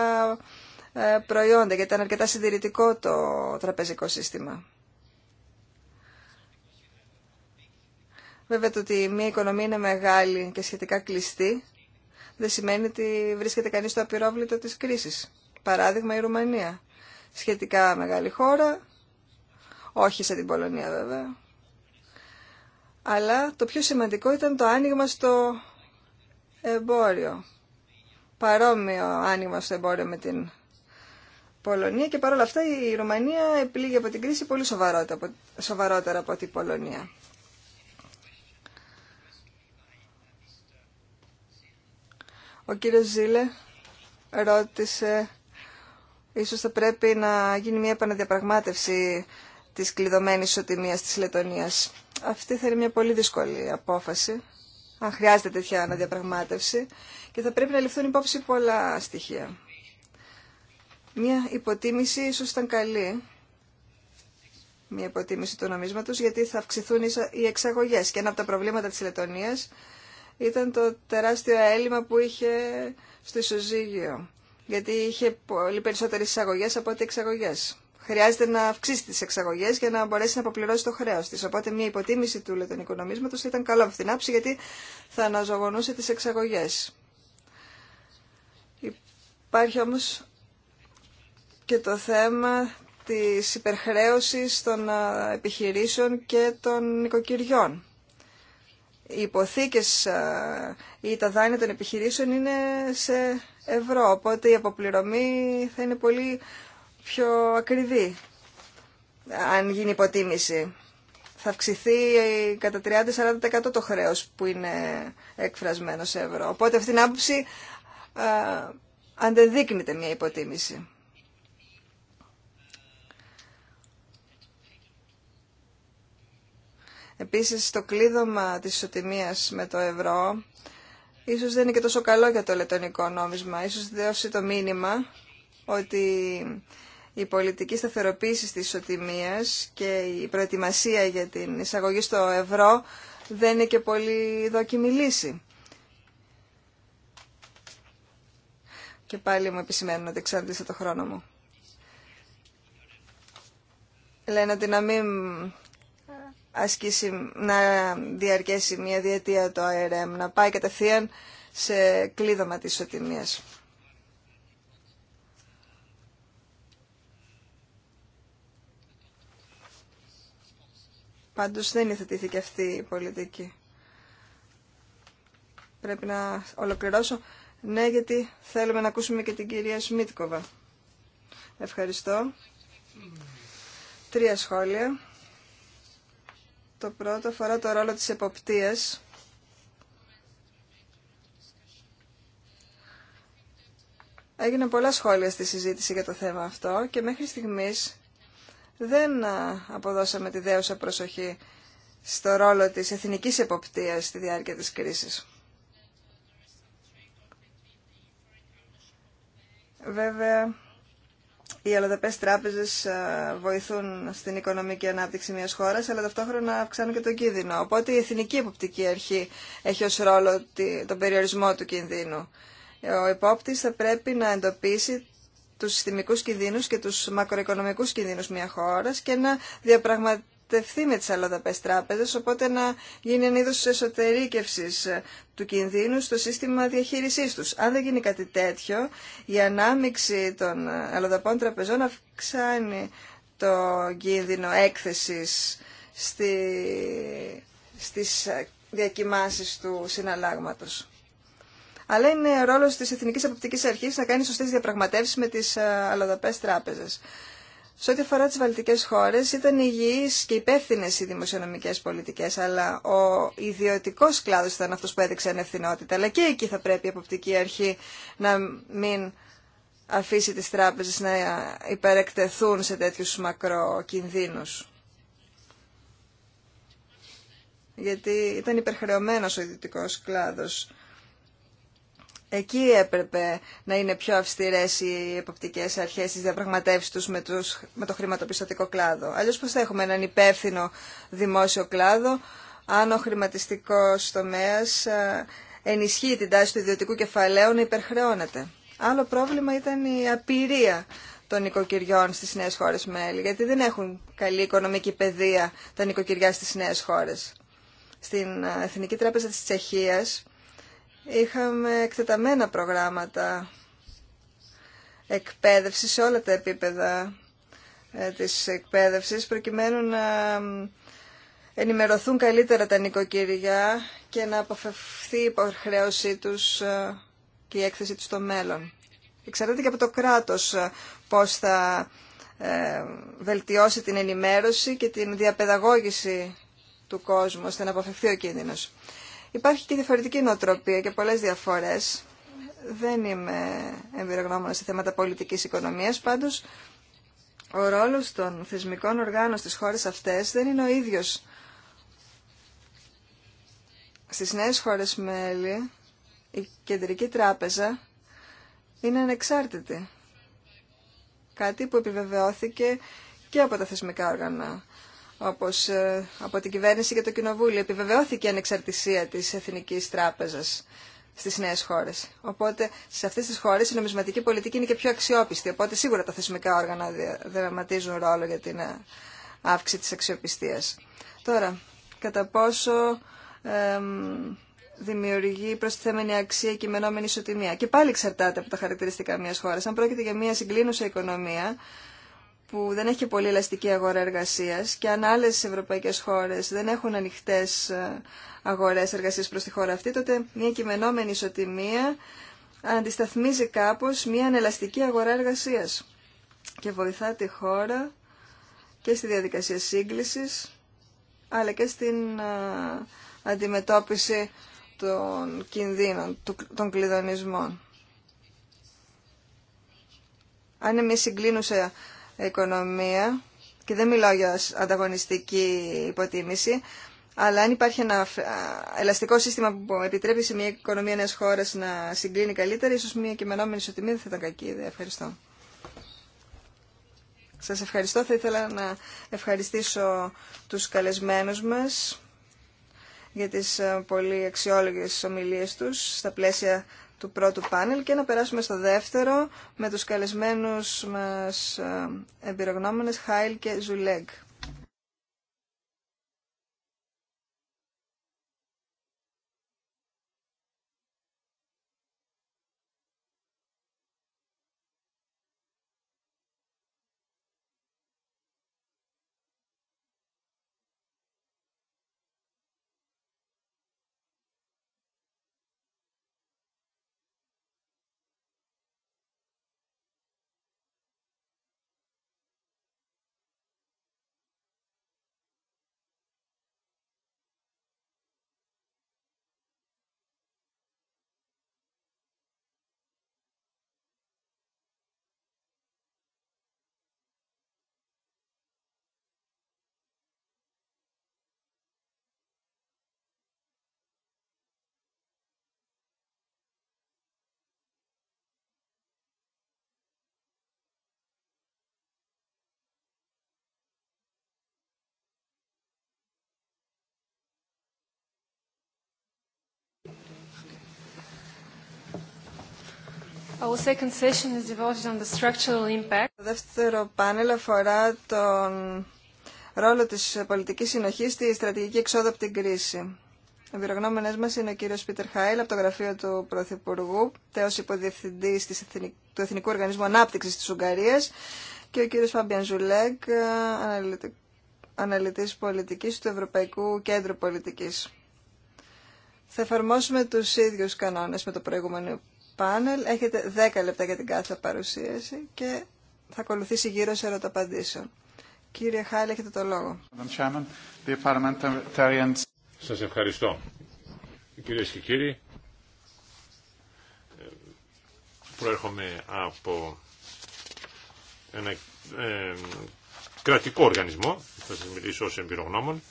ε, προϊόντα, γιατί ήταν αρκετά συντηρητικό το τραπεζικό σύστημα. Βέβαια το ότι μια οικονομία είναι μεγάλη και σχετικά κλειστή δεν σημαίνει ότι βρίσκεται κανείς στο απειρόβλητο της κρίσης. Παράδειγμα η Ρουμανία. Σχετικά μεγάλη χώρα, όχι σε την Πολωνία βέβαια. Αλλά το πιο σημαντικό ήταν το άνοιγμα στο εμπόριο. Παρόμοιο άνοιγμα στο εμπόριο με την Πολωνία και παρόλα αυτά η Ρουμανία επλήγει από την κρίση πολύ σοβαρότερα από την Πολωνία. Ο κύριος Ζήλε ρώτησε ίσως θα πρέπει να γίνει μια επαναδιαπραγμάτευση της κλειδωμένης ισοτιμίας της Λετωνίας. Αυτή θα είναι μια πολύ δύσκολη απόφαση, αν χρειάζεται τέτοια αναδιαπραγμάτευση, και θα πρέπει να ληφθούν υπόψη πολλά στοιχεία. Μια υποτίμηση ίσως ήταν καλή, μια υποτίμηση του νομίσματος, γιατί θα αυξηθούν οι εξαγωγές. Και ένα από τα προβλήματα της Λετωνίας ήταν το τεράστιο έλλειμμα που είχε στο ισοζύγιο. Γιατί είχε πολύ περισσότερε εισαγωγέ από ό,τι εξαγωγέ. Χρειάζεται να αυξήσει τι εξαγωγέ για να μπορέσει να αποπληρώσει το χρέο τη. Οπότε μια υποτίμηση του λετωνικονομίσματο θα ήταν καλό από την άψη γιατί θα αναζωογονούσε τι εξαγωγέ. Υπάρχει όμω και το θέμα της υπερχρέωσης των επιχειρήσεων και των νοικοκυριών οι υποθήκες ή τα δάνεια των επιχειρήσεων είναι σε ευρώ, οπότε η αποπληρωμή θα είναι πολύ πιο ακριβή αν γίνει υποτίμηση. Θα αυξηθεί κατά 30-40% το χρέος που είναι εκφρασμένο σε ευρώ. Οπότε αυτήν την άποψη αντεδείκνυται μια υποτίμηση. Επίσης το κλείδωμα της ισοτιμίας με το ευρώ ίσως δεν είναι και τόσο καλό για το λετωνικό νόμισμα. Ίσως δώσει το μήνυμα ότι η πολιτική σταθεροποίηση της ισοτιμίας και η προετοιμασία για την εισαγωγή στο ευρώ δεν είναι και πολύ δόκιμη λύση. Και πάλι μου επισημαίνουν ότι εξάντλησα το χρόνο μου. Λένε ότι να μην ασκήσει, να διαρκέσει μια διετία το ΑΕΡΕΜ, να πάει κατευθείαν σε κλείδωμα της ισοτιμίας. Πάντως δεν υιοθετήθηκε αυτή η πολιτική. Πρέπει να ολοκληρώσω. Ναι, γιατί θέλουμε να ακούσουμε και την κυρία Σμίτκοβα. Ευχαριστώ. Τρία σχόλια. Το πρώτο αφορά το ρόλο της εποπτείας. Έγινε πολλά σχόλια στη συζήτηση για το θέμα αυτό και μέχρι στιγμής δεν αποδώσαμε τη δέουσα προσοχή στο ρόλο της εθνικής εποπτείας στη διάρκεια της κρίσης. Βέβαια, οι αλλοδαπέ Τράπεζε ε, βοηθούν στην οικονομική ανάπτυξη μιας χώρας, αλλά ταυτόχρονα αυξάνουν και τον κίνδυνο. Οπότε η Εθνική Εποπτική Αρχή έχει ω ρόλο τον περιορισμό του κινδύνου. Ο υπόπτη θα πρέπει να εντοπίσει τους συστημικούς κινδύνους και τους μακροοικονομικούς κινδύνους μια χώρας και να διαπραγματεύσει προστατευτεί με τις αλλοδαπές τράπεζες, οπότε να γίνει ένα είδο εσωτερήκευσης του κινδύνου στο σύστημα διαχείρισής τους. Αν δεν γίνει κάτι τέτοιο, η ανάμειξη των αλλοδαπών τραπεζών αυξάνει το κίνδυνο έκθεση στη, στις του συναλλάγματος. Αλλά είναι ρόλο τη Εθνική Αποπτική Αρχή να κάνει σωστέ διαπραγματεύσει με τι ε, αλλοδαπέ τράπεζε. Σε ό,τι αφορά τι Βαλτικέ χώρες ήταν υγιεί και υπεύθυνε οι δημοσιονομικές πολιτικές, αλλά ο ιδιωτικό κλάδος ήταν αυτό που έδειξε ανευθυνότητα. Αλλά και εκεί θα πρέπει η αποπτική αρχή να μην αφήσει τις τράπεζες να υπερεκτεθούν σε τέτοιους μακροκινδύνους. Γιατί ήταν υπερχρεωμένος ο ιδιωτικός κλάδος Εκεί έπρεπε να είναι πιο αυστηρέ οι εποπτικέ αρχέ τη διαπραγματεύση του με, με το χρηματοπιστωτικό κλάδο. Αλλιώ πώ θα έχουμε έναν υπεύθυνο δημόσιο κλάδο, αν ο χρηματιστικό τομέα ε, ενισχύει την τάση του ιδιωτικού κεφαλαίου να υπερχρεώνεται. Άλλο πρόβλημα ήταν η απειρία των νοικοκυριών στις νέε χώρες μέλη, γιατί δεν έχουν καλή οικονομική παιδεία τα νοικοκυριά στι νέε χώρε. Στην ε, Εθνική Τράπεζα τη Τσεχία είχαμε εκτεταμένα προγράμματα εκπαίδευσης σε όλα τα επίπεδα ε, της εκπαίδευσης προκειμένου να ενημερωθούν καλύτερα τα νοικοκυριά και να αποφευθεί η υποχρέωσή τους ε, και η έκθεση τους στο μέλλον. Εξαρτάται και από το κράτος ε, πώς θα βελτιώσει την ενημέρωση και την διαπαιδαγώγηση του κόσμου ώστε να αποφευθεί ο κίνδυνος. Υπάρχει και διαφορετική νοοτροπία και πολλές διαφορές. Δεν είμαι εμπειρογνώμονα σε θέματα πολιτικής οικονομίας, πάντως ο ρόλος των θεσμικών οργάνων στις χώρες αυτές δεν είναι ο ίδιος. Στις νέες χώρες μέλη η κεντρική τράπεζα είναι ανεξάρτητη. Κάτι που επιβεβαιώθηκε και από τα θεσμικά όργανα όπως ε, από την κυβέρνηση και το κοινοβούλιο. Επιβεβαιώθηκε η ανεξαρτησία της Εθνικής Τράπεζας στις νέες χώρες. Οπότε σε αυτές τις χώρες η νομισματική πολιτική είναι και πιο αξιόπιστη. Οπότε σίγουρα τα θεσμικά όργανα δραματίζουν ρόλο για την ε, αύξηση της αξιοπιστίας. Τώρα, κατά πόσο ε, δημιουργεί προστιθέμενη αξία και κειμενόμενη ισοτιμία. Και πάλι εξαρτάται από τα χαρακτηριστικά μιας χώρας. Αν πρόκειται για μια συγκλίνουσα οικονομία, που δεν έχει πολύ ελαστική αγορά εργασίας και αν άλλε ευρωπαϊκές χώρες δεν έχουν ανοιχτέ ε, αγορές εργασίας προς τη χώρα αυτή, τότε μια κειμενόμενη ισοτιμία αντισταθμίζει κάπως μια ανελαστική αγορά εργασίας και βοηθά τη χώρα και στη διαδικασία σύγκλησης αλλά και στην ε, αντιμετώπιση των κινδύνων, των κλειδονισμών. Αν εμείς οικονομία και δεν μιλάω για ανταγωνιστική υποτίμηση, αλλά αν υπάρχει ένα ελαστικό σύστημα που επιτρέπει σε μια οικονομία νέα χώρα να συγκλίνει καλύτερα, ίσω μια κειμενόμενη ισοτιμία δεν θα ήταν κακή ιδέα. Ευχαριστώ. Σα ευχαριστώ. Θα ήθελα να ευχαριστήσω του καλεσμένου μα για τις ε, πολύ αξιόλογες ομιλίες τους στα πλαίσια του πρώτου πάνελ και να περάσουμε στο δεύτερο με τους καλεσμένους μας ε, εμπειρογνώμονες Χάιλ και Ζουλέγκ. Το δεύτερο πάνελ αφορά τον ρόλο της πολιτικής συνοχής στη στρατηγική εξόδο από την κρίση. Ο εμπειρογνώμονα μας είναι ο κύριος Πίτερ Χάιλ από το γραφείο του Πρωθυπουργού, τέο υποδιευθυντή του Εθνικού Οργανισμού Ανάπτυξης της Ουγγαρίας και ο κύριος Φάμπιαν Ζουλέγκ, αναλυτής πολιτικής του Ευρωπαϊκού Κέντρου Πολιτική. Θα εφαρμόσουμε του ίδιου κανόνε με το προηγούμενο πάνελ. Έχετε 10 λεπτά για την κάθε παρουσίαση και θα ακολουθήσει γύρω σε ερωταπαντήσεων. Κύριε Χάιλ, έχετε το λόγο. Σας ευχαριστώ. Κυρίες και κύριοι, ε, προέρχομαι από ένα ε, κρατικό οργανισμό, θα σας μιλήσω ως εμπειρογνώμων,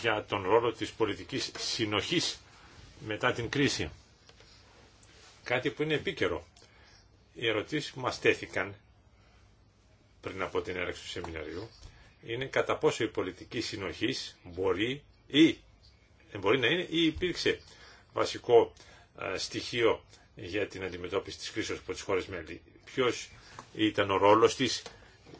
για τον ρόλο της πολιτικής συνοχής μετά την κρίση. Κάτι που είναι επίκαιρο. Οι ερωτήσει που μα τέθηκαν πριν από την έρεξη του σεμιναριού είναι κατά πόσο η πολιτική συνοχής μπορεί ή ε, μπορεί να είναι ή υπήρξε βασικό ε, στοιχείο για την αντιμετώπιση της κρίσης από τις χώρες μέλη. Ποιος ήταν ο ρόλος της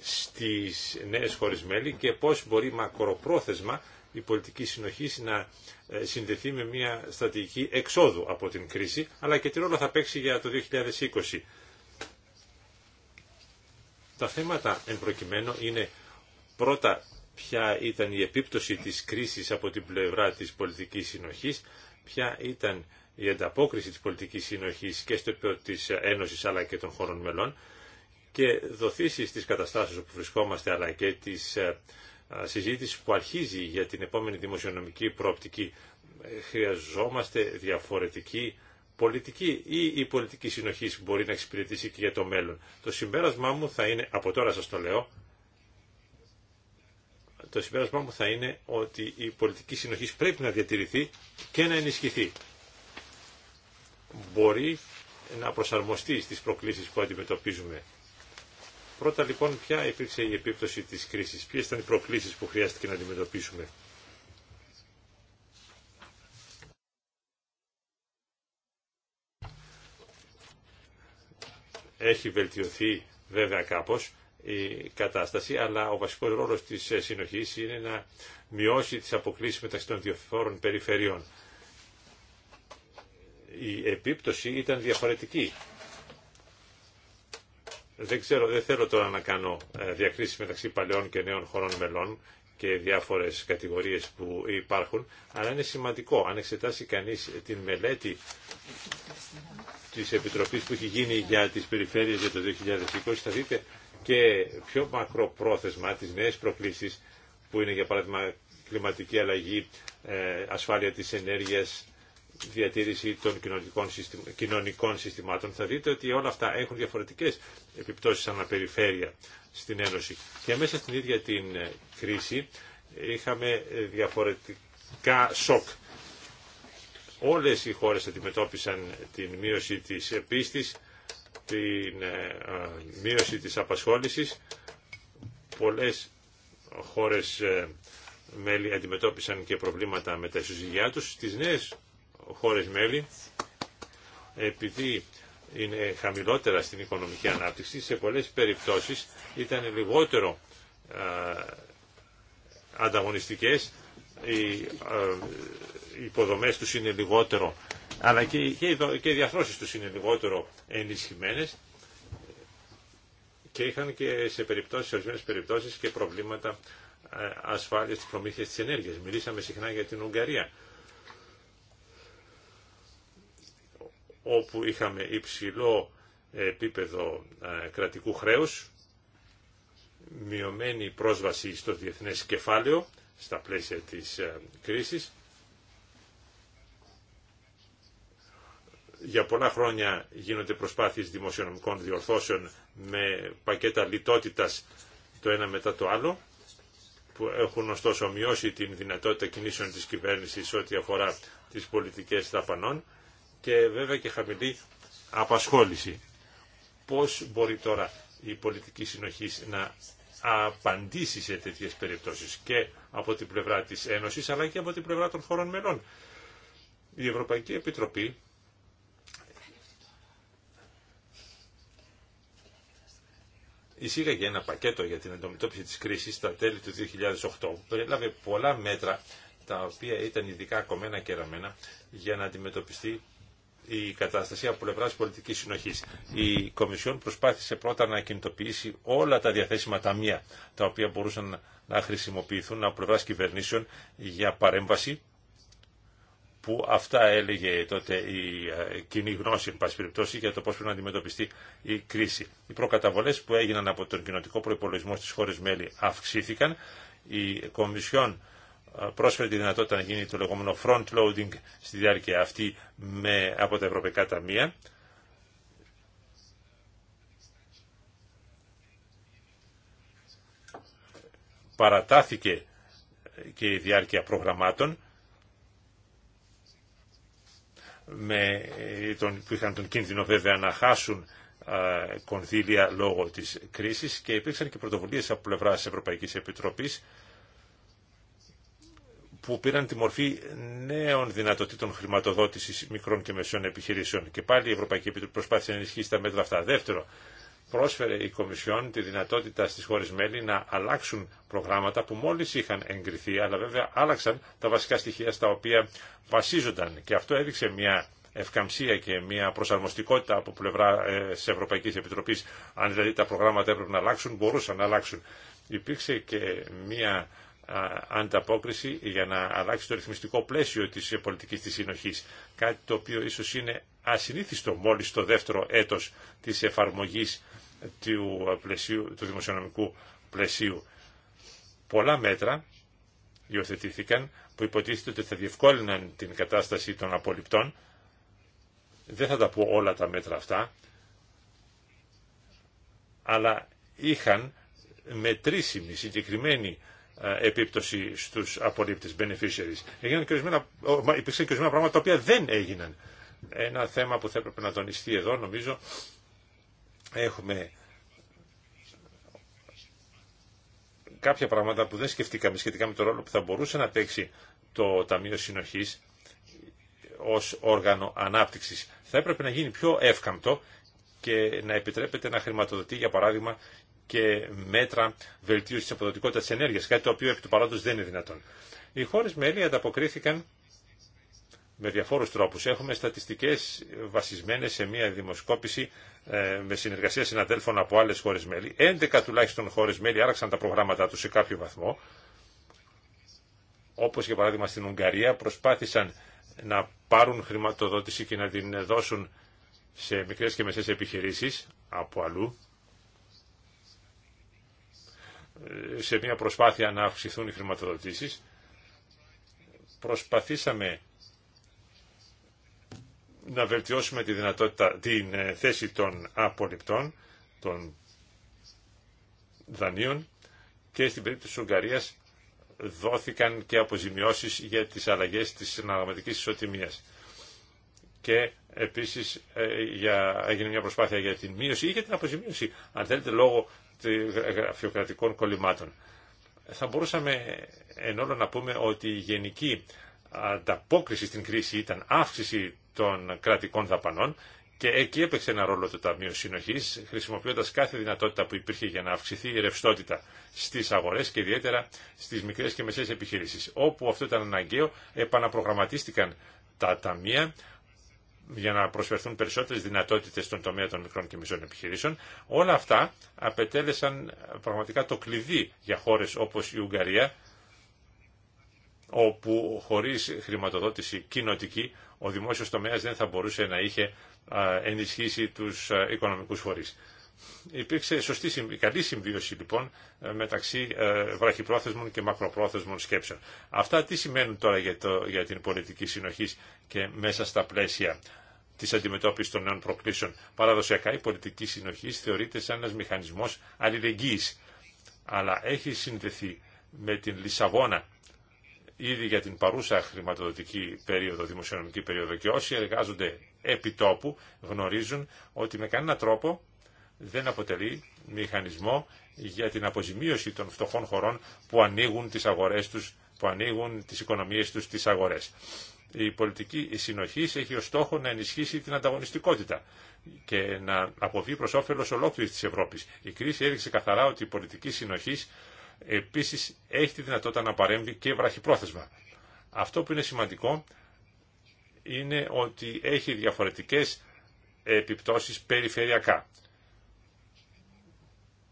στις νέες χώρες μέλη και πώς μπορεί μακροπρόθεσμα η πολιτική συνοχή να ε, συνδεθεί με μια στρατηγική εξόδου από την κρίση, αλλά και τι ρόλο θα παίξει για το 2020. Τα θέματα εν προκειμένου είναι πρώτα ποια ήταν η επίπτωση της κρίσης από την πλευρά της πολιτικής συνοχής, ποια ήταν η ανταπόκριση της πολιτικής συνοχής και στο επίπεδο της Ένωσης αλλά και των χωρών μελών και δοθήσεις της καταστάσεως όπου βρισκόμαστε αλλά και της ε, συζήτηση που αρχίζει για την επόμενη δημοσιονομική προοπτική. Ε, χρειαζόμαστε διαφορετική πολιτική ή η πολιτική συνοχή μπορεί να εξυπηρετήσει και για το μέλλον. Το συμπέρασμά μου θα είναι, από τώρα σας το λέω, το συμπέρασμά μου θα είναι ότι η πολιτική συνοχή πρέπει να διατηρηθεί και να ενισχυθεί. Μπορεί να προσαρμοστεί στις προκλήσεις που αντιμετωπίζουμε Πρώτα λοιπόν ποια υπήρξε η επίπτωση της κρίσης, ποιες ήταν οι προκλήσεις που χρειάστηκε να αντιμετωπίσουμε. Έχει βελτιωθεί βέβαια κάπως η κατάσταση, αλλά ο βασικός ρόλος της συνοχής είναι να μειώσει τις αποκλήσεις μεταξύ των διαφόρων περιφερειών. Η επίπτωση ήταν διαφορετική δεν ξέρω, δεν θέλω τώρα να κάνω ε, διακρίσεις μεταξύ παλαιών και νέων χωρών μελών και διάφορες κατηγορίες που υπάρχουν, αλλά είναι σημαντικό αν εξετάσει κανείς την μελέτη της Επιτροπής που έχει γίνει για τις περιφέρειες για το 2020, θα δείτε και πιο μακροπρόθεσμα τις νέες προκλήσεις που είναι για παράδειγμα κλιματική αλλαγή, ε, ασφάλεια της ενέργειας, διατήρηση των κοινωνικών συστημάτων. Θα δείτε ότι όλα αυτά έχουν διαφορετικές επιπτώσεις αναπεριφέρεια στην Ένωση. Και μέσα στην ίδια την ε, κρίση είχαμε ε, διαφορετικά σοκ. Όλες οι χώρες αντιμετώπισαν ε, την μείωση της πίστης, την μείωση της απασχόλησης. Πολλές χώρες μέλη αντιμετώπισαν και προβλήματα με τα ισοζυγιά τους. Στις νέες χώρες μέλη, επειδή είναι χαμηλότερα στην οικονομική ανάπτυξη, σε πολλές περιπτώσεις ήταν λιγότερο ανταγωνιστικές, οι υποδομές τους είναι λιγότερο, αλλά και οι διαθρώσεις τους είναι λιγότερο ενισχυμένες και είχαν και σε περιπτώσεις, σε περιπτώσεις και προβλήματα ε, ασφάλειας της προμήθειας της ενέργειας. Μιλήσαμε συχνά για την Ουγγαρία όπου είχαμε υψηλό επίπεδο ε, κρατικού χρέους, μειωμένη πρόσβαση στο διεθνές κεφάλαιο στα πλαίσια της ε, κρίσης. Για πολλά χρόνια γίνονται προσπάθειες δημοσιονομικών διορθώσεων με πακέτα λιτότητας το ένα μετά το άλλο, που έχουν ωστόσο μειώσει την δυνατότητα κινήσεων της κυβέρνησης ό,τι αφορά τις πολιτικές δαπανών και βέβαια και χαμηλή απασχόληση. Πώς μπορεί τώρα η πολιτική συνοχή να απαντήσει σε τέτοιες περιπτώσεις και από την πλευρά της Ένωσης αλλά και από την πλευρά των χωρών μελών. Η Ευρωπαϊκή Επιτροπή εισήγαγε ένα πακέτο για την αντιμετώπιση της κρίσης στα τέλη του 2008 που πολλά μέτρα τα οποία ήταν ειδικά κομμένα και ραμμένα για να αντιμετωπιστεί η κατάσταση από πλευρά πολιτική συνοχή. Η Κομισιόν προσπάθησε πρώτα να κινητοποιήσει όλα τα διαθέσιμα ταμεία τα οποία μπορούσαν να χρησιμοποιηθούν από πλευρά κυβερνήσεων για παρέμβαση που αυτά έλεγε τότε η ε, κοινή γνώση, εν πάση περιπτώσει, για το πώ πρέπει να αντιμετωπιστεί η κρίση. Οι προκαταβολέ που έγιναν από τον κοινοτικό προπολογισμό στι χώρε μέλη αυξήθηκαν. Η Κομισιόν ε, πρόσφερε τη δυνατότητα να γίνει το λεγόμενο front loading στη διάρκεια αυτή με, από τα ευρωπαϊκά ταμεία. Παρατάθηκε και η διάρκεια προγραμμάτων με ε, τον, που είχαν τον κίνδυνο βέβαια να χάσουν ε, κονδύλια λόγω της κρίσης και υπήρξαν και πρωτοβουλίες από πλευράς Ευρωπαϊκής Επιτροπής που πήραν τη μορφή νέων δυνατοτήτων χρηματοδότησης μικρών και μεσαίων επιχειρήσεων. Και πάλι η Ευρωπαϊκή Επιτροπή προσπάθησε να ενισχύσει τα μέτρα αυτά. Δεύτερο, πρόσφερε η Κομισιόν τη δυνατότητα στις χώρες μέλη να αλλάξουν προγράμματα που μόλις είχαν εγκριθεί, αλλά βέβαια άλλαξαν τα βασικά στοιχεία στα οποία βασίζονταν. Και αυτό έδειξε μια ευκαμψία και μια προσαρμοστικότητα από πλευρά ε, της Ευρωπαϊκής Επιτροπής. Αν δηλαδή τα προγράμματα έπρεπε να αλλάξουν, μπορούσαν να αλλάξουν. Υπήρξε και μια ανταπόκριση για να αλλάξει το ρυθμιστικό πλαίσιο της πολιτικής της συνοχής. Κάτι το οποίο ίσως είναι ασυνήθιστο μόλις το δεύτερο έτος της εφαρμογής του, πλαισίου, του δημοσιονομικού πλαισίου. Πολλά μέτρα υιοθετήθηκαν που υποτίθεται ότι θα διευκόλυναν την κατάσταση των απολυπτών. Δεν θα τα πω όλα τα μέτρα αυτά, αλλά είχαν μετρήσιμη συγκεκριμένη ε, επίπτωση στους απορρίπτε, beneficiaries. Έγιναν και ορισμένα, υπήρξαν και ορισμένα πράγματα τα οποία δεν έγιναν. Ένα θέμα που θα έπρεπε να τονιστεί εδώ νομίζω έχουμε κάποια πράγματα που δεν σκεφτήκαμε σχετικά με το ρόλο που θα μπορούσε να παίξει το Ταμείο Συνοχής ως όργανο ανάπτυξης. Θα έπρεπε να γίνει πιο εύκαμπτο και να επιτρέπεται να χρηματοδοτεί, για παράδειγμα, και μέτρα βελτίωση τη αποδοτικότητα τη ενέργεια, κάτι το οποίο επί του παρόντο δεν είναι δυνατόν. Οι χώρε μέλη ανταποκρίθηκαν με διαφόρου τρόπου. Έχουμε στατιστικέ βασισμένε σε μια δημοσκόπηση ε, με συνεργασία συναδέλφων από άλλε χώρε μέλη. 11 τουλάχιστον χώρε μέλη άραξαν τα προγράμματά του σε κάποιο βαθμό. Όπω για παράδειγμα στην Ουγγαρία προσπάθησαν να πάρουν χρηματοδότηση και να την δώσουν σε μικρές και μεσές επιχειρήσεις από αλλού σε μια προσπάθεια να αυξηθούν οι χρηματοδοτήσεις. Προσπαθήσαμε να βελτιώσουμε τη δυνατότητα, την ε, θέση των απολυπτών, των δανείων και στην περίπτωση της Ουγγαρίας δόθηκαν και αποζημιώσεις για τις αλλαγές της συναλλαγματικής ισοτιμίας. Και επίσης ε, για, έγινε μια προσπάθεια για την μείωση ή για την αποζημίωση, αν θέλετε, λόγω γραφειοκρατικών κολλημάτων. Θα μπορούσαμε εν όλο να πούμε ότι η γενική ανταπόκριση στην κρίση ήταν αύξηση των κρατικών δαπανών και εκεί έπαιξε ένα ρόλο το Ταμείο Συνοχή, χρησιμοποιώντα κάθε δυνατότητα που υπήρχε για να αυξηθεί η ρευστότητα στι αγορέ και ιδιαίτερα στι μικρέ και μεσαίε επιχειρήσει. Όπου αυτό ήταν αναγκαίο, επαναπρογραμματίστηκαν τα ταμεία για να προσφερθούν περισσότερε δυνατότητε στον τομέα των μικρών και μεσών επιχειρήσεων. Όλα αυτά απαιτέλεσαν πραγματικά το κλειδί για χώρε όπω η Ουγγαρία, όπου χωρί χρηματοδότηση κοινοτική ο δημόσιο τομέα δεν θα μπορούσε να είχε ενισχύσει του οικονομικού φορεί. Υπήρξε σωστή, καλή συμβίωση λοιπόν ε, μεταξύ ε, βραχυπρόθεσμων και μακροπρόθεσμων σκέψεων. Αυτά τι σημαίνουν τώρα για, το, για την πολιτική συνοχή και μέσα στα πλαίσια τη αντιμετώπιση των νέων προκλήσεων. Παραδοσιακά η πολιτική συνοχή θεωρείται σαν ένα μηχανισμό αλληλεγγύη, αλλά έχει συνδεθεί με την Λισαβόνα ήδη για την παρούσα χρηματοδοτική περίοδο, δημοσιονομική περίοδο και όσοι εργάζονται επί τόπου γνωρίζουν ότι με κανένα τρόπο δεν αποτελεί μηχανισμό για την αποζημίωση των φτωχών χωρών που ανοίγουν τις αγορές τους, που ανοίγουν τις οικονομίες τους αγορές η πολιτική συνοχή έχει ως στόχο να ενισχύσει την ανταγωνιστικότητα και να αποβεί προ όφελο ολόκληρη της Ευρώπης. Η κρίση έδειξε καθαρά ότι η πολιτική συνοχή επίσης έχει τη δυνατότητα να παρέμβει και βραχυπρόθεσμα. Αυτό που είναι σημαντικό είναι ότι έχει διαφορετικές επιπτώσεις περιφερειακά.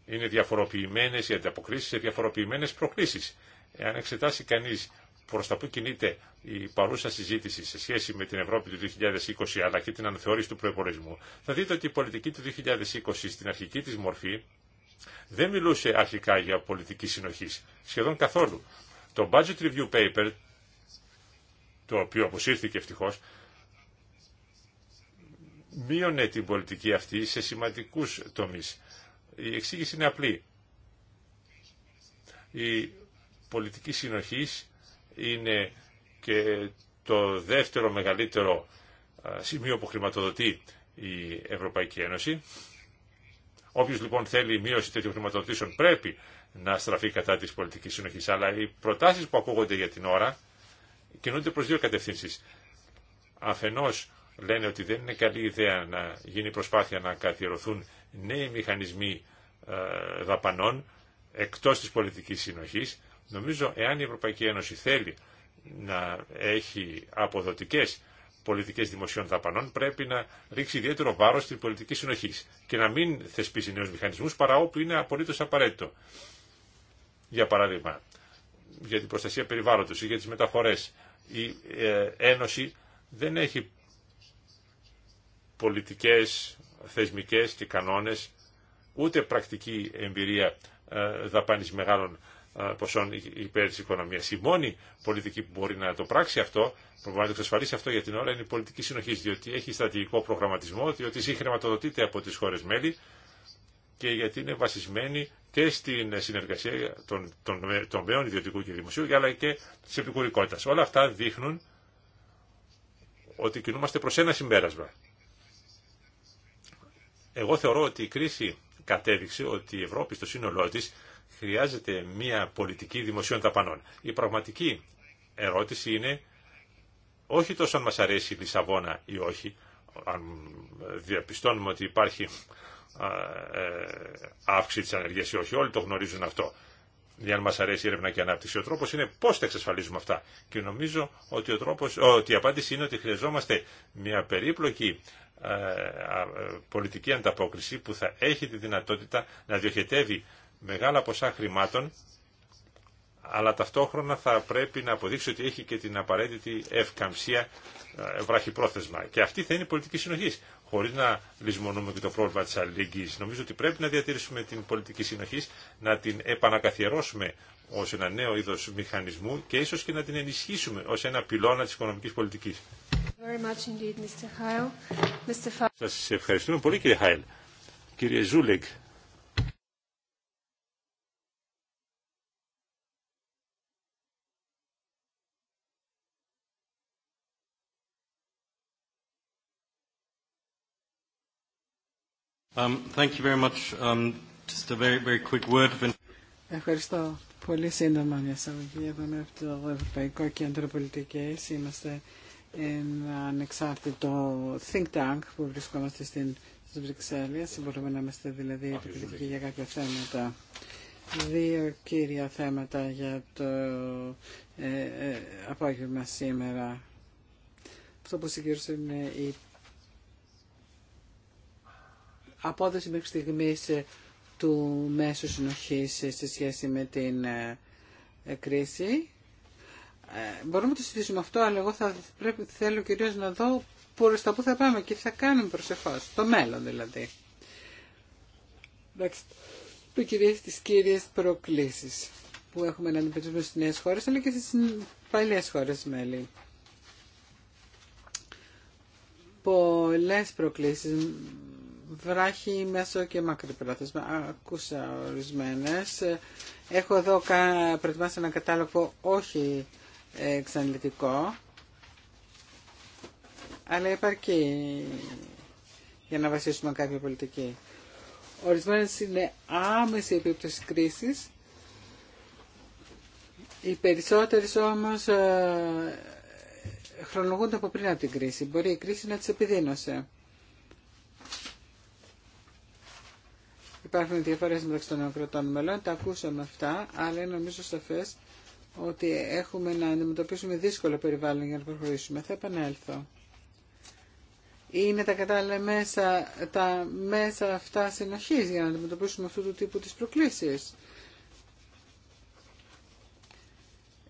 Είναι διαφοροποιημένε οι ανταποκρίσει σε διαφοροποιημένε προκλήσει. Εάν εξετάσει κανείς προς τα που κινείται η παρούσα συζήτηση σε σχέση με την Ευρώπη του 2020 αλλά και την αναθεώρηση του προπολογισμού, θα δείτε ότι η πολιτική του 2020 στην αρχική της μορφή δεν μιλούσε αρχικά για πολιτική συνοχή, σχεδόν καθόλου. Το Budget Review Paper, το οποίο αποσύρθηκε ευτυχώ, μείωνε την πολιτική αυτή σε σημαντικούς τομείς. Η εξήγηση είναι απλή. Η πολιτική συνοχής είναι και το δεύτερο μεγαλύτερο σημείο που χρηματοδοτεί η Ευρωπαϊκή Ένωση. Όποιος λοιπόν θέλει μείωση τέτοιων χρηματοδοτήσεων πρέπει να στραφεί κατά της πολιτικής συνοχής. Αλλά οι προτάσεις που ακούγονται για την ώρα κινούνται προς δύο κατευθύνσεις. Αφενός λένε ότι δεν είναι καλή ιδέα να γίνει προσπάθεια να καθιερωθούν νέοι μηχανισμοί ε, δαπανών εκτός της πολιτικής συνοχής Νομίζω εάν η Ευρωπαϊκή Ένωση θέλει να έχει αποδοτικές πολιτικές δημοσίων δαπανών πρέπει να ρίξει ιδιαίτερο βάρος στην πολιτική συνοχή και να μην θεσπίσει νέους μηχανισμούς παρά όπου είναι απολύτως απαραίτητο. Για παράδειγμα, για την προστασία περιβάλλοντος ή για τις μεταφορές η ε, Ένωση δεν έχει πολιτικές, θεσμικές και κανόνες ούτε πρακτική εμπειρία ε, δαπάνης μεγάλων ποσών υπέρ τη οικονομία. Η μόνη πολιτική που μπορεί να το πράξει αυτό, που να το εξασφαλίσει αυτό για την ώρα, είναι η πολιτική συνοχή, διότι έχει στρατηγικό προγραμματισμό, διότι συγχρηματοδοτείται από τι χώρε μέλη και γιατί είναι βασισμένη και στην συνεργασία των, των, των ιδιωτικού και δημοσίου, αλλά και τη επικουρικότητας. Όλα αυτά δείχνουν ότι κινούμαστε προ ένα συμπέρασμα. Εγώ θεωρώ ότι η κρίση κατέδειξε ότι η Ευρώπη στο σύνολό της χρειάζεται μια πολιτική δημοσίων ταπανών. Η πραγματική ερώτηση είναι όχι τόσο αν μας αρέσει η Λισαβόνα ή όχι, αν διαπιστώνουμε ότι υπάρχει ε, αύξηση της ανεργίας ή όχι, όλοι το γνωρίζουν αυτό. Για αν μας αρέσει η έρευνα και η ανάπτυξη, ο τρόπος είναι πώς θα εξασφαλίζουμε αυτά. Και νομίζω ότι, ο τρόπος, ότι η απάντηση είναι ότι χρειαζόμαστε μια περίπλοκη ε, ε, πολιτική ανταπόκριση που θα έχει τη δυνατότητα να διοχετεύει μεγάλα ποσά χρημάτων, αλλά ταυτόχρονα θα πρέπει να αποδείξει ότι έχει και την απαραίτητη ευκαμψία ε, βραχυπρόθεσμα. Και αυτή θα είναι η πολιτική συνοχή. Χωρί να λησμονούμε και το πρόβλημα τη αλληλεγγύη. Νομίζω ότι πρέπει να διατηρήσουμε την πολιτική συνοχή, να την επανακαθιερώσουμε ω ένα νέο είδο μηχανισμού και ίσω και να την ενισχύσουμε ω ένα πυλώνα τη οικονομική πολιτική. Σα ευχαριστούμε πολύ κύριε Χάιλ. Κύριε Ζούλεγκ. Ευχαριστώ. Πολύ σύντομα μια εισαγωγή εδώ με το Ευρωπαϊκό Κέντρο Πολιτικής. Είμαστε ένα ανεξάρτητο think tank που βρισκόμαστε στην στις Βρυξέλλες. Μπορούμε να είμαστε δηλαδή επικριτικοί για κάποια θέματα. Δύο κύρια θέματα για το ε, ε, απόγευμα σήμερα. Αυτό που συγκύρωσε είναι η απόδοση μέχρι στιγμής ε, του μέσου συνοχή ε, σε σχέση με την ε, κρίση. Μπορούμε να το συζητήσουμε αυτό, αλλά εγώ θα πρέπει, θέλω κυρίως να δω προ τα που θα πάμε και τι θα κάνουμε προσεχώ. το μέλλον δηλαδή. Εντάξει, το κυρίε τις κύριες προκλήσεις που έχουμε να αντιμετωπίσουμε στις νέες χώρες, αλλά και στις παλιές χώρες μέλη. Πολλέ προκλήσει βράχη, μέσο και πρόθεσμα. Ακούσα ορισμένε. Έχω εδώ προετοιμάσει ένα κατάλογο όχι εξαντλητικό, αλλά υπάρχει για να βασίσουμε κάποια πολιτική. Ορισμένε είναι άμεση επίπτωση κρίση. οι περισσότερε όμως ε, χρονολογούνται από πριν από την κρίση. Μπορεί η κρίση να τι επιδίνωσε. υπάρχουν διαφορέ μεταξύ των κρατών μελών, τα ακούσαμε αυτά, αλλά είναι νομίζω σαφέ ότι έχουμε να αντιμετωπίσουμε δύσκολο περιβάλλον για να προχωρήσουμε. Θα επανέλθω. Είναι τα κατάλληλα μέσα, τα μέσα αυτά συνοχή για να αντιμετωπίσουμε αυτού του τύπου τις προκλήσεις.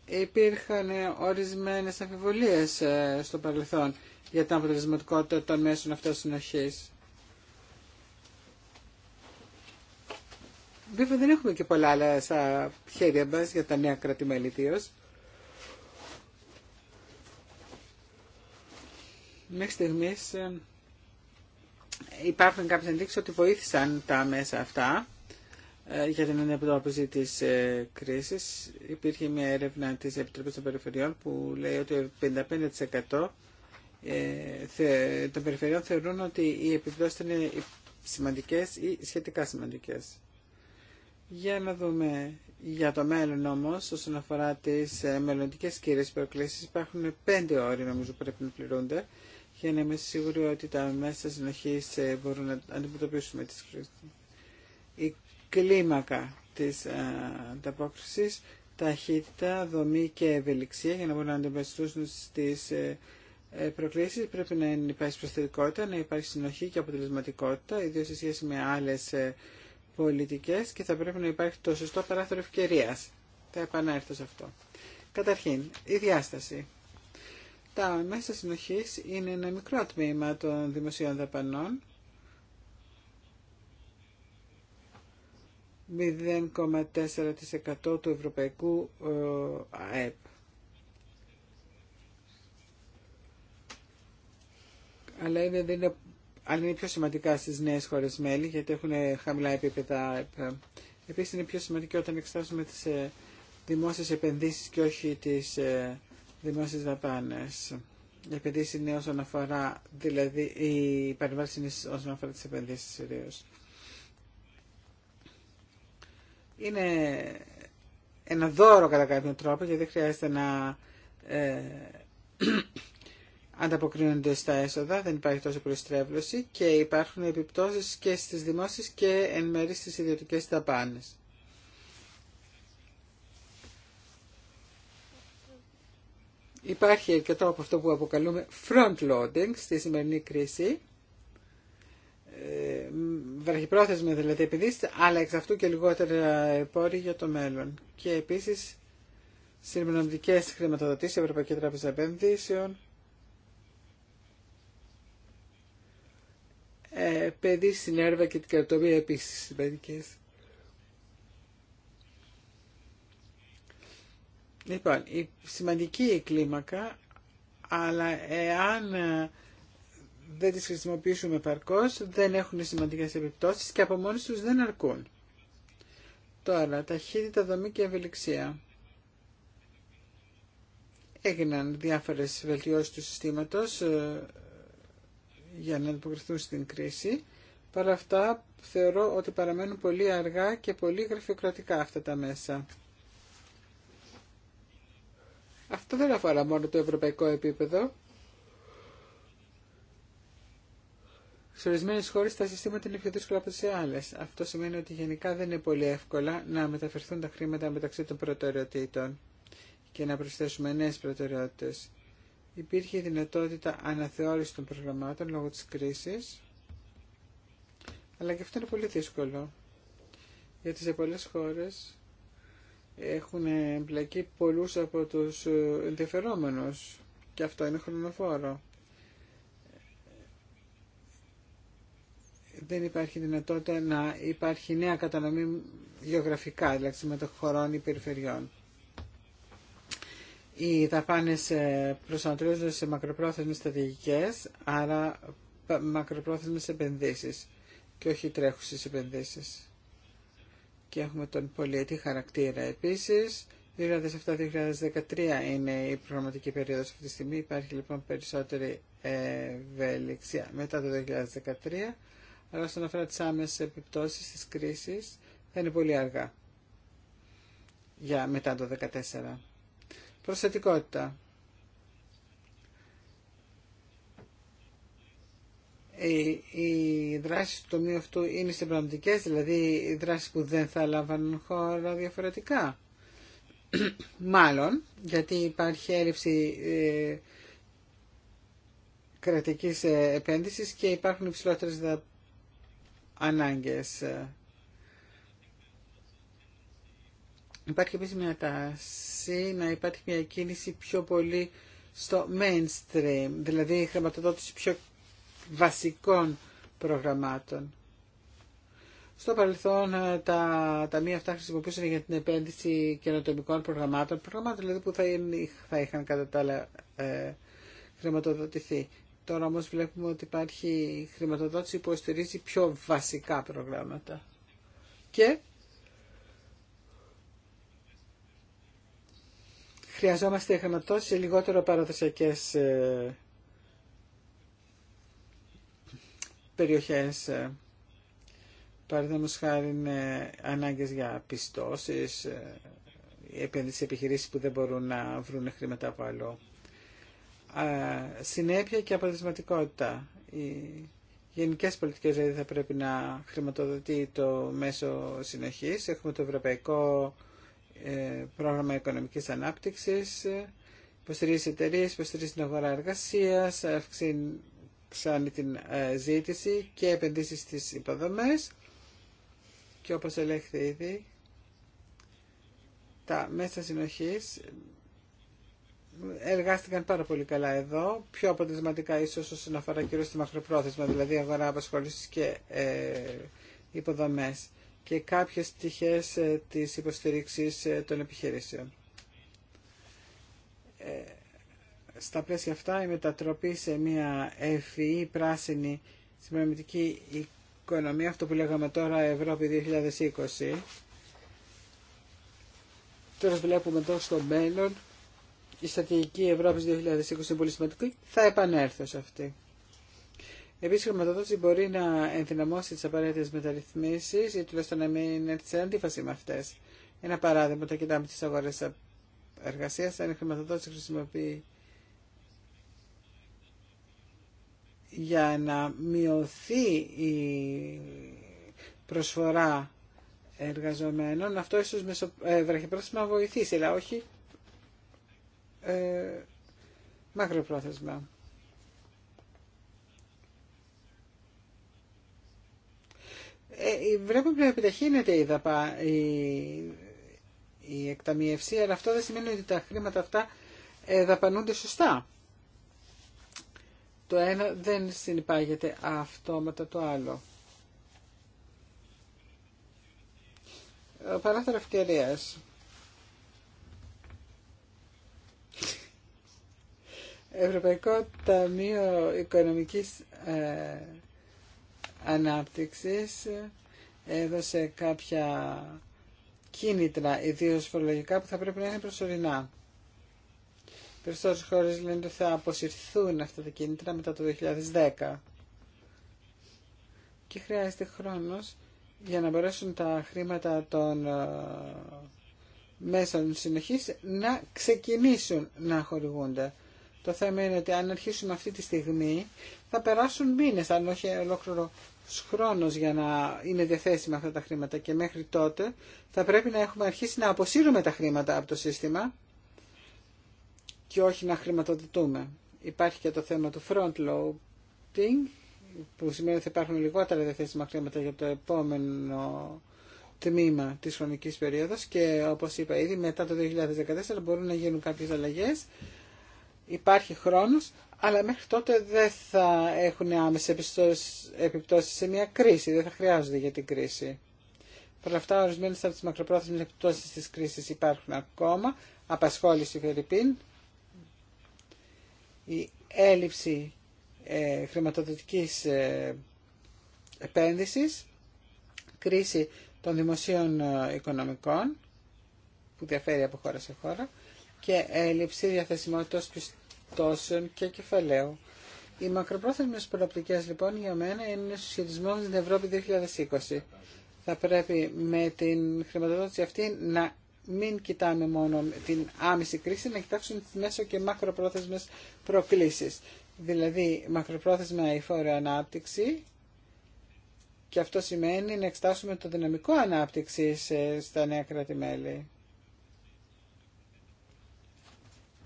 Υπήρχαν ορισμένες αμφιβολίες ε, στο παρελθόν για την αποτελεσματικότητα των μέσων αυτών συνοχής. Βέβαια δεν έχουμε και πολλά άλλα στα χέρια μας για τα νέα κρατημέλη ιδίως. Μέχρι στιγμής ε, υπάρχουν κάποιες ενδείξεις ότι βοήθησαν τα μέσα αυτά ε, για την αντιμετώπιση της ε, κρίσης. Υπήρχε μια έρευνα της Επιτροπής των Περιφερειών που λέει ότι 55% των περιφερειών θεωρούν ότι οι επιπτώσεις είναι σημαντικές ή σχετικά σημαντικές. Για να δούμε για το μέλλον όμως, όσον αφορά τις ε, μελλοντικές κύριες προκλήσεις, υπάρχουν πέντε όροι νομίζω πρέπει να πληρούνται για να είμαστε σίγουροι ότι τα μέσα συνοχή ε, μπορούν να αντιμετωπίσουμε τις κρίσεις. Η κλίμακα της ε, ανταπόκρισης, ταχύτητα, δομή και ευελιξία για να μπορούν να αντιμετωπίσουν στις προκλήσεις πρέπει να υπάρχει προσθετικότητα, να υπάρχει συνοχή και αποτελεσματικότητα, ιδίως σε σχέση με άλλες πολιτικές και θα πρέπει να υπάρχει το σωστό παράθυρο ευκαιρίας. Θα επανέλθω σε αυτό. Καταρχήν, η διάσταση. Τα μέσα συνοχής είναι ένα μικρό τμήμα των δημοσίων δαπανών, 0,4% του ευρωπαϊκού ε, ΑΕΠ. Αλλά είναι, δεν είναι αλλά είναι πιο σημαντικά στις νέες χώρες μέλη, γιατί έχουν χαμηλά επίπεδα. Επίσης είναι πιο σημαντικό όταν εξετάζουμε τις ε, δημόσιες επενδύσεις και όχι τις ε, δημόσιες δαπάνες. Οι επενδύσεις είναι όσον αφορά, δηλαδή η παρεμβάση είναι όσον αφορά τις επενδύσεις ιδίως. Είναι ένα δώρο κατά κάποιο τρόπο γιατί δεν χρειάζεται να ε, ανταποκρίνονται στα έσοδα, δεν υπάρχει τόσο προστρέβλωση και υπάρχουν επιπτώσεις και στις δημόσιες και εν μέρει στις ιδιωτικές δαπάνες. Υπάρχει το από αυτό που αποκαλούμε front-loading στη σημερινή κρίση, ε, βραχυπρόθεσμα δηλαδή επειδή αλλά εξ αυτού και λιγότερα πόροι για το μέλλον. Και επίσης, συμπληρωματικές χρηματοδοτήσεις, Ευρωπαϊκή Τράπεζα Επενδύσεων, ε, παιδί στην έρβα και την κρατομία επίσης στις Λοιπόν, η σημαντική η κλίμακα, αλλά εάν ε, δεν τις χρησιμοποιήσουμε παρκώς, δεν έχουν σημαντικές επιπτώσεις και από μόνοι τους δεν αρκούν. Τώρα, ταχύτητα, δομή και ευελιξία. Έγιναν διάφορες βελτιώσεις του συστήματος ε, για να αντιποκριθούν στην κρίση. Παρά αυτά θεωρώ ότι παραμένουν πολύ αργά και πολύ γραφειοκρατικά αυτά τα μέσα. Αυτό δεν αφορά μόνο το ευρωπαϊκό επίπεδο. Σε ορισμένε χώρε τα συστήματα είναι πιο δύσκολα από τι άλλε. Αυτό σημαίνει ότι γενικά δεν είναι πολύ εύκολα να μεταφερθούν τα χρήματα μεταξύ των προτεραιοτήτων και να προσθέσουμε νέε προτεραιότητε υπήρχε δυνατότητα αναθεώρηση των προγραμμάτων λόγω της κρίσης, αλλά και αυτό είναι πολύ δύσκολο, γιατί σε πολλές χώρες έχουν εμπλακεί πολλούς από τους ενδιαφερόμενους και αυτό είναι χρονοφόρο. Δεν υπάρχει δυνατότητα να υπάρχει νέα κατανομή γεωγραφικά, δηλαδή χωρών ή περιφερειών οι δαπάνες ε, προσανατολίζονται σε μακροπρόθεσμες στρατηγικές, άρα μακροπρόθεσμες επενδύσεις και όχι τρέχουσες επενδύσεις. Και έχουμε τον πολιετή χαρακτήρα επίσης. 2007-2013 είναι η προγραμματική περίοδος αυτή τη στιγμή. Υπάρχει λοιπόν περισσότερη ευελιξία μετά το 2013. Αλλά όσον αφορά τις άμεσες επιπτώσεις της κρίσης θα είναι πολύ αργά για μετά το 2014 προσθετικότητα. οι δράσει του τομείου αυτού είναι συμπραγματικέ, δηλαδή οι δράσει που δεν θα λάμβανουν χώρα διαφορετικά. Μάλλον, γιατί υπάρχει έλλειψη ε, κρατικής ε, επένδυσης και υπάρχουν υψηλότερες ανάγκες. Ε, Υπάρχει επίσης μια τάση να υπάρχει μια κίνηση πιο πολύ στο mainstream, δηλαδή η χρηματοδότηση πιο βασικών προγραμμάτων. Στο παρελθόν ε, τα ταμεία αυτά χρησιμοποιούσαν για την επένδυση καινοτομικών προγραμμάτων, προγραμμάτων δηλαδή που θα, είναι, θα είχαν κατά τα άλλα ε, χρηματοδοτηθεί. Τώρα όμως βλέπουμε ότι υπάρχει χρηματοδότηση που στηρίζει πιο βασικά προγράμματα. Και χρειαζόμαστε σε λιγότερο παραδοσιακές ε, περιοχές. Ε, παραδείγματος χάρη είναι ανάγκες για πιστώσεις, ε, επενδύσεις, επιχειρήσεις που δεν μπορούν να βρουν χρήματα από άλλο. συνέπεια και αποτελεσματικότητα. Οι γενικές πολιτικές δηλαδή θα πρέπει να χρηματοδοτεί το μέσο συνεχής. Έχουμε το Ευρωπαϊκό ε, πρόγραμμα οικονομικής ανάπτυξης, υποστηρίζει εταιρείε, υποστηρίζει την αγορά εργασία, αυξάνει την ε, ζήτηση και επενδύσει στις υποδομές και όπως ελέγχθη ήδη, τα μέσα συνοχής εργάστηκαν πάρα πολύ καλά εδώ, πιο αποτελεσματικά ίσως όσον αφορά κυρίως τη μακροπρόθεσμα, δηλαδή αγορά απασχόλησης και ε, υποδομές και κάποιες πτυχές ε, της υποστηρίξης ε, των επιχειρήσεων. Ε, στα πλαίσια αυτά η μετατροπή σε μια ευφυή πράσινη συμπραγματική οικονομία, αυτό που λέγαμε τώρα Ευρώπη 2020, τώρα βλέπουμε εδώ στο μέλλον η στρατηγική Ευρώπη 2020 είναι πολύ σημαντική, θα επανέλθω σε αυτή. Επίση, η χρηματοδότηση μπορεί να ενδυναμώσει τι απαραίτητε μεταρρυθμίσει ή τουλάχιστον να μην είναι σε αντίφαση με αυτέ. Ένα παράδειγμα, όταν κοιτάμε τι αγορέ εργασία, αν η χρηματοδότηση χρησιμοποιεί για να μειωθεί η προσφορά εργαζομένων, αυτό ίσως μεσο... Ε, βραχυπρόθεσμα βοηθήσει, αλλά όχι ε, μακροπρόθεσμα. Ε, βλέπουμε να επιταχύνεται η, δαπα, η, η εκταμιευσή, αλλά αυτό δεν σημαίνει ότι τα χρήματα αυτά ε, δαπανούνται σωστά. Το ένα δεν συνεπάγεται αυτόματα το άλλο. Παράθερο ευκαιρία. Ευρωπαϊκό Ταμείο Οικονομικής ε, Ανάπτυξης έδωσε κάποια κίνητρα, ιδίω φορολογικά, που θα πρέπει να είναι προσωρινά. Περισσότερες χώρες λένε ότι θα αποσυρθούν αυτά τα κίνητρα μετά το 2010. Και χρειάζεται χρόνος για να μπορέσουν τα χρήματα των ε, μέσων συνοχής να ξεκινήσουν να χορηγούνται. Το θέμα είναι ότι αν αρχίσουμε αυτή τη στιγμή θα περάσουν μήνες, αν όχι ολόκληρο χρόνο για να είναι διαθέσιμα αυτά τα χρήματα και μέχρι τότε θα πρέπει να έχουμε αρχίσει να αποσύρουμε τα χρήματα από το σύστημα και όχι να χρηματοδοτούμε. Υπάρχει και το θέμα του front loading που σημαίνει ότι θα υπάρχουν λιγότερα διαθέσιμα χρήματα για το επόμενο τμήμα της χρονικής περίοδος και όπως είπα ήδη μετά το 2014 μπορούν να γίνουν κάποιες αλλαγές υπάρχει χρόνος, αλλά μέχρι τότε δεν θα έχουν άμεση επιπτώσεις σε μια κρίση, δεν θα χρειάζονται για την κρίση. Παρ' αυτά, ορισμένε από τι μακροπρόθεσμε επιπτώσει τη κρίση υπάρχουν ακόμα. Απασχόληση Φερρυπίν, η έλλειψη ε, χρηματοδοτικής ε, επένδυσης, κρίση των δημοσίων ε, οικονομικών που διαφέρει από χώρα σε χώρα και έλλειψη διαθεσιμότητας πτώσεων και κεφαλαίου. Οι μακροπρόθεσμες προοπτικές λοιπόν για μένα είναι συσχετισμός με την Ευρώπη 2020. Θα πρέπει με την χρηματοδότηση αυτή να μην κοιτάμε μόνο την άμεση κρίση, να κοιτάξουμε τις μέσο και μακροπρόθεσμες προκλήσεις. Δηλαδή μακροπρόθεσμα η φόρο ανάπτυξη και αυτό σημαίνει να εξτάσουμε το δυναμικό ανάπτυξη ε, στα νέα κράτη-μέλη.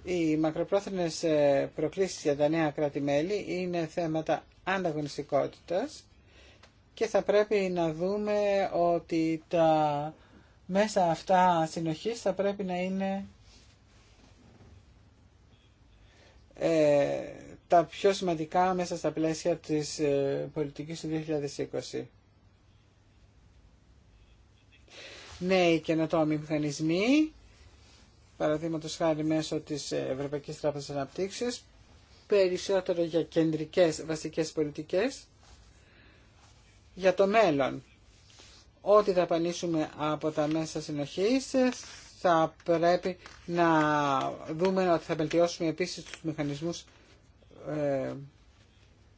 Οι μακροπρόθεσμες ε, προκλήσεις για τα νέα κράτη-μέλη είναι θέματα ανταγωνιστικότητας και θα πρέπει να δούμε ότι τα μέσα αυτά συνοχής θα πρέπει να είναι ε, τα πιο σημαντικά μέσα στα πλαίσια της ε, πολιτικής του 2020. Νέοι ναι, καινοτόμοι μηχανισμοί παραδείγματο χάρη μέσω τη Ευρωπαϊκή Τράπεζα Αναπτύξης, περισσότερο για κεντρικές βασικές πολιτικές, για το μέλλον. Ό,τι θα πανίσουμε από τα μέσα συνοχής θα πρέπει να δούμε ότι θα βελτιώσουμε επίσης τους μηχανισμούς ε,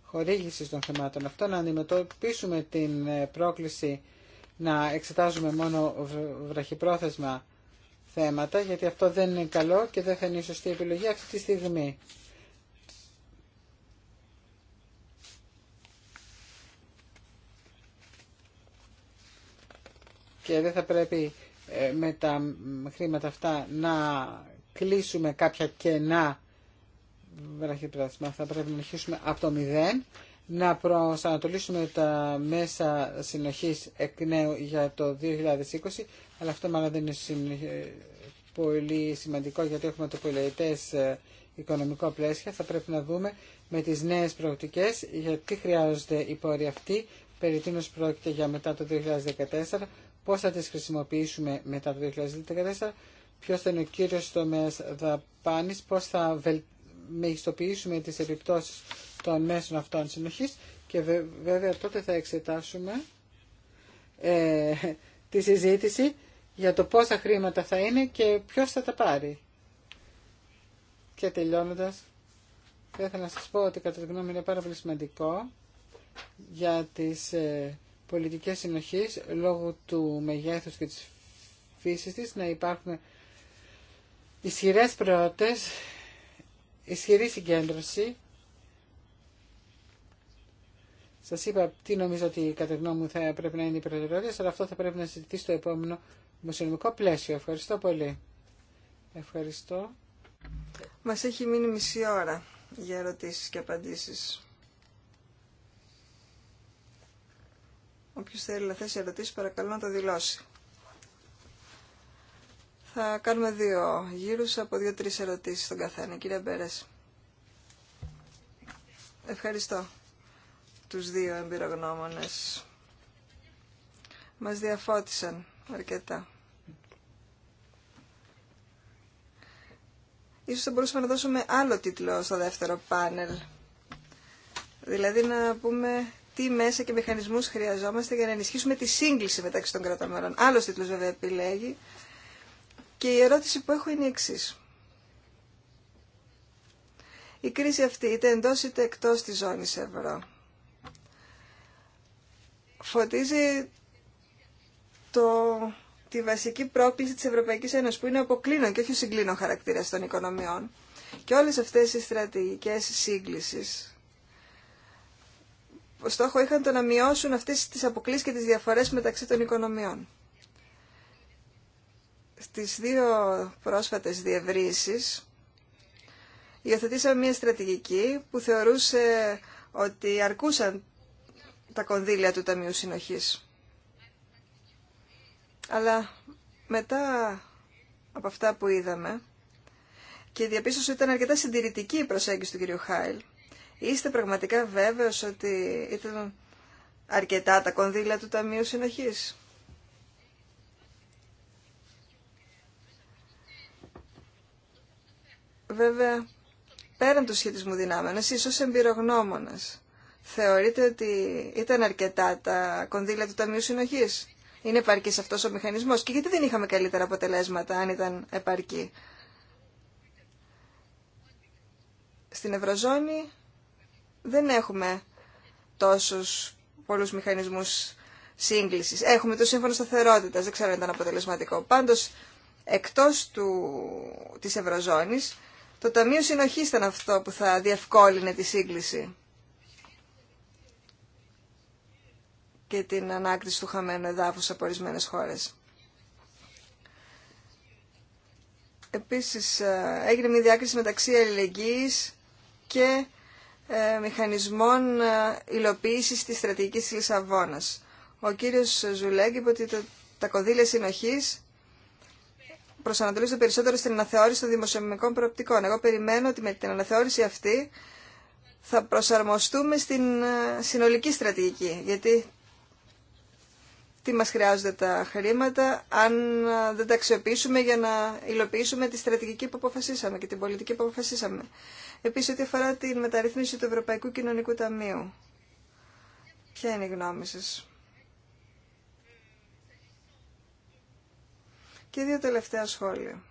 χορήγησης των θεμάτων αυτό, να αντιμετωπίσουμε την πρόκληση να εξετάζουμε μόνο βραχυπρόθεσμα θέματα, γιατί αυτό δεν είναι καλό και δεν θα είναι η σωστή επιλογή αυτή τη στιγμή. Και δεν θα πρέπει ε, με τα χρήματα αυτά να κλείσουμε κάποια κενά βραχυπράσμα. Θα πρέπει να αρχίσουμε από το μηδέν, να προσανατολίσουμε τα μέσα συνοχής εκ νέου για το 2020 αλλά αυτό μάλλον δεν είναι ε, πολύ σημαντικό γιατί έχουμε το πολυετές ε, οικονομικό πλαίσιο. Θα πρέπει να δούμε με τις νέες προοπτικές γιατί χρειάζονται οι πόροι αυτοί, περί τίνος πρόκειται για μετά το 2014, πώς θα τις χρησιμοποιήσουμε μετά το 2014, ποιος θα είναι ο κύριος τομέας δαπάνης, πώς θα βελ... μεγιστοποιήσουμε τις επιπτώσεις των μέσων αυτών συνοχής και βέβαια τότε θα εξετάσουμε ε, τη συζήτηση για το πόσα χρήματα θα είναι και ποιος θα τα πάρει. Και τελειώνοντας, θα ήθελα να σας πω ότι κατά τη γνώμη είναι πάρα πολύ σημαντικό για τις ε, πολιτικές συνοχής λόγω του μεγέθους και της φύσης της να υπάρχουν ισχυρές προότητες, ισχυρή συγκέντρωση Σα είπα τι νομίζω ότι κατά γνώμη μου θα πρέπει να είναι η προτεραιότητε, αλλά αυτό θα πρέπει να συζητηθεί στο επόμενο δημοσιονομικό πλαίσιο. Ευχαριστώ πολύ. Ευχαριστώ. Μα έχει μείνει μισή ώρα για ερωτήσει και απαντήσει. Όποιος θέλει να θέσει ερωτήσει, παρακαλώ να το δηλώσει. Θα κάνουμε δύο γύρους από δύο-τρεις ερωτήσεις στον καθένα. Κύριε Μπέρες. Ευχαριστώ τους δύο εμπειρογνώμονες. Μας διαφώτισαν αρκετά. Ίσως θα μπορούσαμε να δώσουμε άλλο τίτλο στο δεύτερο πάνελ. Δηλαδή να πούμε τι μέσα και μηχανισμούς χρειαζόμαστε για να ενισχύσουμε τη σύγκληση μεταξύ των κρατών Άλλος τίτλος βέβαια επιλέγει. Και η ερώτηση που έχω είναι η εξής. Η κρίση αυτή είτε εντός είτε εκτός της ζώνης ευρώ φωτίζει το, τη βασική πρόκληση της Ευρωπαϊκής Ένωσης, που είναι ο αποκλίνων και όχι ο συγκλίνων χαρακτήρας των οικονομιών. Και όλες αυτές οι στρατηγικές ο στόχο είχαν το να μειώσουν αυτές τις αποκλήσεις και τις διαφορές μεταξύ των οικονομιών. Στις δύο πρόσφατες διευρύσεις υιοθετήσαμε μια στρατηγική που θεωρούσε ότι αρκούσαν τα κονδύλια του Ταμείου Συνοχής. Αλλά μετά από αυτά που είδαμε και διαπίστωσα ότι ήταν αρκετά συντηρητική η προσέγγιση του κ. Χάιλ, είστε πραγματικά βέβαιος ότι ήταν αρκετά τα κονδύλια του Ταμείου Συνοχής. Βέβαια, πέραν του σχετισμού δυνάμεων, εσείς ως εμπειρογνώμονας, Θεωρείτε ότι ήταν αρκετά τα κονδύλια του Ταμείου συνοχή. Είναι επαρκή αυτός ο μηχανισμός και γιατί δεν είχαμε καλύτερα αποτελέσματα αν ήταν επαρκή. Στην Ευρωζώνη δεν έχουμε τόσους πολλούς μηχανισμούς σύγκλησης. Έχουμε το σύμφωνο σταθερότητας, δεν ξέρω αν ήταν αποτελεσματικό. Πάντως, εκτός του, της το Ταμείο Συνοχής ήταν αυτό που θα διευκόλυνε τη σύγκληση. και την ανάκτηση του χαμένου εδάφους από ορισμένε χώρες. Επίσης, ε, έγινε μια διάκριση μεταξύ αλληλεγγύης και ε, μηχανισμών ε, υλοποίησης της στρατηγικής της Λισαβόνας. Ο κύριος Ζουλέγκ είπε ότι τα κονδύλια συνοχής προσανατολίζονται περισσότερο στην αναθεώρηση των δημοσιονομικών προοπτικών. Εγώ περιμένω ότι με την αναθεώρηση αυτή θα προσαρμοστούμε στην συνολική στρατηγική, γιατί τι μας χρειάζονται τα χρήματα αν ε, δεν τα αξιοποιήσουμε για να υλοποιήσουμε τη στρατηγική που αποφασίσαμε και την πολιτική που αποφασίσαμε. Επίσης, ό,τι αφορά την μεταρρύθμιση του Ευρωπαϊκού Κοινωνικού Ταμείου. Ποια είναι η γνώμη σας. Και δύο τελευταία σχόλια.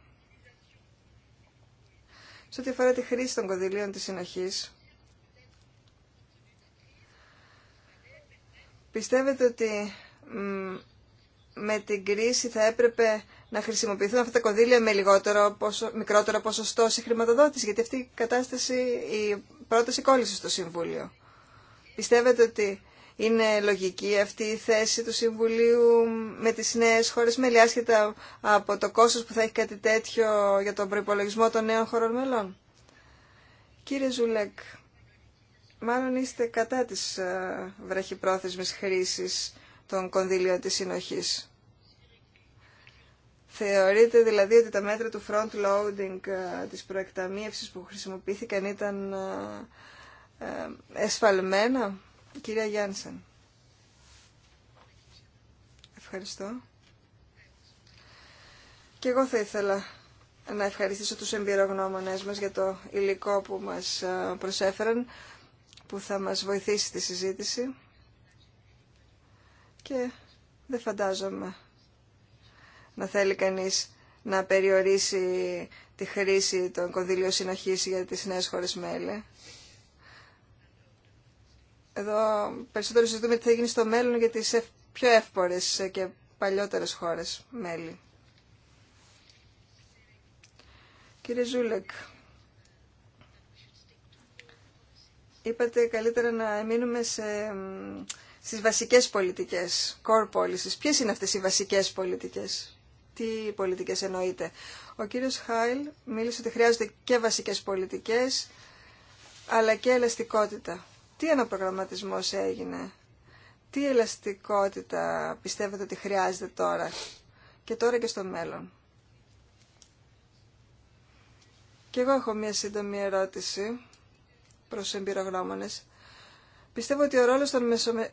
Σε ό,τι αφορά τη χρήση των κονδυλίων της συνοχής, πιστεύετε ότι με την κρίση θα έπρεπε να χρησιμοποιηθούν αυτά τα κονδύλια με λιγότερο, ποσο, μικρότερο ποσοστό σε χρηματοδότηση, γιατί αυτή η κατάσταση, η πρόταση κόλλησε στο Συμβούλιο. Πιστεύετε ότι είναι λογική αυτή η θέση του Συμβουλίου με τις νέες χώρες μέλη, άσχετα από το κόστος που θα έχει κάτι τέτοιο για τον προϋπολογισμό των νέων χωρών μελών. Κύριε Ζουλέκ, μάλλον είστε κατά της ε, βραχυπρόθεσμης χρήσης των κονδυλίων της συνοχής. Θεωρείτε δηλαδή ότι τα μέτρα του front loading ε, της προεκταμίευσης που χρησιμοποιήθηκαν ήταν ε, ε, εσφαλμένα. κυρία Γιάνσεν. Ευχαριστώ. Και εγώ θα ήθελα να ευχαριστήσω τους εμπειρογνώμονές μας για το υλικό που μας προσέφεραν, που θα μας βοηθήσει στη συζήτηση και δεν φαντάζομαι να θέλει κανείς να περιορίσει τη χρήση των κονδύλιων συνοχής για τις νέες χώρες μέλη. Εδώ περισσότερο συζητούμε τι θα γίνει στο μέλλον για τις πιο εύπορες και παλιότερες χώρες μέλη. Κύριε Ζούλεκ, είπατε καλύτερα να μείνουμε σε στις βασικές πολιτικές, core policies. Ποιες είναι αυτές οι βασικές πολιτικές, τι πολιτικές εννοείται. Ο κύριος Χάιλ μίλησε ότι χρειάζονται και βασικές πολιτικές, αλλά και ελαστικότητα. Τι αναπρογραμματισμός έγινε, τι ελαστικότητα πιστεύετε ότι χρειάζεται τώρα και τώρα και στο μέλλον. Και εγώ έχω μία σύντομη ερώτηση προς εμπειρογνώμονες. Πιστεύω ότι ο ρόλος των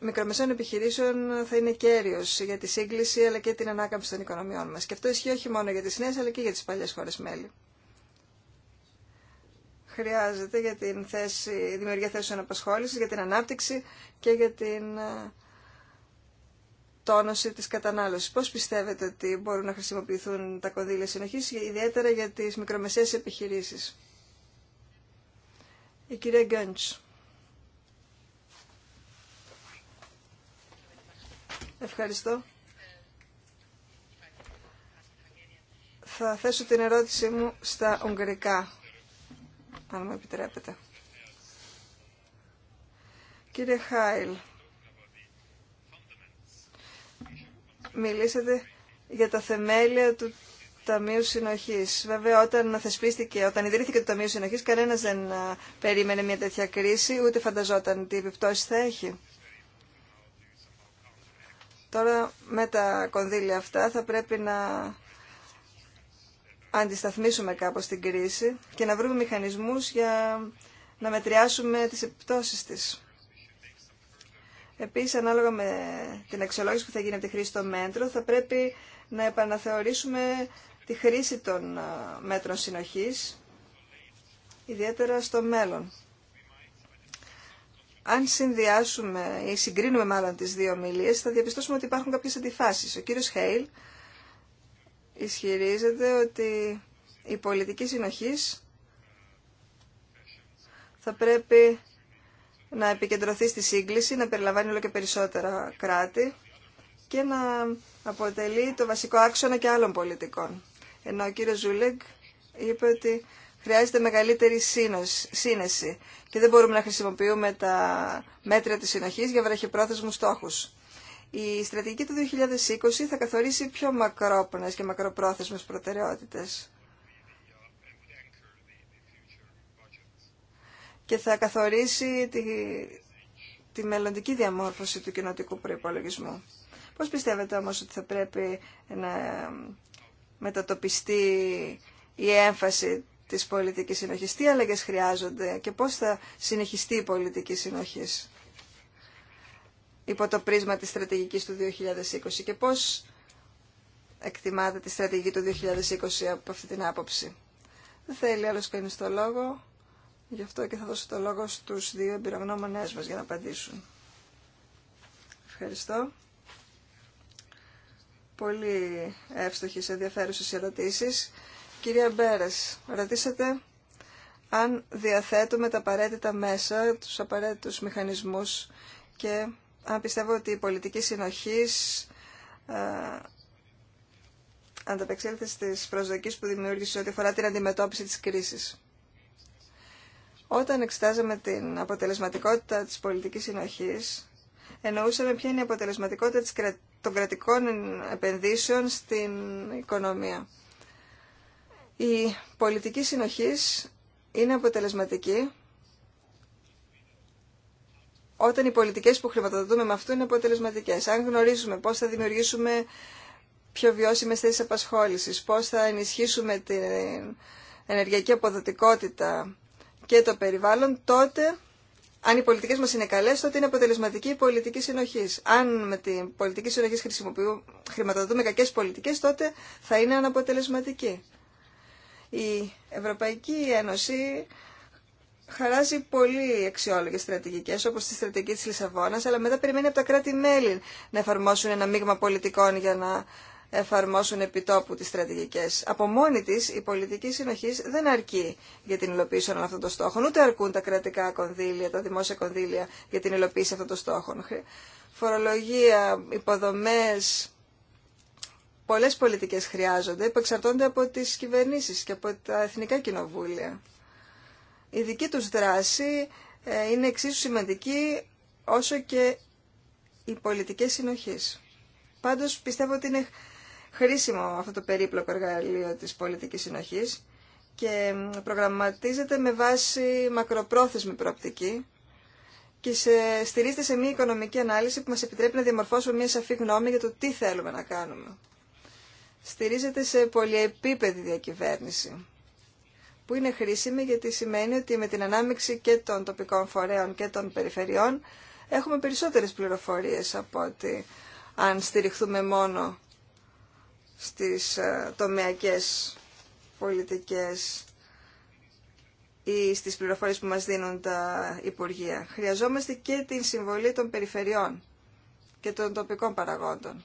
μικρομεσαίων επιχειρήσεων θα είναι κέριος για τη σύγκληση αλλά και την ανάκαμψη των οικονομιών μας. Και αυτό ισχύει όχι μόνο για τις νέες αλλά και για τις παλιές χώρες μέλη. Χρειάζεται για την θέση, δημιουργία θέσεων απασχόλησης, για την ανάπτυξη και για την ε, τόνωση της κατανάλωσης. Πώς πιστεύετε ότι μπορούν να χρησιμοποιηθούν τα κονδύλια συνοχής, ιδιαίτερα για τις μικρομεσαίες επιχειρήσεις. Η κυρία Γκέντς. Ευχαριστώ. Θα θέσω την ερώτησή μου στα Ουγγρικά, αν μου επιτρέπετε. Κύριε Χάιλ, μιλήσατε για τα θεμέλια του Ταμείου Συνοχής. Βέβαια, όταν θεσπίστηκε, όταν ιδρύθηκε το Ταμείο Συνοχής, κανένας δεν περίμενε μια τέτοια κρίση, ούτε φανταζόταν τι επιπτώσεις θα έχει. Τώρα με τα κονδύλια αυτά θα πρέπει να αντισταθμίσουμε κάπως την κρίση και να βρούμε μηχανισμούς για να μετριάσουμε τις επιπτώσεις της. Επίσης, ανάλογα με την αξιολόγηση που θα γίνει από τη χρήση των μέτρων, θα πρέπει να επαναθεωρήσουμε τη χρήση των ε, μέτρων συνοχής, ιδιαίτερα στο μέλλον αν συνδυάσουμε ή συγκρίνουμε μάλλον τις δύο ομιλίες, θα διαπιστώσουμε ότι υπάρχουν κάποιες αντιφάσεις. Ο κύριος Χέιλ ισχυρίζεται ότι η πολιτική δυο ομιλιε θα πρέπει να επικεντρωθεί στη σύγκληση, να περιλαμβάνει όλο και περισσότερα κράτη και να αποτελεί το βασικό άξονα και άλλων πολιτικών. Ενώ ο κύριος Ζούλεγκ είπε ότι χρειάζεται μεγαλύτερη σύνεση και δεν μπορούμε να χρησιμοποιούμε τα μέτρα της συνοχής για βραχυπρόθεσμους στόχους. Η στρατηγική του 2020 θα καθορίσει πιο μακρόπνες και μακροπρόθεσμες προτεραιότητες. Και θα καθορίσει τη, μελλοντική διαμόρφωση του κοινοτικού προϋπολογισμού. Πώς πιστεύετε όμως ότι θα πρέπει να μετατοπιστεί η έμφαση της πολιτικής συνοχής. Τι αλλαγές χρειάζονται και πώς θα συνεχιστεί η πολιτική συνοχής υπό το πρίσμα της στρατηγικής του 2020 και πώς εκτιμάται τη στρατηγική του 2020 από αυτή την άποψη. Δεν θέλει άλλος κανεί το λόγο, γι' αυτό και θα δώσω το λόγο στους δύο εμπειρογνώμονές μας για να απαντήσουν. Ευχαριστώ. Πολύ εύστοχες ενδιαφέρουσες ερωτήσεις. Κυρία Μπέρες, ρωτήσατε αν διαθέτουμε τα απαραίτητα μέσα, τους απαραίτητους μηχανισμούς και αν πιστεύω ότι η πολιτική συνοχής ε, ανταπεξέλθει στις προσδοκίες που δημιούργησε ό,τι αφορά την αντιμετώπιση της κρίσης. Όταν εξετάζαμε την αποτελεσματικότητα της πολιτικής συνοχής, εννοούσαμε ποια είναι η αποτελεσματικότητα των κρατικών επενδύσεων στην οικονομία. Η πολιτική συνοχής είναι αποτελεσματική όταν οι πολιτικές που χρηματοδοτούμε με αυτού είναι αποτελεσματικές. Αν γνωρίζουμε πώς θα δημιουργήσουμε πιο βιώσιμες θέσεις απασχόλησης, πώς θα ενισχύσουμε την ενεργειακή αποδοτικότητα και το περιβάλλον, τότε αν οι πολιτικές μας είναι καλές, τότε είναι αποτελεσματική η πολιτική συνοχή. Αν με την πολιτική συνοχή, χρηματοδοτούμε κακές πολιτικές, τότε θα είναι αναποτελεσματική. Η Ευρωπαϊκή Ένωση χαράζει πολύ αξιόλογες στρατηγικές, όπως τη στρατηγική της Λισαβόνας, αλλά μετά περιμένει από τα κράτη-μέλη να εφαρμόσουν ένα μείγμα πολιτικών για να εφαρμόσουν επιτόπου τις στρατηγικές. Από μόνη της η πολιτική συνοχή δεν αρκεί για την υλοποίηση όλων αυτών των στόχων, ούτε αρκούν τα κρατικά κονδύλια, τα δημόσια κονδύλια για την υλοποίηση αυτών των στόχων. Φορολογία, υποδομές, πολλές πολιτικές χρειάζονται που εξαρτώνται από τις κυβερνήσεις και από τα εθνικά κοινοβούλια. Η δική τους δράση ε, είναι εξίσου σημαντική όσο και οι πολιτικές συνοχής. Πάντως πιστεύω ότι είναι χρήσιμο αυτό το περίπλοκο εργαλείο της πολιτικής συνοχής και προγραμματίζεται με βάση μακροπρόθεσμη προοπτική και σε, στηρίζεται σε μια οικονομική ανάλυση που μας επιτρέπει να διαμορφώσουμε μια σαφή γνώμη για το τι θέλουμε να κάνουμε στηρίζεται σε πολυεπίπεδη διακυβέρνηση που είναι χρήσιμη γιατί σημαίνει ότι με την ανάμειξη και των τοπικών φορέων και των περιφερειών έχουμε περισσότερες πληροφορίες από ότι αν στηριχθούμε μόνο στις ε, τομεακές πολιτικές ή στις πληροφορίες που μας δίνουν τα Υπουργεία. Χρειαζόμαστε και την συμβολή των περιφερειών και των τοπικών παραγόντων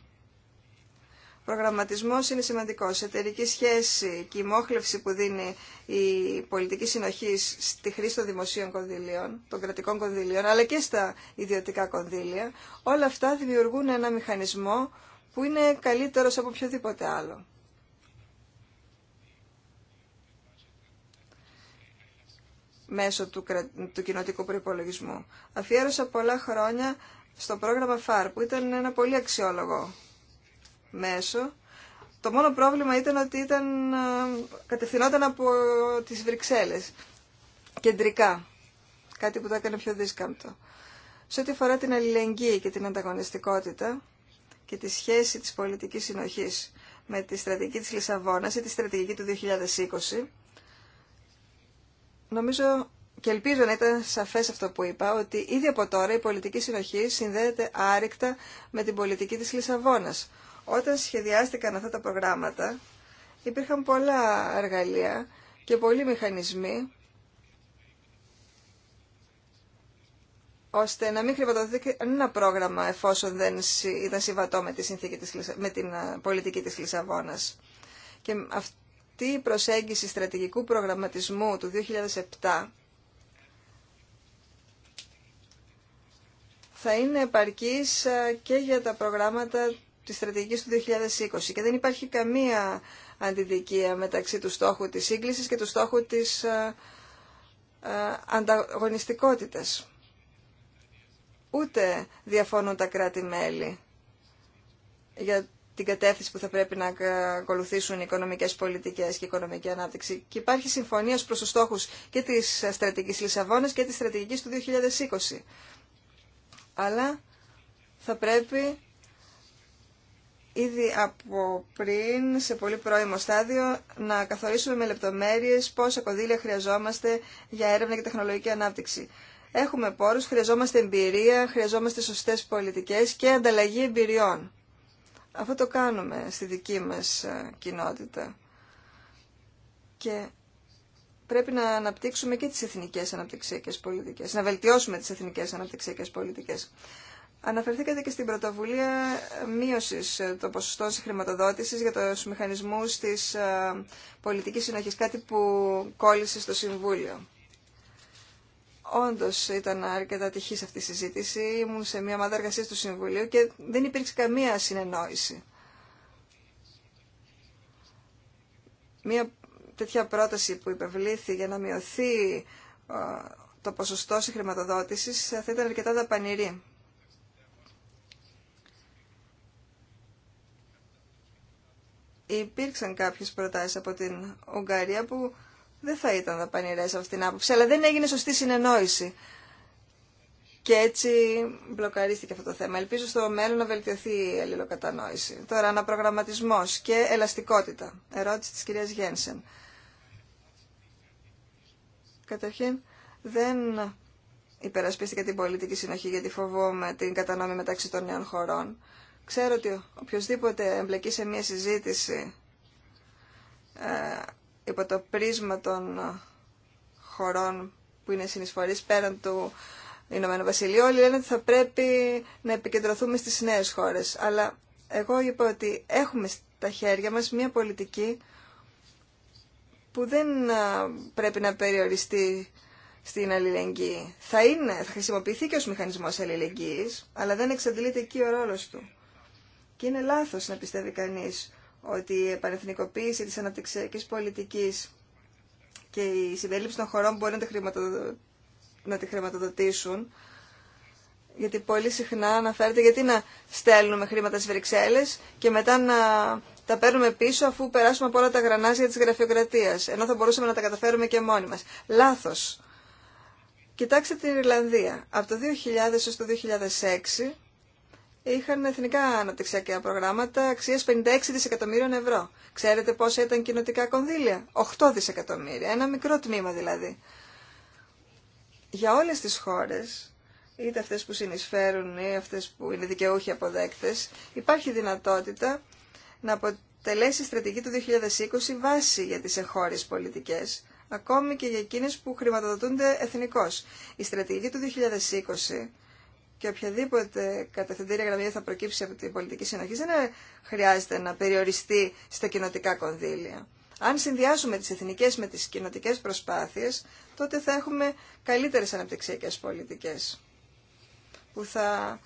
προγραμματισμός είναι σημαντικό. Η εταιρική σχέση και η μόχλευση που δίνει η πολιτική συνοχή στη χρήση των δημοσίων κονδυλίων, των κρατικών κονδυλίων, αλλά και στα ιδιωτικά κονδύλια, όλα αυτά δημιουργούν ένα μηχανισμό που είναι καλύτερος από οποιοδήποτε άλλο. μέσω του, του κοινοτικού προϋπολογισμού. Αφιέρωσα πολλά χρόνια στο πρόγραμμα ΦΑΡ, που ήταν ένα πολύ αξιόλογο μέσο. Το μόνο πρόβλημα ήταν ότι ήταν, ε, κατευθυνόταν από ε, τις Βρυξέλλες, κεντρικά, κάτι που το έκανε πιο δίσκαμπτο. Σε ό,τι αφορά την αλληλεγγύη και την ανταγωνιστικότητα και τη σχέση της πολιτικής συνοχής με τη στρατηγική της Λισαβόνας ή τη στρατηγική του 2020, νομίζω και ελπίζω να ήταν σαφές αυτό που είπα, ότι ήδη από τώρα η πολιτική συνοχή συνδέεται άρρηκτα με την πολιτική της Λισαβόνας. Όταν σχεδιάστηκαν αυτά τα προγράμματα, υπήρχαν πολλά εργαλεία και πολλοί μηχανισμοί ώστε να μην χρηματοδοτηθεί ένα πρόγραμμα εφόσον δεν ήταν συμβατό με, τη συνθήκη με την πολιτική της Λισαβόνας. Και αυτή η προσέγγιση στρατηγικού προγραμματισμού του 2007 θα είναι επαρκής και για τα προγράμματα της στρατηγικής του 2020 και δεν υπάρχει καμία αντιδικία μεταξύ του στόχου της σύγκλησης και του στόχου της ε, ε, ανταγωνιστικότητας. Ούτε διαφωνούν τα κράτη-μέλη για την κατεύθυνση που θα πρέπει να ακολουθήσουν οι οικονομικές πολιτικές και η οικονομική ανάπτυξη. Και υπάρχει συμφωνία προς τους στόχους και της στρατηγικής Λισαβόνας και της στρατηγικής του 2020. Αλλά θα πρέπει ήδη από πριν, σε πολύ πρώιμο στάδιο, να καθορίσουμε με λεπτομέρειες πόσα κονδύλια χρειαζόμαστε για έρευνα και τεχνολογική ανάπτυξη. Έχουμε πόρους, χρειαζόμαστε εμπειρία, χρειαζόμαστε σωστές πολιτικές και ανταλλαγή εμπειριών. Αυτό το κάνουμε στη δική μας ε, κοινότητα. Και πρέπει να αναπτύξουμε και τις εθνικές αναπτυξιακές πολιτικές, να βελτιώσουμε τις εθνικές αναπτυξιακές πολιτικές. Αναφερθήκατε και στην πρωτοβουλία μείωσης των ποσοστών χρηματοδότηση για του μηχανισμού της ε, πολιτική συνοχή κάτι που κόλλησε στο Συμβούλιο. Όντω ήταν αρκετά τυχή αυτή η συζήτηση. Ήμουν σε μια ομάδα εργασία του Συμβουλίου και δεν υπήρξε καμία συνεννόηση. Μια τέτοια πρόταση που υπευλήθη για να μειωθεί ε, το ποσοστό χρηματοδότηση θα ήταν αρκετά δαπανηρή. υπήρξαν κάποιες προτάσεις από την Ουγγαρία που δεν θα ήταν δαπανηρές από την άποψη, αλλά δεν έγινε σωστή συνεννόηση. Και έτσι μπλοκαρίστηκε αυτό το θέμα. Ελπίζω στο μέλλον να βελτιωθεί η αλληλοκατανόηση. Τώρα, αναπρογραμματισμό και ελαστικότητα. Ερώτηση τη κυρία Γένσεν. Καταρχήν, δεν υπερασπίστηκα την πολιτική συνοχή γιατί φοβόμαι την κατανόμη μεταξύ των νέων χωρών. Ξέρω ότι οποιοδήποτε εμπλεκεί σε μια συζήτηση ε, υπό το πρίσμα των χωρών που είναι συνεισφορείς πέραν του Ηνωμένου Βασιλείου, όλοι λένε ότι θα πρέπει να επικεντρωθούμε στις νέες χώρες. Αλλά εγώ είπα ότι έχουμε στα χέρια μας μια πολιτική που δεν ε, πρέπει να περιοριστεί στην αλληλεγγύη. Θα, είναι, θα χρησιμοποιηθεί και ως μηχανισμός αλληλεγγύης, αλλά δεν εξαντλείται εκεί ο ρόλος του. Και είναι λάθος να πιστεύει κανείς ότι η επανεθνικοποίηση της αναπτυξιακής πολιτικής και η συμπερίληψη των χωρών μπορεί να τη, χρηματοδο... χρηματοδοτήσουν, γιατί πολύ συχνά αναφέρεται γιατί να στέλνουμε χρήματα στις Βρυξέλλες και μετά να τα παίρνουμε πίσω αφού περάσουμε από όλα τα γρανάζια της γραφειοκρατίας, ενώ θα μπορούσαμε να τα καταφέρουμε και μόνοι μας. Λάθος. Κοιτάξτε την Ιρλανδία. Από το 2000 έως το 2006 είχαν εθνικά αναπτυξιακά προγράμματα αξία 56 δισεκατομμύριων ευρώ. Ξέρετε πόσα ήταν κοινοτικά κονδύλια. 8 δισεκατομμύρια, ένα μικρό τμήμα δηλαδή. Για όλες τις χώρες, είτε αυτές που συνεισφέρουν ή αυτές που είναι δικαιούχοι αποδέκτες, υπάρχει δυνατότητα να αποτελέσει η στρατηγική του 2020 βάση για τις εγχώριες πολιτικές, ακόμη και για εκείνες που χρηματοδοτούνται εθνικώς. Η στρατηγική του 2020 και οποιαδήποτε κατευθυντήρια γραμμή θα προκύψει από την πολιτική συνοχή δεν ε, χρειάζεται να περιοριστεί στα κοινοτικά κονδύλια. Αν συνδυάσουμε τις εθνικές με τις κοινοτικές προσπάθειες, τότε θα έχουμε καλύτερες αναπτυξιακές πολιτικές που θα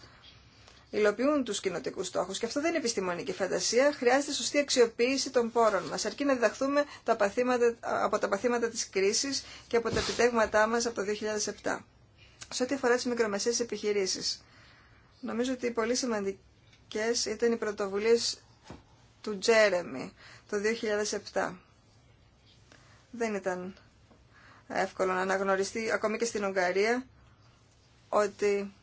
υλοποιούν τους κοινοτικούς στόχους. Και αυτό δεν είναι επιστημονική φαντασία, χρειάζεται σωστή αξιοποίηση των πόρων μας, αρκεί να διδαχθούμε τα παθήματα, από τα παθήματα της κρίσης και από τα επιτέγματά μας από το 2007. Σε ό,τι αφορά τι μικρομεσαίες επιχειρήσεις, νομίζω ότι πολύ σημαντικέ ήταν οι πρωτοβουλίε του Τζέρεμι το 2007. Δεν ήταν εύκολο να αναγνωριστεί ακόμη και στην Ουγγαρία ότι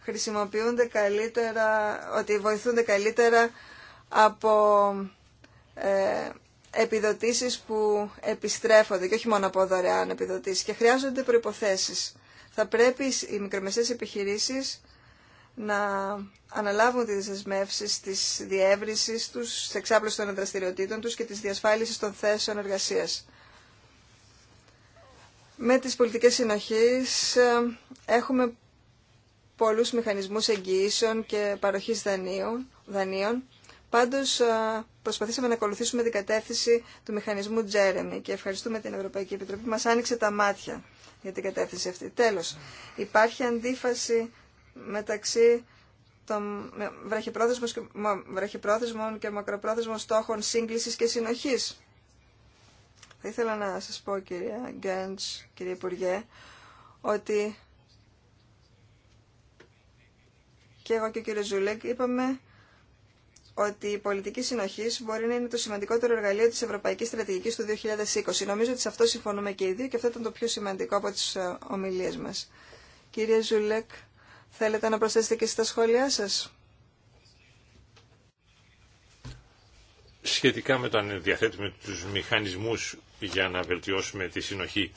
χρησιμοποιούνται καλύτερα, ότι βοηθούνται καλύτερα από ε, επιδοτήσεις που επιστρέφονται και όχι μόνο από δωρεάν επιδοτήσεις και χρειάζονται προϋποθέσεις θα πρέπει οι μικρομεσαίες επιχειρήσεις να αναλάβουν τις δεσμεύσεις της διεύρυνσης τους, της εξάπλωση των δραστηριοτήτων τους και της διασφάλισης των θέσεων εργασίας. Με τις πολιτικές συνοχής ε, έχουμε πολλούς μηχανισμούς εγγυήσεων και παροχής δανείων, Πάντως ε, προσπαθήσαμε να ακολουθήσουμε την κατεύθυνση του μηχανισμού Τζέρεμι και ευχαριστούμε την Ευρωπαϊκή Επιτροπή που μας άνοιξε τα μάτια για την κατεύθυνση αυτή. Τέλος, υπάρχει αντίφαση μεταξύ των βραχυπρόθεσμων και μακροπρόθεσμων στόχων σύγκλησης και συνοχής. Θα ήθελα να σας πω, κυρία Γκέντς, κύριε Υπουργέ, ότι και εγώ και ο κύριος Ζουλέκ είπαμε ότι η πολιτική συνοχή μπορεί να είναι το σημαντικότερο εργαλείο τη Ευρωπαϊκή Στρατηγική του 2020. Νομίζω ότι σε αυτό συμφωνούμε και οι δύο και αυτό ήταν το πιο σημαντικό από τι ε, ομιλίε μα. Κύριε Ζουλέκ, θέλετε να προσθέσετε και στα σχόλιά σα. Σχετικά με το αν διαθέτουμε του μηχανισμού για να βελτιώσουμε τη συνοχή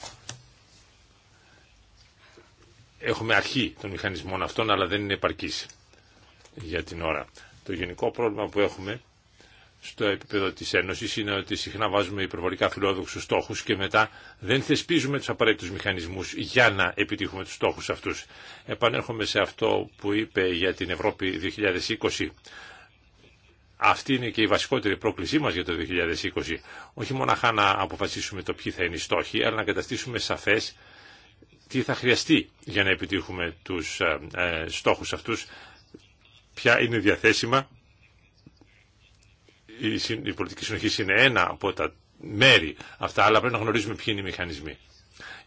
έχουμε αρχή των μηχανισμών αυτών, αλλά δεν είναι επαρκής για την ώρα. Το γενικό πρόβλημα που έχουμε στο επίπεδο της Ένωσης είναι ότι συχνά βάζουμε υπερβολικά φιλόδοξους στόχους και μετά δεν θεσπίζουμε τους απαραίτητους μηχανισμούς για να επιτύχουμε τους στόχους αυτούς. Επανέρχομαι σε αυτό που είπε για την Ευρώπη 2020. Αυτή είναι και η βασικότερη πρόκλησή μας για το 2020. Όχι μοναχά να αποφασίσουμε το ποιοι θα είναι οι στόχοι, αλλά να καταστήσουμε σαφές τι θα χρειαστεί για να επιτύχουμε τους ε, ε, στόχους αυτούς Ποια είναι διαθέσιμα. Η πολιτική συνοχή είναι ένα από τα μέρη αυτά, αλλά πρέπει να γνωρίζουμε ποιοι είναι οι μηχανισμοί.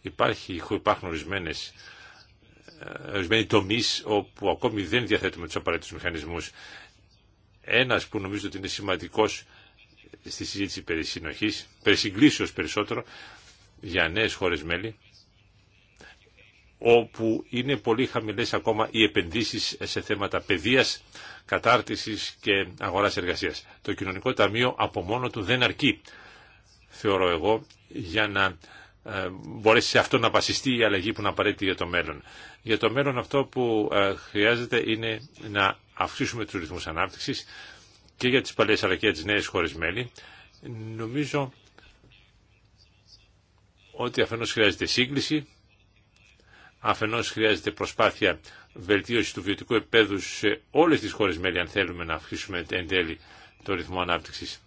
Υπάρχει, υπάρχουν ορισμένε ε, ορισμένοι τομεί όπου ακόμη δεν διαθέτουμε του απαραίτητου μηχανισμού. Ένα που νομίζω ότι είναι σημαντικό στη συζήτηση περί συνοχή, περί συγκλήσεω περισσότερο για νέε χώρε μέλη, όπου είναι πολύ χαμηλές ακόμα οι επενδύσεις σε θέματα παιδείας, κατάρτισης και αγοράς εργασίας. Το κοινωνικό ταμείο από μόνο του δεν αρκεί, θεωρώ εγώ, για να ε, μπορέσει σε αυτό να βασιστεί η αλλαγή που είναι απαραίτητη για το μέλλον. Για το μέλλον αυτό που ε, χρειάζεται είναι να αυξήσουμε τους ρυθμούς ανάπτυξης και για τις παλιές αλλά και για τις νέες χώρες μέλη. Νομίζω ότι αφενός χρειάζεται σύγκληση Αφενός χρειάζεται προσπάθεια βελτίωση του βιωτικού επέδου σε όλες τις χώρες μέλη αν θέλουμε να αυξήσουμε εν τέλει το ρυθμό ανάπτυξης.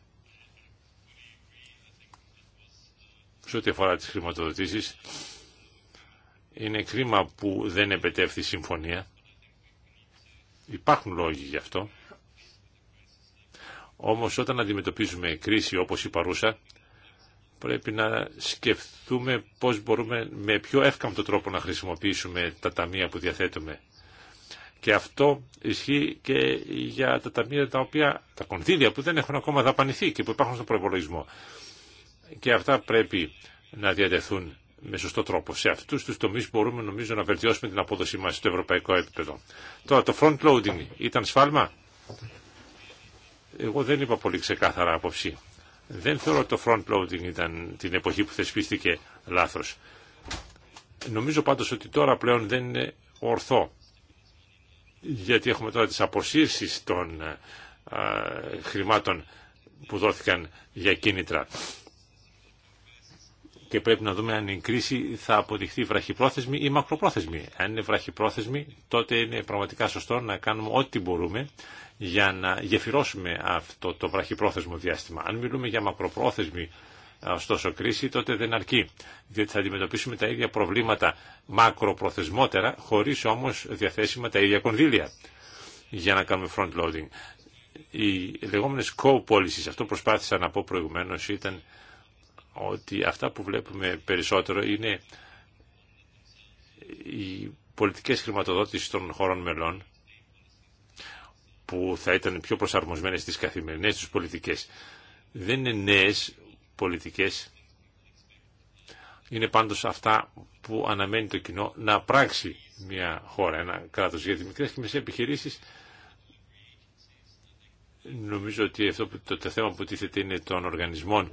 Σε ό,τι αφορά τις χρηματοδοτήσεις, είναι κρίμα που δεν επετεύθη συμφωνία. Υπάρχουν λόγοι γι' αυτό. Όμως όταν αντιμετωπίζουμε κρίση όπως η παρούσα, πρέπει να σκεφτούμε πώς μπορούμε με πιο εύκαμπτο τρόπο να χρησιμοποιήσουμε τα ταμεία που διαθέτουμε. Και αυτό ισχύει και για τα ταμεία τα οποία, τα κονδύλια που δεν έχουν ακόμα δαπανηθεί και που υπάρχουν στον προπολογισμό. Και αυτά πρέπει να διατεθούν με σωστό τρόπο. Σε αυτούς τους τομείς μπορούμε νομίζω να βελτιώσουμε την απόδοσή μας στο ευρωπαϊκό επίπεδο. Τώρα το front loading ήταν σφάλμα. Εγώ δεν είπα πολύ ξεκάθαρα άποψη. Δεν θεωρώ ότι το front loading ήταν την εποχή που θεσπίστηκε λάθος. Νομίζω πάντως ότι τώρα πλέον δεν είναι ορθό. Γιατί έχουμε τώρα τις αποσύρσεις των ε, χρημάτων που δόθηκαν για κίνητρα και πρέπει να δούμε αν η κρίση θα αποδειχθεί βραχυπρόθεσμη ή μακροπρόθεσμη. Αν είναι βραχυπρόθεσμη, τότε είναι πραγματικά σωστό να κάνουμε ό,τι μπορούμε για να γεφυρώσουμε αυτό το βραχυπρόθεσμο διάστημα. Αν μιλούμε για μακροπρόθεσμη ωστόσο κρίση, τότε δεν αρκεί, διότι θα αντιμετωπίσουμε τα ίδια προβλήματα μακροπροθεσμότερα, χωρί όμω διαθέσιμα τα ίδια κονδύλια για να κάνουμε front loading. Οι λεγόμενε co co-policies, αυτό προσπάθησα να πω προηγουμένω ήταν ότι αυτά που βλέπουμε περισσότερο είναι οι πολιτικές χρηματοδότησης των χωρών μελών που θα ήταν πιο προσαρμοσμένες στις καθημερινές τους πολιτικές. Δεν είναι νέες πολιτικές, είναι πάντως αυτά που αναμένει το κοινό να πράξει μια χώρα, ένα κράτος για και μεσαίες επιχειρήσεις. Νομίζω ότι αυτό το, το θέμα που τίθεται είναι των οργανισμών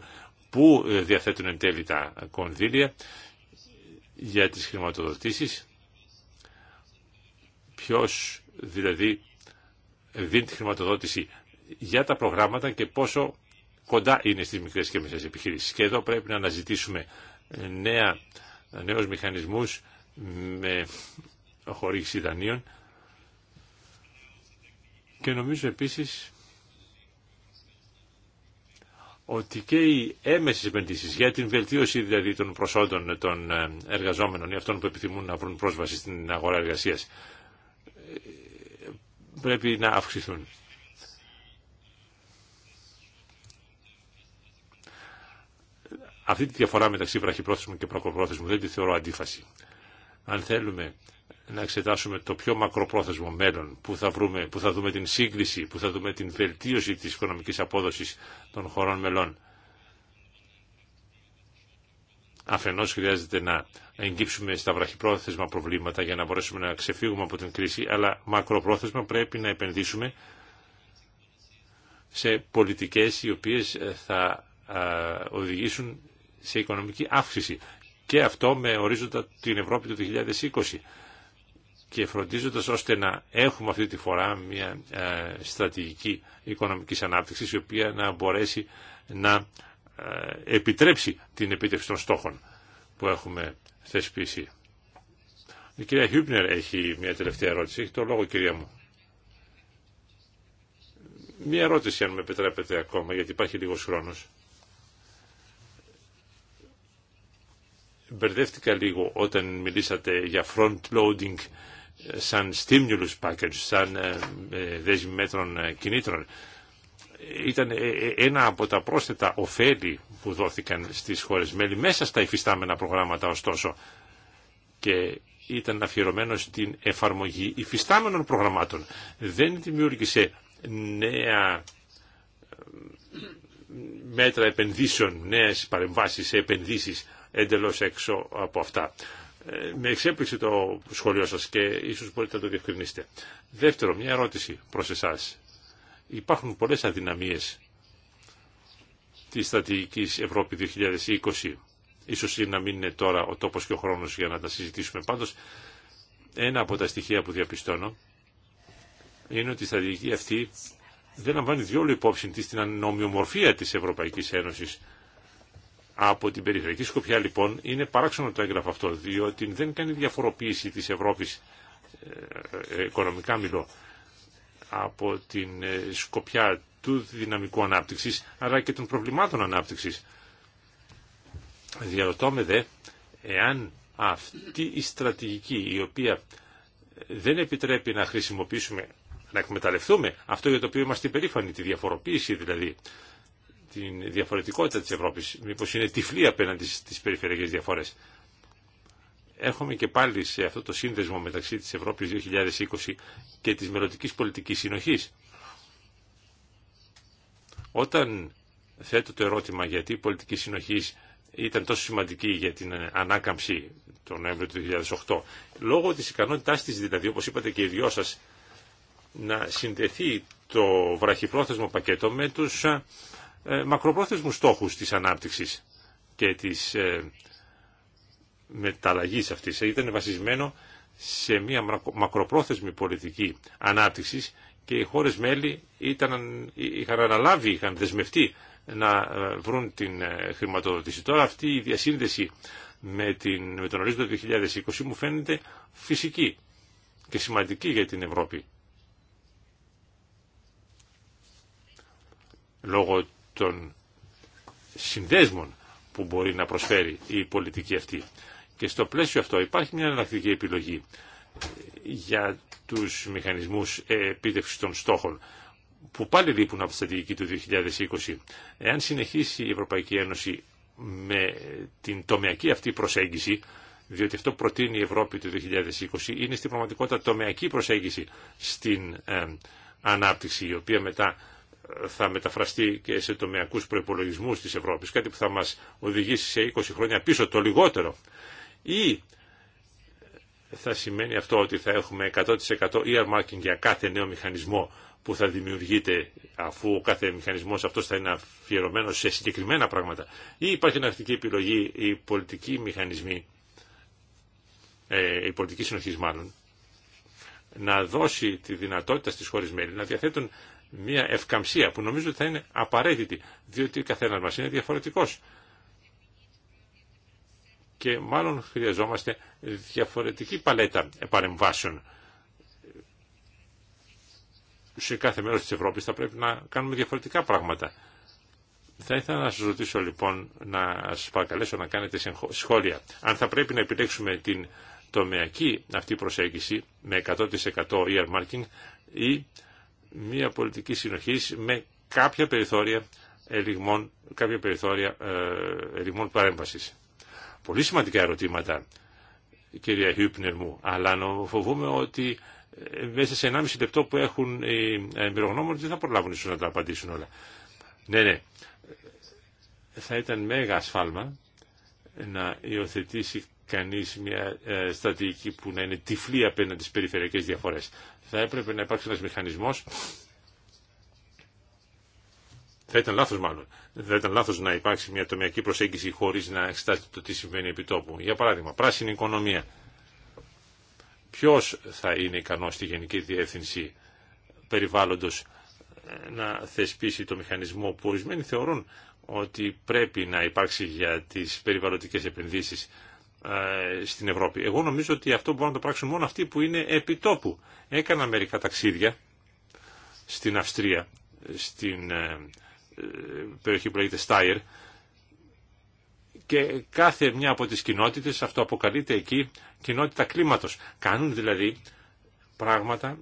που ε, διαθέτουν εν τέλει τα κονδύλια για τις χρηματοδοτήσεις, ποιος δηλαδή δίνει τη χρηματοδότηση για τα προγράμματα και πόσο κοντά είναι στις μικρές και μεσές επιχειρήσεις. Και εδώ πρέπει να αναζητήσουμε νέα, νέους μηχανισμούς με χορήγηση δανείων και νομίζω επίσης ότι και οι έμεσε επενδύσει για την βελτίωση δηλαδή των προσόντων των ε, εργαζόμενων ή αυτών που επιθυμούν να βρουν πρόσβαση στην αγορά εργασίας ε, πρέπει να αυξηθούν. Αυτή τη διαφορά μεταξύ βραχυπρόθεσμου και προκοπρόθεσμου δεν τη θεωρώ αντίφαση. Αν θέλουμε να εξετάσουμε το πιο μακροπρόθεσμο μέλλον που θα, βρούμε, που θα δούμε την σύγκριση, που θα δούμε την βελτίωση της οικονομικής απόδοσης των χωρών μελών. Αφενός χρειάζεται να εγκύψουμε στα βραχυπρόθεσμα προβλήματα για να μπορέσουμε να ξεφύγουμε από την κρίση, αλλά μακροπρόθεσμα πρέπει να επενδύσουμε σε πολιτικές οι οποίες θα οδηγήσουν σε οικονομική αύξηση. Και αυτό με ορίζοντα την Ευρώπη του 2020 και φροντίζοντας ώστε να έχουμε αυτή τη φορά μια ε, στρατηγική οικονομικής ανάπτυξης η οποία να μπορέσει να ε, επιτρέψει την επίτευξη των στόχων που έχουμε θεσπίσει. Η κυρία Χιούπνερ έχει μια τελευταία ερώτηση. Έχει το λόγο κυρία μου. Μια ερώτηση αν με επιτρέπετε ακόμα γιατί υπάρχει λίγος χρόνος. Μπερδεύτηκα λίγο όταν μιλήσατε για front loading σαν stimulus package, σαν ε, ε, δέσμη μέτρων ε, κινήτρων. Ήταν ένα από τα πρόσθετα ωφέλη που δόθηκαν στις χώρες μέλη μέσα στα υφιστάμενα προγράμματα ωστόσο και ήταν αφιερωμένο στην εφαρμογή υφιστάμενων προγραμμάτων. Δεν δημιούργησε νέα μέτρα επενδύσεων, νέες παρεμβάσεις σε επενδύσεις εντελώς έξω από αυτά. Ε, με εξέπληξε το σχολείο σας και ίσως μπορείτε να το διευκρινίσετε. Δεύτερο, μια ερώτηση προς εσάς. Υπάρχουν πολλές αδυναμίες της στρατηγικής Ευρώπη 2020. Ίσως να μην είναι τώρα ο τόπος και ο χρόνος για να τα συζητήσουμε. Πάντως, ένα από τα στοιχεία που διαπιστώνω είναι ότι η στρατηγική αυτή δεν λαμβάνει διόλου υπόψη της την ανομοιομορφία της Ευρωπαϊκής Ένωσης από την περιφερειακή σκοπιά λοιπόν είναι παράξενο το έγγραφο αυτό, διότι δεν κάνει διαφοροποίηση της Ευρώπης, ε, ε, οικονομικά μιλώ, από την ε, σκοπιά του δυναμικού ανάπτυξης, αλλά και των προβλημάτων ανάπτυξης. Διαρωτώμε, δε, εάν αυτή η στρατηγική η οποία δεν επιτρέπει να χρησιμοποιήσουμε, να εκμεταλλευτούμε αυτό για το οποίο είμαστε υπερήφανοι, τη διαφοροποίηση δηλαδή, την διαφορετικότητα της Ευρώπης, μήπως είναι τυφλή απέναντι στις περιφερειακές διαφορές. Έρχομαι και πάλι σε αυτό το σύνδεσμο μεταξύ της Ευρώπης 2020 και της μελλοντικής πολιτικής συνοχής. Όταν θέτω το ερώτημα γιατί η πολιτική συνοχής ήταν τόσο σημαντική για την ανάκαμψη τον Νοέμβριο του 2008, λόγω της ικανότητάς της δηλαδή, όπως είπατε και οι δυο σας, να συνδεθεί το βραχυπρόθεσμο πακέτο με τους ε, μακροπρόθεσμους στόχους της ανάπτυξης και της ε, μεταλλαγής αυτής. Ε, ήταν βασισμένο σε μια μακροπρόθεσμη πολιτική ανάπτυξης και οι χώρες μέλη ήταν, είχαν αναλάβει, είχαν δεσμευτεί να βρουν την χρηματοδότηση. Τώρα αυτή η διασύνδεση με, την, τον ορίζοντα 2020 μου φαίνεται φυσική και σημαντική για την Ευρώπη. Λόγω των συνδέσμων που μπορεί να προσφέρει η πολιτική αυτή. Και στο πλαίσιο αυτό υπάρχει μια εναλλακτική επιλογή για τους μηχανισμούς επίτευξης των στόχων που πάλι λείπουν από τη στρατηγική του 2020. Εάν συνεχίσει η Ευρωπαϊκή Ένωση με την τομεακή αυτή προσέγγιση, διότι αυτό προτείνει η Ευρώπη του 2020, είναι στην πραγματικότητα τομεακή προσέγγιση στην ε, ανάπτυξη, η οποία μετά θα μεταφραστεί και σε τομεακού προπολογισμού τη Ευρώπη κάτι που θα μας οδηγήσει σε 20 χρόνια πίσω το λιγότερο. Ή θα σημαίνει αυτό ότι θα έχουμε 100% earmarking για κάθε νέο μηχανισμό που θα δημιουργείται αφού ο κάθε μηχανισμός αυτός θα είναι αφιερωμένο σε συγκεκριμένα πράγματα. Ή υπάρχει αρχικη επιλογή, οι πολιτικοί μηχανισμοί, ε, η πολιτική μάλλον, να δώσει τη δυνατότητα στις χώρες μέλη να διαθέτουν μια ευκαμψία που νομίζω ότι θα είναι απαραίτητη, διότι ο καθένας μας είναι διαφορετικός. Και μάλλον χρειαζόμαστε διαφορετική παλέτα παρεμβάσεων. Σε κάθε μέρος της Ευρώπης θα πρέπει να κάνουμε διαφορετικά πράγματα. Θα ήθελα να σας ρωτήσω λοιπόν, να σας παρακαλέσω να κάνετε σχόλια. Αν θα πρέπει να επιλέξουμε την τομεακή αυτή προσέγγιση με 100% earmarking ή μια πολιτική συνοχής με κάποια περιθώρια ελιγμών, κάποια περιθώρια ε, ελιγμών παρέμβασης. Πολύ σημαντικά ερωτήματα, κυρία Χιούπνερ μου, αλλά φοβούμαι ότι ε, μέσα σε 1,5 λεπτό που έχουν οι ε, εμπειρογνώμονες δεν θα προλάβουν ίσως να τα απαντήσουν όλα. Ναι, ναι. Θα ήταν μέγα ασφάλμα να υιοθετήσει κανείς μια ε, στρατηγική που να είναι τυφλή απέναντι στις περιφερειακές διαφορές. Θα έπρεπε να υπάρξει ένας μηχανισμός θα ήταν λάθος μάλλον. Θα ήταν λάθος να υπάρξει μια τομιακή προσέγγιση χωρίς να εξετάσει το τι συμβαίνει επί τόπου. Για παράδειγμα, πράσινη οικονομία. Ποιος θα είναι ικανό στη Γενική Διεύθυνση Περιβάλλοντος ε, να θεσπίσει το μηχανισμό που ορισμένοι θεωρούν ότι πρέπει να υπάρξει για τις περιβαλλοντικές επενδύσεις ε, στην Ευρώπη. Εγώ νομίζω ότι αυτό μπορούν να το πράξουν μόνο αυτοί που είναι επιτόπου. Έκανα μερικά ταξίδια στην Αυστρία, στην ε, ε, περιοχή που λέγεται Στάιρ και κάθε μια από τις κοινότητες, αυτό αποκαλείται εκεί κοινότητα κλίματος. Κάνουν δηλαδή πράγματα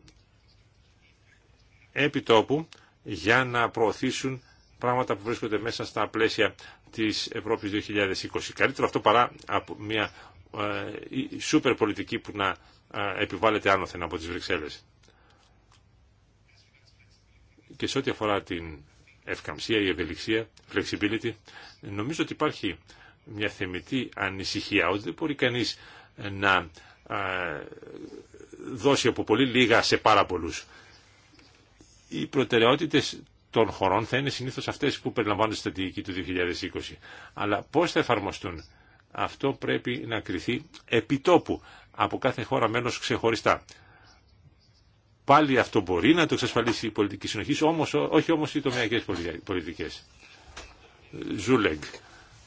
επιτόπου για να προωθήσουν πράγματα που βρίσκονται μέσα στα πλαίσια της Ευρώπης 2020. Καλύτερο αυτό παρά μια ε, σούπερ πολιτική που να ε, επιβάλλεται άνωθεν από τις Βρυξέλλες. Και σε ό,τι αφορά την ευκαμψία ή ευελιξία, flexibility, νομίζω ότι υπάρχει μια θεμητή ανησυχία ότι δεν μπορεί κανείς ε, να δώσει από πολύ λίγα σε πάρα πολλούς. Οι προτεραιότητες των χωρών θα είναι συνήθως αυτές που περιλαμβάνονται στη στρατηγική του 2020. Αλλά πώς θα εφαρμοστούν. Αυτό πρέπει να κριθεί επιτόπου από κάθε χώρα μέλος ξεχωριστά. Πάλι αυτό μπορεί να το εξασφαλίσει η πολιτική συνοχή, όμως, όχι όμως οι τομεακές πολιτικές. Ζούλεγκ.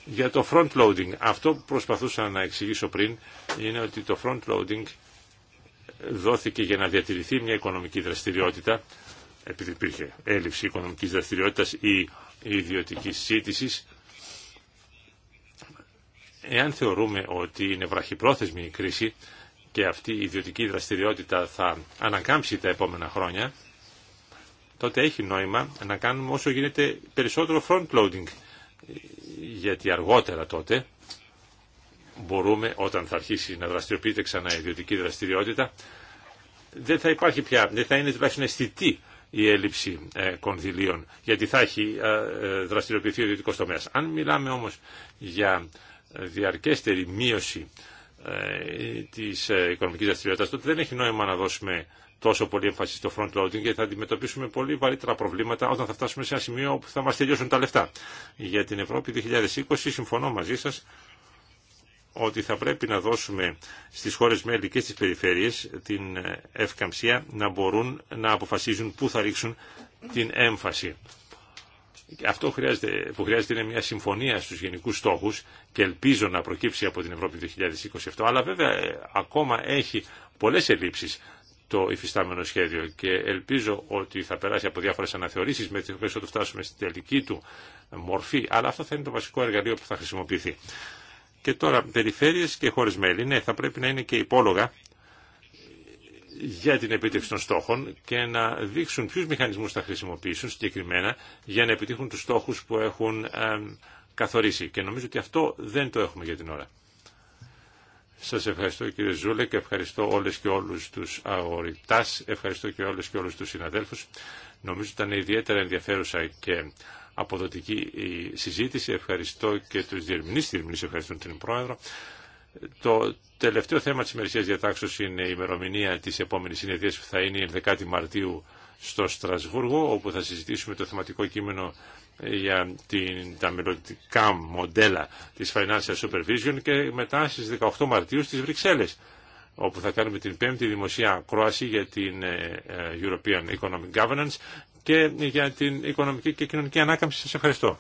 Για το front loading, αυτό που προσπαθούσα να εξηγήσω πριν είναι ότι το front loading δόθηκε για να διατηρηθεί μια οικονομική δραστηριότητα επειδή υπήρχε έλλειψη οικονομικής δραστηριότητας ή ιδιωτικής σύντησης, εάν θεωρούμε ότι είναι βραχυπρόθεσμη η κρίση και αυτή η ιδιωτική δραστηριότητα θα ανακάμψει τα επόμενα χρόνια, τότε έχει νόημα να κάνουμε όσο γίνεται περισσότερο front-loading, γιατί αργότερα τότε μπορούμε, όταν θα αρχίσει να δραστηριοποιείται ξανά η ιδιωτική δραστηριότητα, δεν θα υπάρχει πια, δεν θα είναι τουλάχιστον αισθητή η έλλειψη ε, κονδυλίων, γιατί θα έχει ε, ε, δραστηριοποιηθεί ο ιδιωτικό τομέας. Αν μιλάμε όμως για διαρκέστερη μείωση τη οικονομικής δραστηριότητα, τότε δεν έχει νόημα να δώσουμε τόσο πολύ έμφαση στο front loading γιατί θα αντιμετωπίσουμε πολύ βαρύτερα προβλήματα όταν θα φτάσουμε σε ένα σημείο όπου θα μας τελειώσουν τα λεφτά. Για την Ευρώπη 2020 συμφωνώ μαζί σας ότι θα πρέπει να δώσουμε στις χώρες μέλη και στις περιφέρειες την ευκαμψία να μπορούν να αποφασίζουν πού θα ρίξουν την έμφαση. Αυτό χρειάζεται, που χρειάζεται είναι μια συμφωνία στους γενικούς στόχους και ελπίζω να προκύψει από την Ευρώπη 2027, αλλά βέβαια ε, ακόμα έχει πολλές ελλείψεις το υφιστάμενο σχέδιο και ελπίζω ότι θα περάσει από διάφορες αναθεωρήσεις με τις οποίες θα το φτάσουμε στη τελική του μορφή, αλλά αυτό θα είναι το βασικό εργαλείο που θα ριξουν την εμφαση αυτο χρειαζεται που χρειαζεται ειναι μια συμφωνια στους γενικους στοχους και ελπιζω να προκυψει απο την ευρωπη 2027 αλλα βεβαια ακομα εχει πολλες ελλειψεις το υφισταμενο σχεδιο και ελπιζω οτι θα περασει απο διαφορες αναθεωρησεις με τις οποιες θα φτασουμε στη τελικη του μορφη αλλα αυτο θα ειναι το βασικο εργαλειο που θα χρησιμοποιηθει και τώρα περιφέρειες και χώρες μέλη. Ναι, θα πρέπει να είναι και υπόλογα για την επίτευξη των στόχων και να δείξουν ποιους μηχανισμούς θα χρησιμοποιήσουν συγκεκριμένα για να επιτύχουν τους στόχους που έχουν καθορίσει. Και νομίζω ότι αυτό δεν το έχουμε για την ώρα. Σας ευχαριστώ κύριε Ζούλε και ευχαριστώ όλες και όλους τους αγορητάς, ευχαριστώ και όλες και όλους τους συναδέλφους. Νομίζω ήταν ιδιαίτερα ενδιαφέρουσα και αποδοτική η συζήτηση. Ευχαριστώ και τους διερμηνείς, διερμηνείς ευχαριστούν την Πρόεδρο. Το τελευταίο θέμα της ημερησίας διατάξεως είναι η ημερομηνία της επόμενης συνεδρίας που θα είναι η 11η Μαρτίου στο Στρασβούργο, όπου θα συζητήσουμε το θεματικό κείμενο για την, τα μελλοντικά μοντέλα της Financial Supervision και μετά στις 18 Μαρτίου στις Βρυξέλλες όπου θα κάνουμε την πέμπτη δημοσία κρόαση για την ε, ε, European Economic Governance και για την οικονομική και κοινωνική ανάκαμψη. Σας ευχαριστώ.